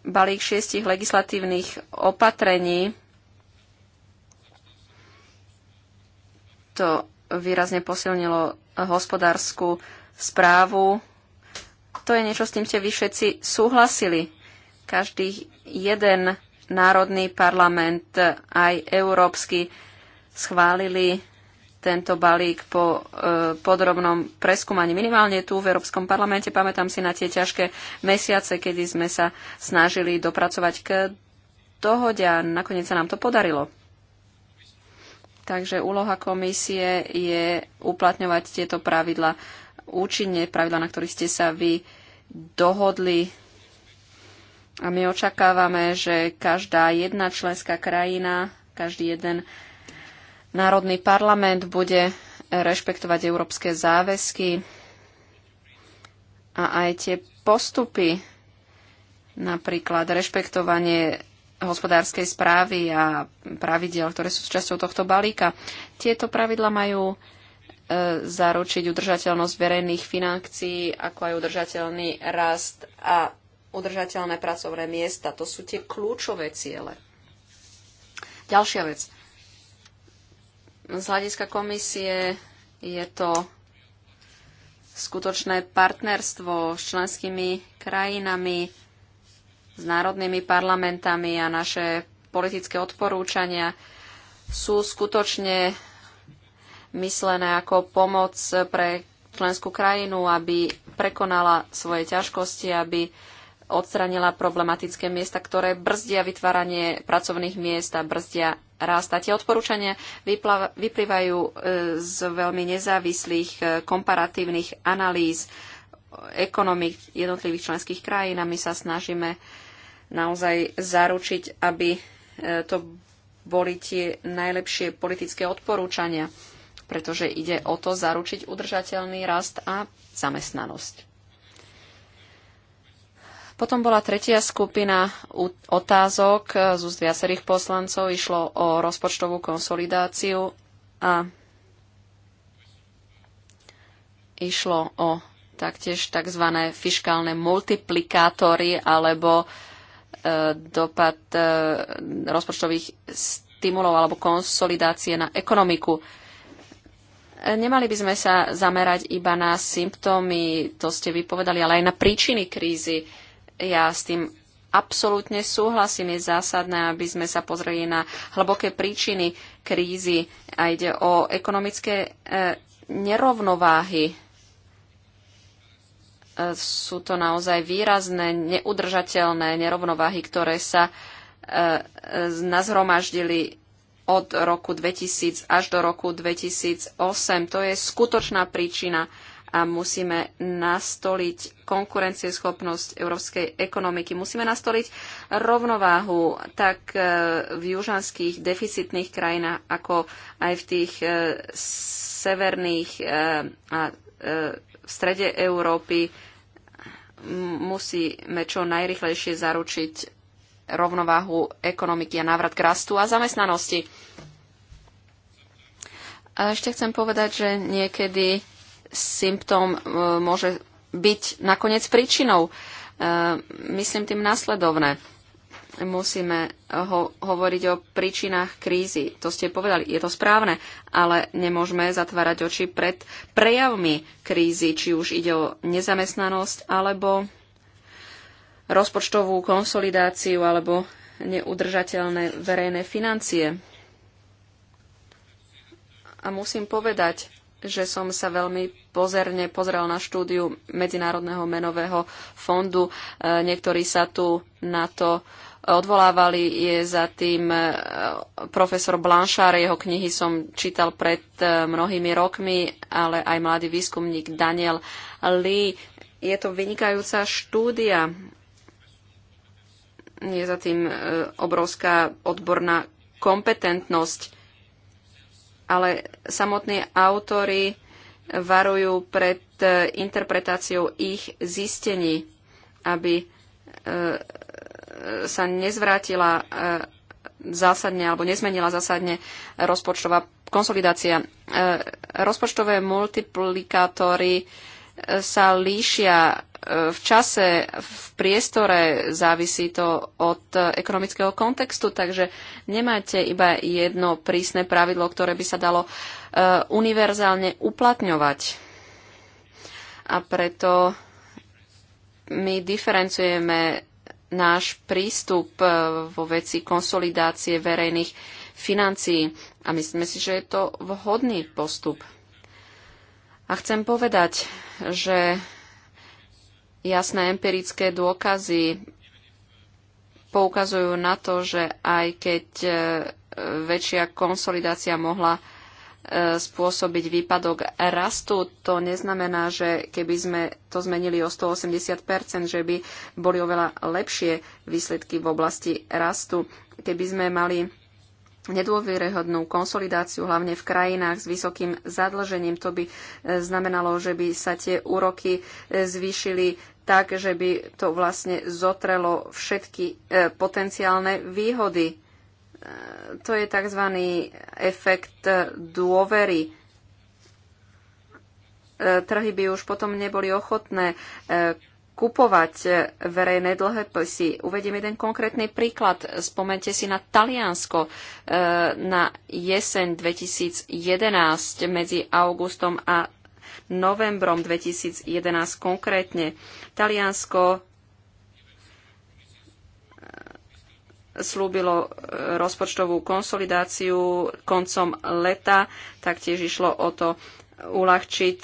B: balík šiestich legislatívnych opatrení to výrazne posilnilo hospodárskú správu. To je niečo, s tým ste vy všetci súhlasili. Každý jeden národný parlament, aj európsky, schválili tento balík po e, podrobnom preskúmaní. Minimálne tu v Európskom parlamente pamätám si na tie ťažké mesiace, kedy sme sa snažili dopracovať k dohode a nakoniec sa nám to podarilo. Takže úloha komisie je uplatňovať tieto pravidla účinne, pravidla, na ktorých ste sa vy dohodli. A my očakávame, že každá jedna členská krajina, každý jeden Národný parlament bude rešpektovať európske záväzky a aj tie postupy, napríklad rešpektovanie hospodárskej správy a pravidel, ktoré sú súčasťou tohto balíka. Tieto pravidla majú e, zaručiť udržateľnosť verejných financií, ako aj udržateľný rast a udržateľné pracovné miesta. To sú tie kľúčové ciele. Ďalšia vec. Z hľadiska komisie je to skutočné partnerstvo s členskými krajinami, s národnými parlamentami a naše politické odporúčania sú skutočne myslené ako pomoc pre členskú krajinu, aby prekonala svoje ťažkosti, aby odstranila problematické miesta, ktoré brzdia vytváranie pracovných miest a brzdia rast. A tie odporúčania vyplývajú e, z veľmi nezávislých e, komparatívnych analýz ekonomik jednotlivých členských krajín a my sa snažíme naozaj zaručiť, aby e, to boli tie najlepšie politické odporúčania, pretože ide o to zaručiť udržateľný rast a zamestnanosť. Potom bola tretia skupina otázok e, z úst viacerých poslancov. Išlo o rozpočtovú konsolidáciu a išlo o taktiež tzv. fiškálne multiplikátory alebo e, dopad e, rozpočtových stimulov alebo konsolidácie na ekonomiku. E, nemali by sme sa zamerať iba na symptómy, to ste vypovedali, ale aj na príčiny krízy ja s tým absolútne súhlasím. Je zásadné, aby sme sa pozreli na hlboké príčiny krízy a ide o ekonomické e, nerovnováhy. E, sú to naozaj výrazné, neudržateľné nerovnováhy, ktoré sa e, nazhromaždili od roku 2000 až do roku 2008. To je skutočná príčina a musíme nastoliť konkurencieschopnosť európskej ekonomiky. Musíme nastoliť rovnováhu tak e, v južanských deficitných krajinách, ako aj v tých e, severných e, a v strede Európy. Musíme čo najrychlejšie zaručiť rovnováhu ekonomiky a návrat k rastu a zamestnanosti. A ešte chcem povedať, že niekedy symptóm e, môže byť nakoniec príčinou. E, myslím tým následovné. Musíme ho- hovoriť o príčinách krízy. To ste povedali, je to správne, ale nemôžeme zatvárať oči pred prejavmi krízy, či už ide o nezamestnanosť alebo rozpočtovú konsolidáciu alebo neudržateľné verejné financie. A musím povedať, že som sa veľmi pozerne pozrel na štúdiu Medzinárodného menového fondu. E, niektorí sa tu na to odvolávali. Je za tým e, profesor Blanchard, jeho knihy som čítal pred e, mnohými rokmi, ale aj mladý výskumník Daniel Lee. Je to vynikajúca štúdia. Je za tým obrovská odborná kompetentnosť ale samotní autory varujú pred e, interpretáciou ich zistení, aby e, sa nezvrátila e, zásadne alebo nezmenila zásadne rozpočtová konsolidácia. Rozpočtové multiplikátory sa líšia e, v čase, v priestore, závisí to od e, ekonomického kontextu, takže nemáte iba jedno prísne pravidlo, ktoré by sa dalo e, univerzálne uplatňovať. A preto my diferencujeme náš prístup vo veci konsolidácie verejných financií a myslíme si, že je to vhodný postup. A chcem povedať, že jasné empirické dôkazy poukazujú na to, že aj keď e, väčšia konsolidácia mohla e, spôsobiť výpadok rastu, to neznamená, že keby sme to zmenili o 180%, že by boli oveľa lepšie výsledky v oblasti rastu. Keby sme mali nedôvierehodnú konsolidáciu, hlavne v krajinách s vysokým zadlžením. To by e, znamenalo, že by sa tie úroky e, zvýšili tak, že by to vlastne zotrelo všetky e, potenciálne výhody. To je tzv. efekt dôvery. Trhy by už potom neboli ochotné kupovať eh, verejné dlhé dlhopisy. Uvediem jeden konkrétny príklad. Spomente si na Taliansko. Eh, na jeseň 2011 medzi augustom a novembrom 2011 konkrétne Taliansko eh, slúbilo rozpočtovú konsolidáciu koncom leta. Taktiež išlo o to uľahčiť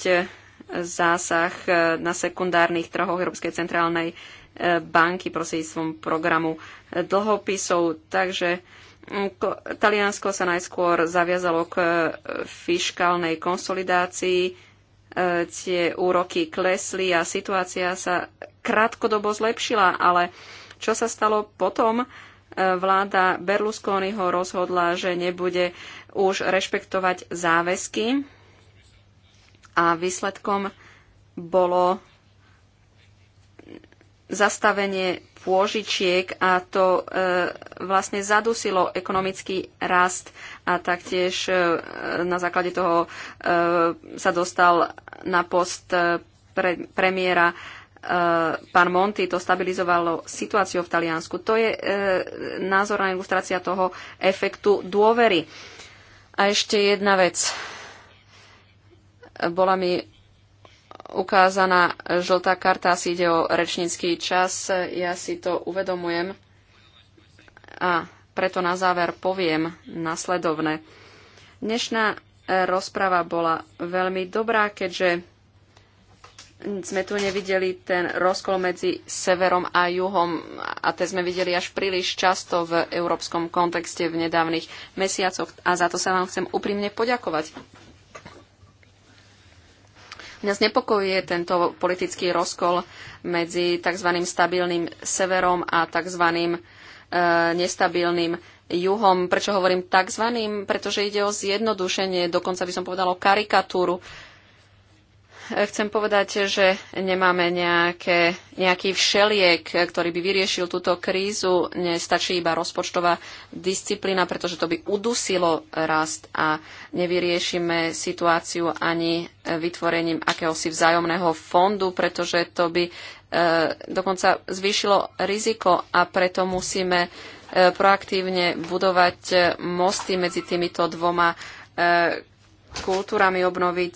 B: zásah e, na sekundárnych trhoch Európskej centrálnej e, banky prostredníctvom programu e, dlhopisov. Takže Taliansko sa najskôr zaviazalo k fiškálnej konsolidácii, tie úroky klesli a situácia sa krátkodobo zlepšila, ale čo sa stalo potom? Vláda Berlusconiho rozhodla, že nebude už rešpektovať záväzky a výsledkom bolo zastavenie pôžičiek a to e, vlastne zadusilo ekonomický rast a taktiež e, na základe toho e, sa dostal na post e, pre, premiéra e, pán Monti, to stabilizovalo situáciu v Taliansku. To je e, názorná ilustrácia toho efektu dôvery. A ešte jedna vec bola mi ukázaná žltá karta, asi ide o rečnícky čas. Ja si to uvedomujem a preto na záver poviem nasledovne. Dnešná e, rozprava bola veľmi dobrá, keďže sme tu nevideli ten rozkol medzi severom a juhom a to sme videli až príliš často v európskom kontexte v nedávnych mesiacoch a za to sa vám chcem úprimne poďakovať. Mňa znepokojuje tento politický rozkol medzi tzv. stabilným severom a tzv. E, nestabilným juhom. Prečo hovorím tzv.? Pretože ide o zjednodušenie, dokonca by som povedala o karikatúru chcem povedať, že nemáme nejaké, nejaký všeliek, ktorý by vyriešil túto krízu. Nestačí iba rozpočtová disciplína, pretože to by udusilo rast a nevyriešime situáciu ani vytvorením akéhosi vzájomného fondu, pretože to by e, dokonca zvýšilo riziko a preto musíme e, proaktívne budovať e, mosty medzi týmito dvoma kultúrami, obnoviť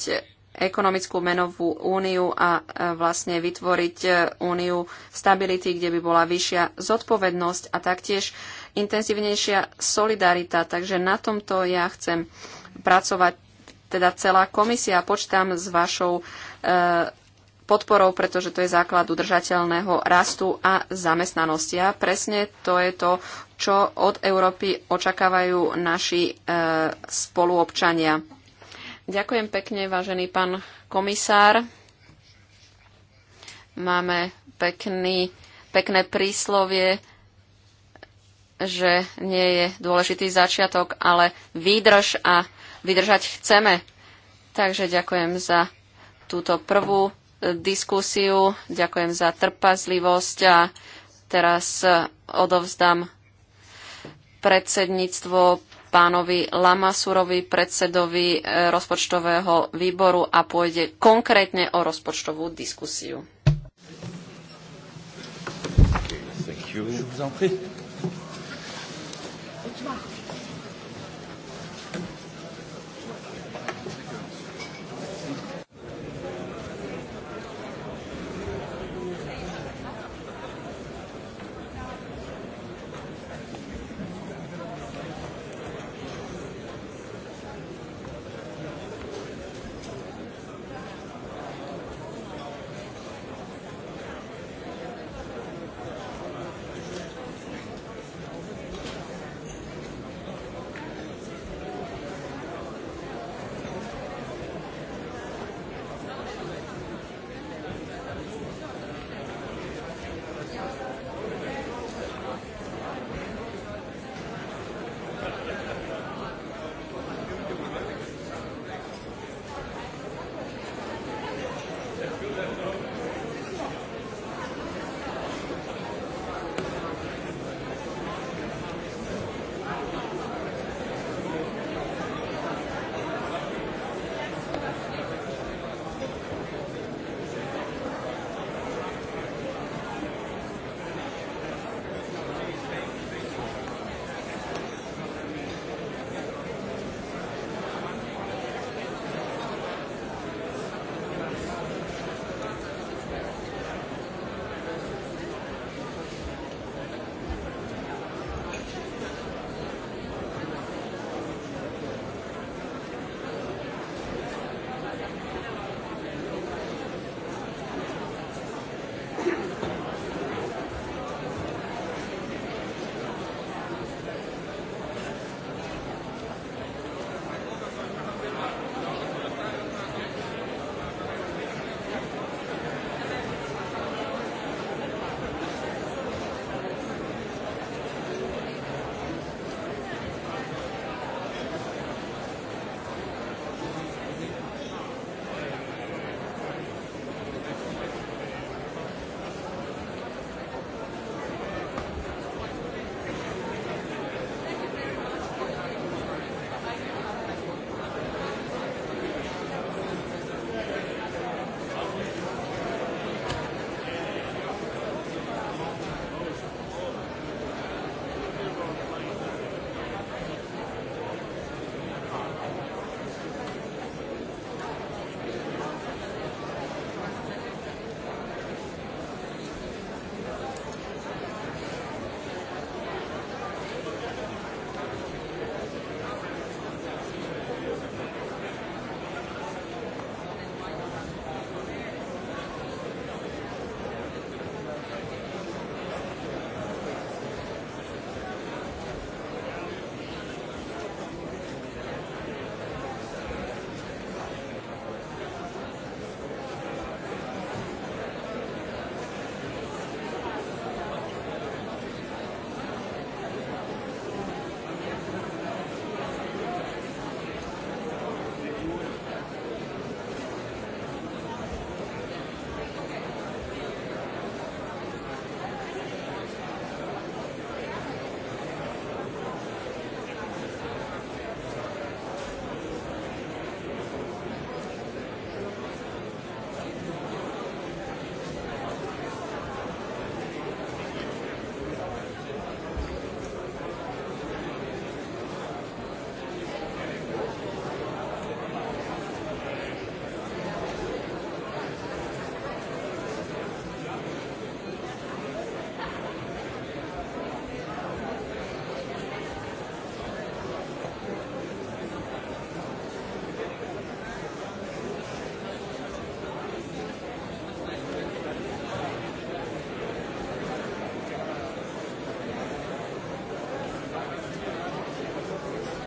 B: ekonomickú menovú úniu a e, vlastne vytvoriť e, úniu stability, kde by bola vyššia zodpovednosť a taktiež intenzívnejšia solidarita. Takže na tomto ja chcem pracovať, teda celá komisia. Počtam s vašou e, podporou, pretože to je základ udržateľného rastu a zamestnanosti. A presne to je to, čo od Európy očakávajú naši spoluobčania Ďakujem pekne, vážený pán komisár. Máme pekný, pekné príslovie, že nie je dôležitý začiatok, ale výdrž a vydržať chceme. Takže ďakujem za túto prvú e, diskusiu, ďakujem za trpazlivosť a teraz odovzdám predsedníctvo pánovi Lamasurovi, predsedovi e, rozpočtového výboru a pôjde konkrétne o rozpočtovú diskusiu.